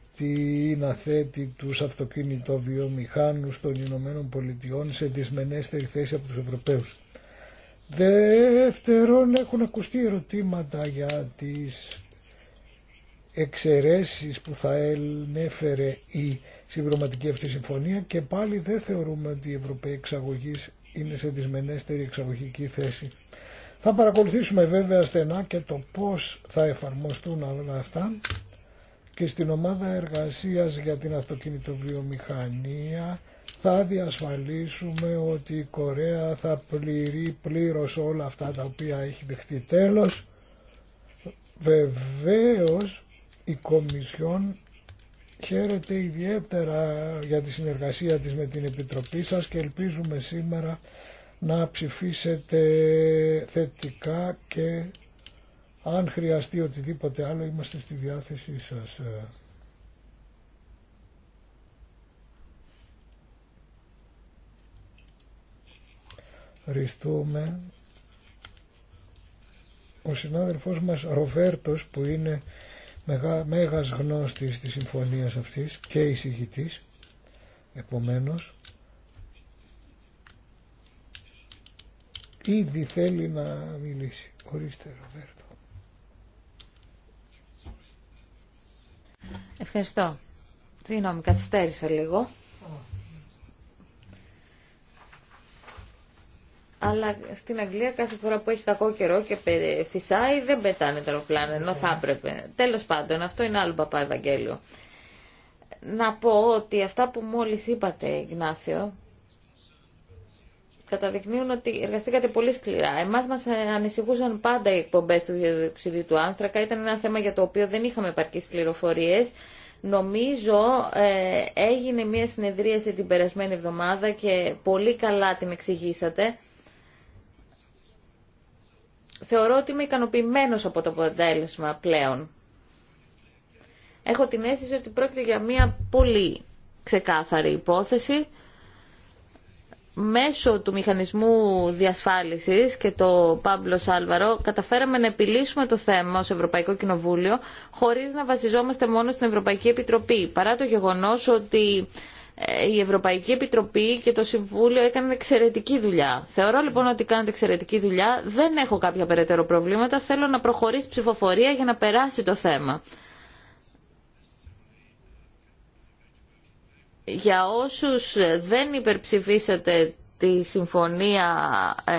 ή να θέτει τους αυτοκινητοβιομηχάνους των Ηνωμένων Πολιτειών σε δυσμενέστερη θέση από τους Ευρωπαίους. Δεύτερον, έχουν ακουστεί ερωτήματα για τις εξαιρέσεις που θα ενέφερε η συμπληρωματική αυτή συμφωνία και πάλι δεν θεωρούμε ότι η Ευρωπαϊκή Εξαγωγή είναι σε δυσμενέστερη εξαγωγική θέση. Θα παρακολουθήσουμε βέβαια στενά και το πώς θα εφαρμοστούν όλα αυτά και στην ομάδα εργασίας για την αυτοκινητοβιομηχανία θα διασφαλίσουμε ότι η Κορέα θα πληρεί πλήρως όλα αυτά τα οποία έχει δεχτεί τέλος. Βεβαίως η Κομισιόν χαίρεται ιδιαίτερα για τη συνεργασία της με την Επιτροπή σας και ελπίζουμε σήμερα να ψηφίσετε θετικά και αν χρειαστεί οτιδήποτε άλλο είμαστε στη διάθεσή σας. ρηθούμε ο συνάδελφός μας Ροβέρτος που είναι μεγά, μέγας γνώστης της συμφωνίας αυτής και εισηγητής επομένως ήδη θέλει να μιλήσει ορίστε Ροβέρτο Ευχαριστώ Συγγνώμη καθυστέρησα λίγο αλλά στην Αγγλία κάθε φορά που έχει κακό καιρό και φυσάει δεν πετάνε τα αεροπλάνα, ενώ θα έπρεπε. Τέλος πάντων, αυτό είναι άλλο παπά Ευαγγέλιο. Να πω ότι αυτά που μόλις είπατε, Γνάθιο, καταδεικνύουν ότι εργαστήκατε πολύ σκληρά. Εμά μα ανησυχούσαν πάντα οι εκπομπές του διοξιδίου του άνθρακα. Ήταν ένα θέμα για το οποίο δεν είχαμε επαρκείς πληροφορίε. Νομίζω ε, έγινε μια συνεδρίαση την περασμένη εβδομάδα και πολύ καλά την εξηγήσατε θεωρώ ότι είμαι ικανοποιημένο από το αποτέλεσμα πλέον. Έχω την αίσθηση ότι πρόκειται για μια πολύ ξεκάθαρη υπόθεση μέσω του μηχανισμού διασφάλισης και το Πάμπλο Σάλβαρο καταφέραμε να επιλύσουμε το θέμα ως Ευρωπαϊκό Κοινοβούλιο χωρίς να βασιζόμαστε μόνο στην Ευρωπαϊκή Επιτροπή παρά το γεγονός ότι ε, η Ευρωπαϊκή Επιτροπή και το Συμβούλιο έκαναν εξαιρετική δουλειά. Θεωρώ λοιπόν ότι κάνετε εξαιρετική δουλειά. Δεν έχω κάποια περαιτέρω προβλήματα. Θέλω να προχωρήσει ψηφοφορία για να περάσει το θέμα. Για όσους δεν υπερψηφίσατε τη συμφωνία ε,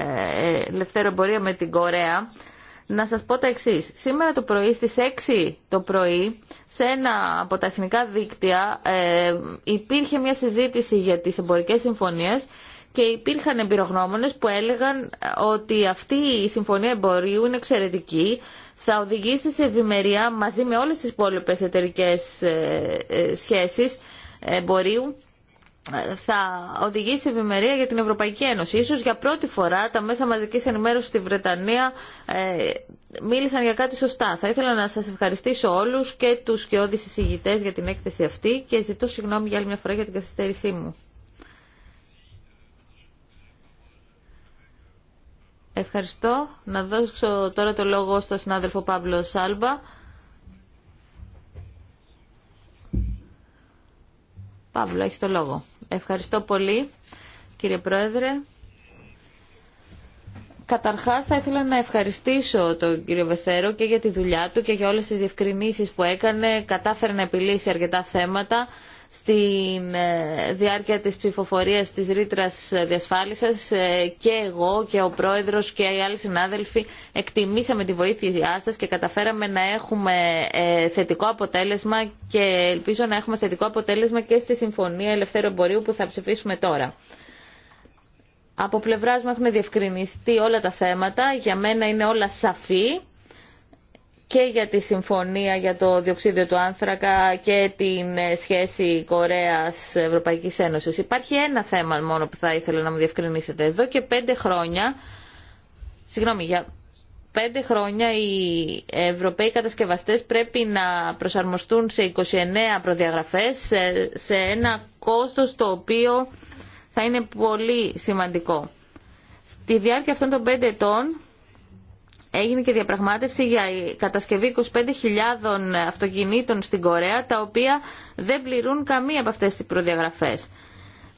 ε, ελευθέρω εμπορία με την Κορέα, να σας πω τα εξή. Σήμερα το πρωί στις 6 το πρωί σε ένα από τα εθνικά δίκτυα ε, υπήρχε μια συζήτηση για τις εμπορικές συμφωνίες και υπήρχαν εμπειρογνώμονες που έλεγαν ε, ότι αυτή η συμφωνία εμπορίου είναι εξαιρετική, θα οδηγήσει σε ευημερία μαζί με όλες τις υπόλοιπε εταιρικέ ε, ε, σχέσεις εμπορίου θα οδηγήσει ευημερία για την Ευρωπαϊκή Ένωση. Ίσως για πρώτη φορά τα μέσα μαζικής ενημέρωσης στη Βρετανία ε, μίλησαν για κάτι σωστά. Θα ήθελα να σας ευχαριστήσω όλους και τους σκιώδεις εισηγητές για την έκθεση αυτή και ζητώ συγγνώμη για άλλη μια φορά για την καθυστέρησή μου. Ευχαριστώ. Να δώσω τώρα το λόγο στον συνάδελφο Παύλο Σάλμπα Παύλο, έχει το λόγο. Ευχαριστώ πολύ, κύριε Πρόεδρε. Καταρχάς θα ήθελα να ευχαριστήσω τον κύριο Βεθέρο και για τη δουλειά του και για όλες τις διευκρινήσεις που έκανε. Κατάφερε να επιλύσει αρκετά θέματα. Στη ε, διάρκεια της ψηφοφορίας της ρήτρα διασφάλισης ε, και εγώ και ο πρόεδρος και οι άλλοι συνάδελφοι εκτιμήσαμε τη βοήθειά σας και καταφέραμε να έχουμε ε, θετικό αποτέλεσμα και ελπίζω να έχουμε θετικό αποτέλεσμα και στη Συμφωνία Ελευθέρου Εμπορίου που θα ψηφίσουμε τώρα. Από πλευράς μου έχουν διευκρινιστεί όλα τα θέματα. Για μένα είναι όλα σαφή και για τη συμφωνία για το διοξίδιο του άνθρακα και την ε, σχέση Κορέας Ευρωπαϊκής Ένωσης. Υπάρχει ένα θέμα μόνο που θα ήθελα να μου διευκρινίσετε. Εδώ και πέντε χρόνια, συγγνώμη, για πέντε χρόνια οι Ευρωπαίοι κατασκευαστές πρέπει να προσαρμοστούν σε 29 προδιαγραφές, σε ένα κόστος το οποίο θα είναι πολύ σημαντικό. Στη διάρκεια αυτών των πέντε ετών έγινε και διαπραγμάτευση για η κατασκευή 25.000 αυτοκινήτων στην Κορέα, τα οποία δεν πληρούν καμία από αυτές τις προδιαγραφές.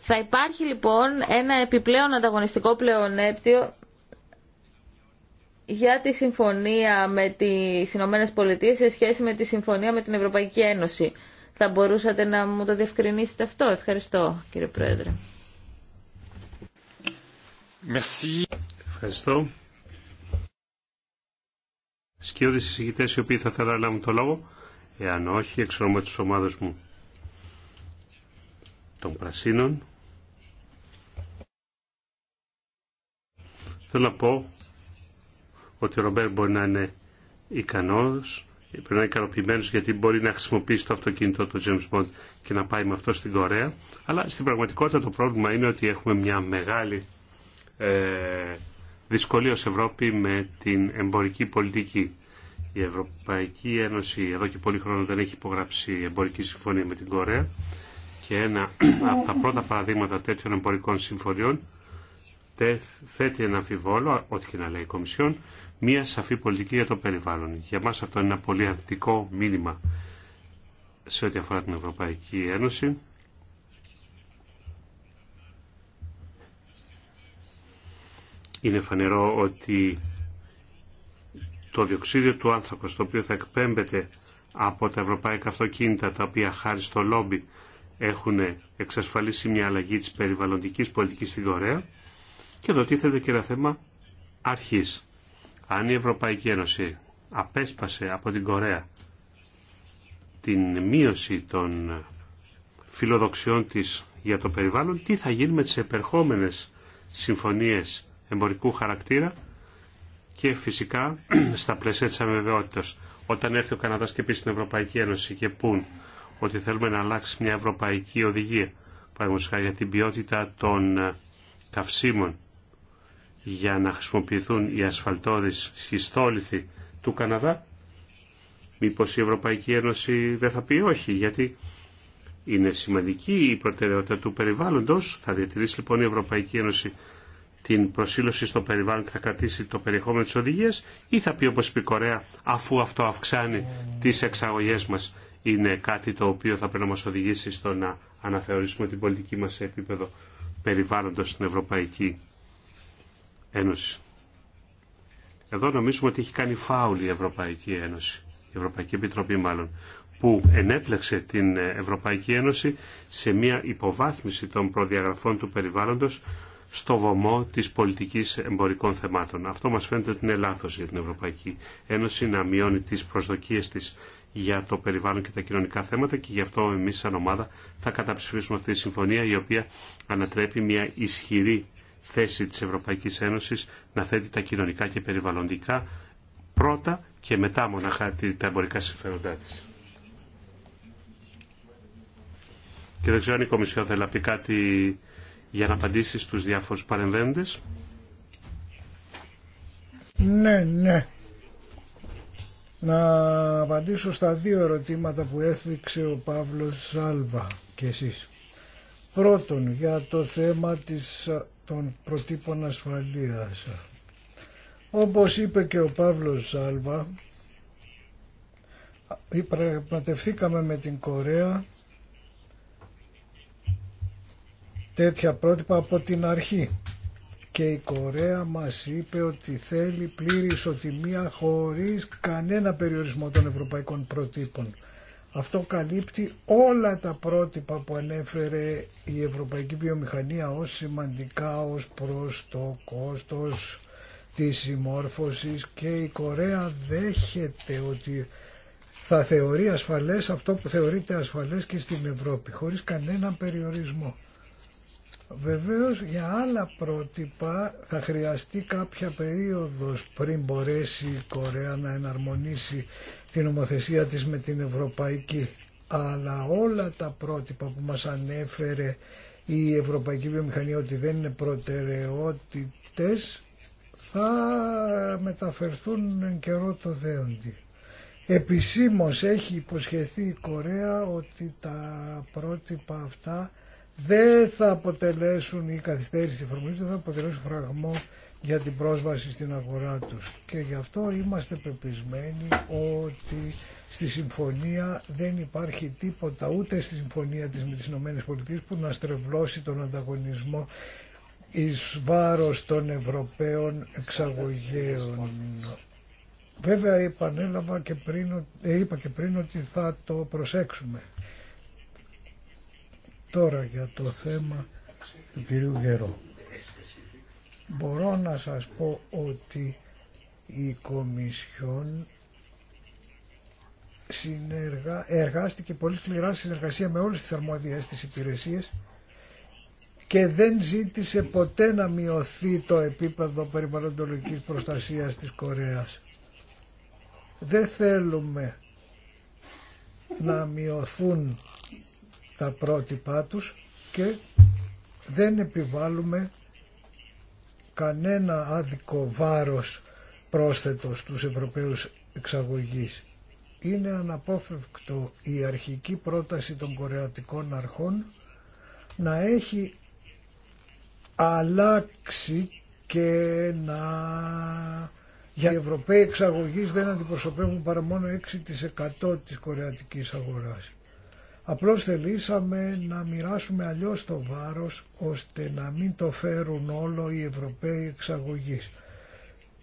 Θα υπάρχει λοιπόν ένα επιπλέον ανταγωνιστικό πλεονέκτιο για τη συμφωνία με τις Ηνωμένες Πολιτείες σε σχέση με τη συμφωνία με την Ευρωπαϊκή Ένωση. Θα μπορούσατε να μου το διευκρινίσετε αυτό. Ευχαριστώ κύριε Πρόεδρε. Merci σκιώδη συζητητέ οι οποίοι θα θέλαμε να λάβουν το λόγο. Εάν όχι, ονόματο τη ομάδα μου των Πρασίνων. Θέλω να πω ότι ο Ρομπέρ μπορεί να είναι ικανός, πρέπει να είναι ικανοποιημένος γιατί μπορεί να χρησιμοποιήσει το αυτοκίνητο του James Bond και να πάει με αυτό στην Κορέα. Αλλά στην πραγματικότητα το πρόβλημα είναι ότι έχουμε μια μεγάλη ε, δυσκολία Ευρώπη με την εμπορική πολιτική. Η Ευρωπαϊκή Ένωση εδώ και πολύ χρόνο δεν έχει υπογράψει εμπορική συμφωνία με την Κορέα και ένα από τα πρώτα παραδείγματα τέτοιων εμπορικών συμφωνιών θέτει ένα αμφιβόλο, ό,τι και να λέει η Κομισιόν, μία σαφή πολιτική για το περιβάλλον. Για μας αυτό είναι ένα πολύ αρνητικό μήνυμα σε ό,τι αφορά την Ευρωπαϊκή Ένωση Είναι φανερό ότι το διοξίδιο του άνθρακος, το οποίο θα εκπέμπεται από τα ευρωπαϊκά αυτοκίνητα, τα οποία χάρη στο λόμπι έχουν εξασφαλίσει μια αλλαγή της περιβαλλοντικής πολιτικής στην Κορέα, και εδώ και ένα θέμα αρχής. Αν η Ευρωπαϊκή Ένωση απέσπασε από την Κορέα την μείωση των φιλοδοξιών της για το περιβάλλον, τι θα γίνει με τις επερχόμενες συμφωνίες εμπορικού χαρακτήρα και φυσικά στα πλαίσια της αμεβαιότητας. Όταν έρθει ο Καναδάς και πει στην Ευρωπαϊκή Ένωση και πούν ότι θέλουμε να αλλάξει μια ευρωπαϊκή οδηγία, χάρη για την ποιότητα των ε, καυσίμων, για να χρησιμοποιηθούν οι ασφαλτόδεις σχιστόληθοι του Καναδά, μήπως η Ευρωπαϊκή Ένωση δεν θα πει όχι, γιατί είναι σημαντική η προτεραιότητα του περιβάλλοντος. Θα διατηρήσει λοιπόν η Ευρωπαϊκή Ένωση την προσήλωση στο περιβάλλον και θα κρατήσει το περιεχόμενο της οδηγίας ή θα πει όπως είπε η Κορέα αφού αυτό αυξάνει τις εξαγωγές μας είναι κάτι το οποίο θα πρέπει να μας οδηγήσει στο να αναθεωρήσουμε την πολιτική μας σε επίπεδο περιβάλλοντος στην Ευρωπαϊκή Ένωση. Εδώ νομίζουμε ότι έχει κάνει φάουλ η Ευρωπαϊκή Ένωση, η Ευρωπαϊκή Επιτροπή μάλλον, που ενέπλεξε την Ευρωπαϊκή Ένωση σε μια υποβάθμιση των προδιαγραφών του περιβάλλοντος στο βωμό τη πολιτική εμπορικών θεμάτων. Αυτό μα φαίνεται ότι είναι λάθο για την Ευρωπαϊκή Ένωση να μειώνει τι προσδοκίε τη για το περιβάλλον και τα κοινωνικά θέματα και γι' αυτό εμεί σαν ομάδα θα καταψηφίσουμε αυτή τη συμφωνία η οποία ανατρέπει μια ισχυρή θέση της Ευρωπαϊκής Ένωσης να θέτει τα κοινωνικά και περιβαλλοντικά πρώτα και μετά μοναχά τα εμπορικά συμφέροντά της. Και δεν ξέρω αν η Κομισιόν θέλει πει κάτι για να απαντήσει στους διάφορους παρεμβαίνοντες. Ναι, ναι. Να απαντήσω στα δύο ερωτήματα που έφυξε ο Παύλος Σάλβα και εσείς. Πρώτον, για το θέμα της, των προτύπων ασφαλείας. Όπως είπε και ο Παύλος Σάλβα, πραγματευθήκαμε με την Κορέα τέτοια πρότυπα από την αρχή. Και η Κορέα μας είπε ότι θέλει πλήρη ισοτιμία χωρίς κανένα περιορισμό των ευρωπαϊκών προτύπων. Αυτό καλύπτει όλα τα πρότυπα που ανέφερε η Ευρωπαϊκή Βιομηχανία ως σημαντικά ως προς το κόστος της συμμόρφωσης και η Κορέα δέχεται ότι θα θεωρεί ασφαλές αυτό που θεωρείται ασφαλές και στην Ευρώπη χωρίς κανένα περιορισμό. Βεβαίως για άλλα πρότυπα θα χρειαστεί κάποια περίοδος πριν μπορέσει η Κορέα να εναρμονίσει την ομοθεσία της με την Ευρωπαϊκή. Αλλά όλα τα πρότυπα που μας ανέφερε η Ευρωπαϊκή Βιομηχανία ότι δεν είναι προτεραιότητες θα μεταφερθούν εν καιρό το δέοντι. Επισήμως έχει υποσχεθεί η Κορέα ότι τα πρότυπα αυτά δεν θα αποτελέσουν η καθυστέρηση της εφαρμογής, δεν θα αποτελέσουν φραγμό για την πρόσβαση στην αγορά τους. Και γι' αυτό είμαστε πεπισμένοι ότι στη συμφωνία δεν υπάρχει τίποτα, ούτε στη συμφωνία της με τις ΗΠΑ που να στρεβλώσει τον ανταγωνισμό εις βάρος των Ευρωπαίων εξαγωγέων. Βέβαια επανέλαβα και ε, είπα και πριν ότι θα το προσέξουμε. Τώρα για το θέμα του κυρίου Γερό. Μπορώ να σας πω ότι η Κομισιόν συνεργά, εργάστηκε πολύ σκληρά συνεργασία με όλες τις αρμόδιες της υπηρεσίες και δεν ζήτησε ποτέ να μειωθεί το επίπεδο περιβαλλοντολογικής προστασίας της Κορέας. Δεν θέλουμε να μειωθούν τα πρότυπά τους και δεν επιβάλλουμε κανένα άδικο βάρος πρόσθετο στους Ευρωπαίους εξαγωγείς. Είναι αναπόφευκτο η αρχική πρόταση των κορεατικών αρχών να έχει αλλάξει και να... Για οι Ευρωπαίοι εξαγωγείς δεν αντιπροσωπεύουν παρά μόνο 6% της κορεατικής αγοράς. Απλώς θελήσαμε να μοιράσουμε αλλιώς το βάρος ώστε να μην το φέρουν όλο οι Ευρωπαίοι εξαγωγείς.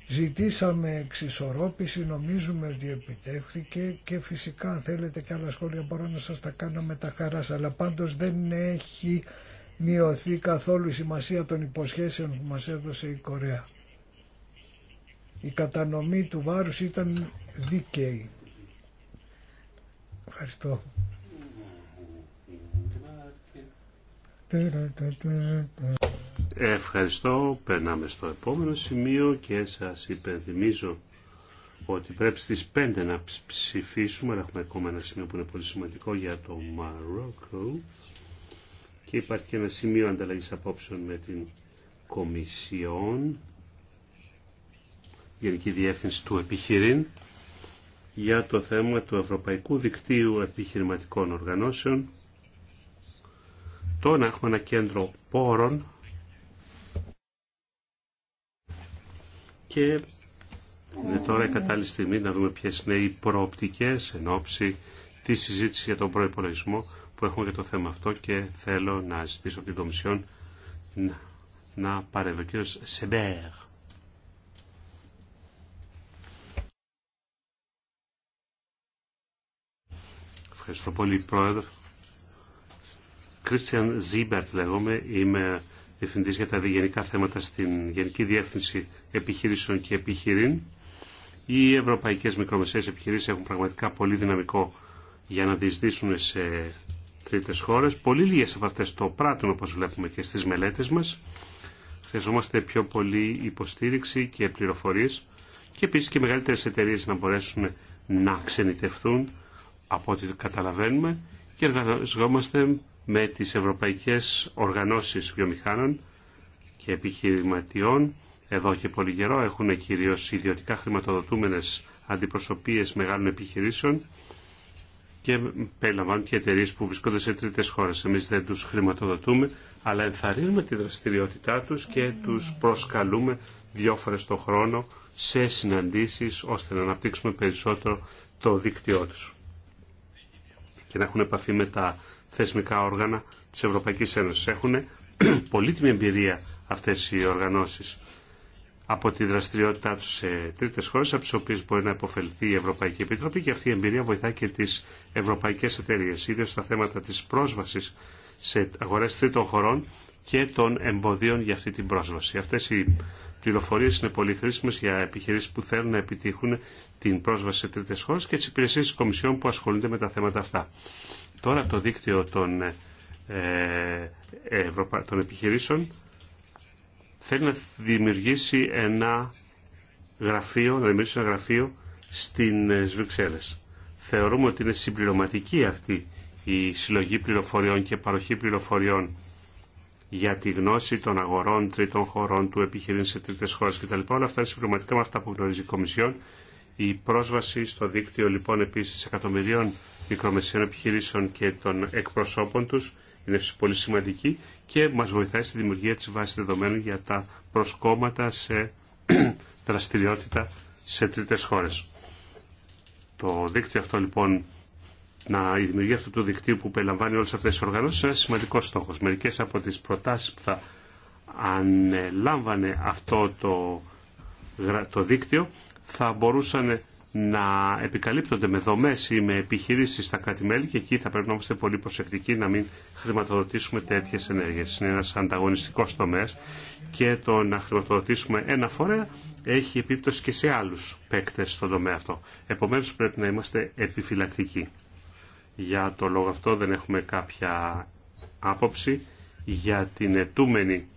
Ζητήσαμε εξισορρόπηση, νομίζουμε ότι επιτεύχθηκε και φυσικά αν θέλετε και άλλα σχόλια μπορώ να σας τα κάνω με τα χαράς, αλλά πάντως δεν έχει μειωθεί καθόλου η σημασία των υποσχέσεων που μας έδωσε η Κορέα. Η κατανομή του βάρους ήταν δίκαιη. Ευχαριστώ. Ευχαριστώ. Περνάμε στο επόμενο σημείο και σας υπενθυμίζω ότι πρέπει στις 5 να ψηφίσουμε, αλλά έχουμε ακόμα ένα σημείο που είναι πολύ σημαντικό για το Μαρόκο και υπάρχει και ένα σημείο ανταλλαγής απόψεων με την Κομισιόν, Γενική Διεύθυνση του Επιχειρήν, για το θέμα του Ευρωπαϊκού Δικτύου Επιχειρηματικών Οργανώσεων το να έχουμε ένα κέντρο πόρων και είναι τώρα η κατάλληλη στιγμή να δούμε ποιες είναι οι προοπτικές εν ώψη τη συζήτηση για τον προϋπολογισμό που έχουμε για το θέμα αυτό και θέλω να ζητήσω από την Κομισιόν να, να παρεύει ο Σεμπέρ. Ευχαριστώ πολύ, Πρόεδρε. Κρίστιαν Ζίμπερτ λέγομαι, είμαι διευθυντής για τα γενικά θέματα στην Γενική Διεύθυνση Επιχειρήσεων και Επιχειρήν. Οι ευρωπαϊκές μικρομεσαίες επιχειρήσεις έχουν πραγματικά πολύ δυναμικό για να διεισδύσουν σε τρίτες χώρες. Πολύ λίγες από αυτές το πράττουν όπως βλέπουμε και στις μελέτες μας. Χρειαζόμαστε πιο πολύ υποστήριξη και πληροφορίες και επίσης και μεγαλύτερες εταιρείε να μπορέσουν να ξενιτευτούν από ό,τι καταλαβαίνουμε και εργαζόμαστε με τις ευρωπαϊκές οργανώσεις βιομηχάνων και επιχειρηματιών. Εδώ και πολύ καιρό έχουν κυρίως ιδιωτικά χρηματοδοτούμενες αντιπροσωπείες μεγάλων επιχειρήσεων και περιλαμβάνουν και εταιρείε που βρισκόνται σε τρίτες χώρες. Εμείς δεν τους χρηματοδοτούμε, αλλά ενθαρρύνουμε τη δραστηριότητά τους και τους προσκαλούμε δυο φορές το χρόνο σε συναντήσεις ώστε να αναπτύξουμε περισσότερο το δίκτυό τους και να έχουν επαφή με τα θεσμικά όργανα της Ευρωπαϊκής Ένωσης. Έχουν πολύτιμη εμπειρία αυτές οι οργανώσεις από τη δραστηριότητά τους σε τρίτες χώρες, από τις οποίες μπορεί να υποφελθεί η Ευρωπαϊκή Επιτροπή και αυτή η εμπειρία βοηθά και τις ευρωπαϊκές εταιρείες, Ήδη στα θέματα της πρόσβασης σε αγορές τρίτων χωρών και των εμποδίων για αυτή την πρόσβαση. Αυτές οι πληροφορίες είναι πολύ χρήσιμες για επιχειρήσεις που θέλουν να επιτύχουν την πρόσβαση σε τρίτες χώρες και τις υπηρεσίες της Κομισιόν που ασχολούνται με τα θέματα αυτά. Τώρα το δίκτυο των, ε, επιχειρήσεων θέλει να δημιουργήσει ένα γραφείο, να δημιουργήσει ένα γραφείο στην ε, Θεωρούμε ότι είναι συμπληρωματική αυτή η συλλογή πληροφοριών και παροχή πληροφοριών για τη γνώση των αγορών τρίτων χωρών, του επιχειρήν σε τρίτε χώρε κτλ. Όλα αυτά είναι συμπληρωματικά με αυτά που γνωρίζει η Κομισιόν. Η πρόσβαση στο δίκτυο λοιπόν επίση εκατομμυρίων μικρομεσαίων επιχειρήσεων και των εκπροσώπων του είναι πολύ σημαντική και μα βοηθάει στη δημιουργία τη βάση δεδομένων για τα προσκόμματα σε δραστηριότητα σε τρίτε χώρε. Το δίκτυο αυτό λοιπόν να, η δημιουργία αυτού του δικτύου που περιλαμβάνει όλε αυτέ τι οργανώσει είναι ένα σημαντικό στόχο. Μερικέ από τι προτάσει που θα ανελάμβανε αυτό το, το δίκτυο θα μπορούσαν να επικαλύπτονται με δομέ ή με επιχειρήσει στα κράτη-μέλη και εκεί θα πρέπει να είμαστε πολύ προσεκτικοί να μην χρηματοδοτήσουμε τέτοιε ενέργειε. Είναι ένα ανταγωνιστικό τομέα, και το να χρηματοδοτήσουμε ένα φορέα έχει επίπτωση και σε άλλου παίκτε στον τομέα αυτό. Επομένω πρέπει να είμαστε επιφυλακτικοί. Για το λόγο αυτό δεν έχουμε κάποια άποψη για την ετούμενη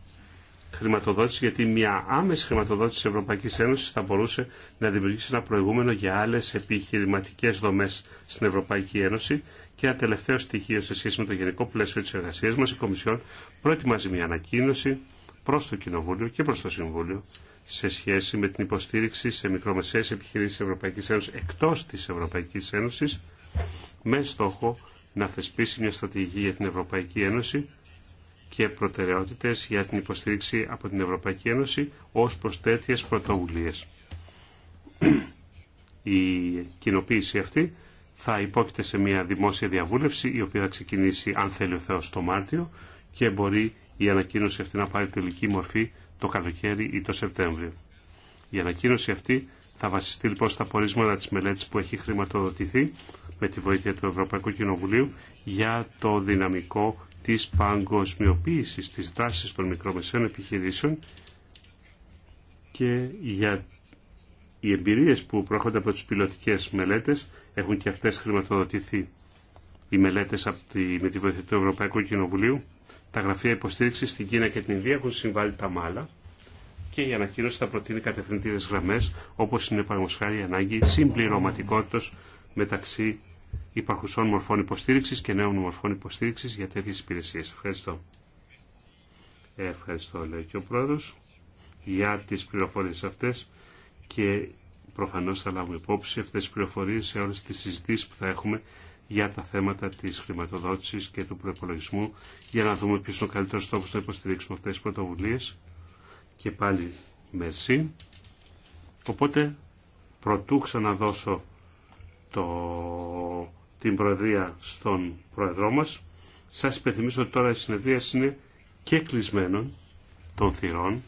χρηματοδότηση, γιατί μια άμεση χρηματοδότηση της Ευρωπαϊκής Ένωσης θα μπορούσε να δημιουργήσει ένα προηγούμενο για άλλες επιχειρηματικές δομές στην Ευρωπαϊκή Ένωση και ένα τελευταίο στοιχείο σε σχέση με το γενικό πλαίσιο της εργασίας μας, η Κομισιόν προετοιμάζει μια ανακοίνωση προς το Κοινοβούλιο και προς το Συμβούλιο σε σχέση με την υποστήριξη σε μικρομεσαίες επιχειρήσεις της Ευρωπαϊκής Ένωσης εκτός της Ευρωπαϊκής Ένωσης με στόχο να θεσπίσει μια στρατηγική για την Ευρωπαϊκή Ένωση και προτεραιότητες για την υποστήριξη από την Ευρωπαϊκή Ένωση ως προς τέτοιες πρωτοβουλίες. Η κοινοποίηση αυτή θα υπόκειται σε μια δημόσια διαβούλευση η οποία θα ξεκινήσει αν θέλει ο Θεός το Μάρτιο και μπορεί η ανακοίνωση αυτή να πάρει τελική μορφή το καλοκαίρι ή το Σεπτέμβριο. Η ανακοίνωση αυτή θα βασιστεί λοιπόν στα πορίσματα της μελέτης που έχει χρηματοδοτηθεί με τη βοήθεια του Ευρωπαϊκού Κοινοβουλίου για το δυναμικό της παγκοσμιοποίησης της δράσης των μικρομεσαίων επιχειρήσεων και για οι εμπειρίες που προέρχονται από τις πιλωτικές μελέτες έχουν και αυτές χρηματοδοτηθεί οι μελέτες με τη βοήθεια του Ευρωπαϊκού Κοινοβουλίου. Τα γραφεία υποστήριξης στην Κίνα και την Ινδία έχουν συμβάλει τα μάλα και η ανακοίνωση θα προτείνει κατευθυντήρε γραμμέ, όπω είναι παραδείγματο η ανάγκη συμπληρωματικότητα μεταξύ υπαρχουσών μορφών υποστήριξη και νέων μορφών υποστήριξη για τέτοιε υπηρεσίε. Ευχαριστώ. Ε, ευχαριστώ, λέει και ο πρόεδρο, για τι πληροφορίε αυτέ και προφανώ θα λάβουμε υπόψη αυτέ τι πληροφορίε σε όλε τι συζητήσει που θα έχουμε για τα θέματα τη χρηματοδότηση και του προπολογισμού για να δούμε ποιο είναι ο καλύτερο τρόπο να υποστηρίξουμε αυτέ τι πρωτοβουλίε και πάλι μερσή. Οπότε προτού ξαναδώσω το, την προεδρία στον πρόεδρό μας, σας υπενθυμίσω ότι τώρα η συνεδρία είναι και κλεισμένων των θυρών.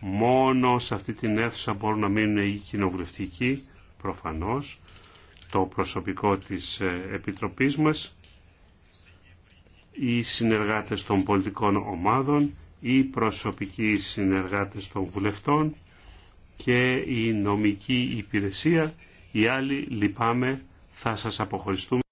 Μόνο σε αυτή την αίθουσα μπορούν να μείνουν οι κοινοβουλευτικοί, προφανώς, το προσωπικό της ε, Επιτροπής μας, οι συνεργάτες των πολιτικών ομάδων, οι προσωπικοί συνεργάτες των βουλευτών και η νομική υπηρεσία. Οι άλλοι λυπάμαι θα σας αποχωριστούμε.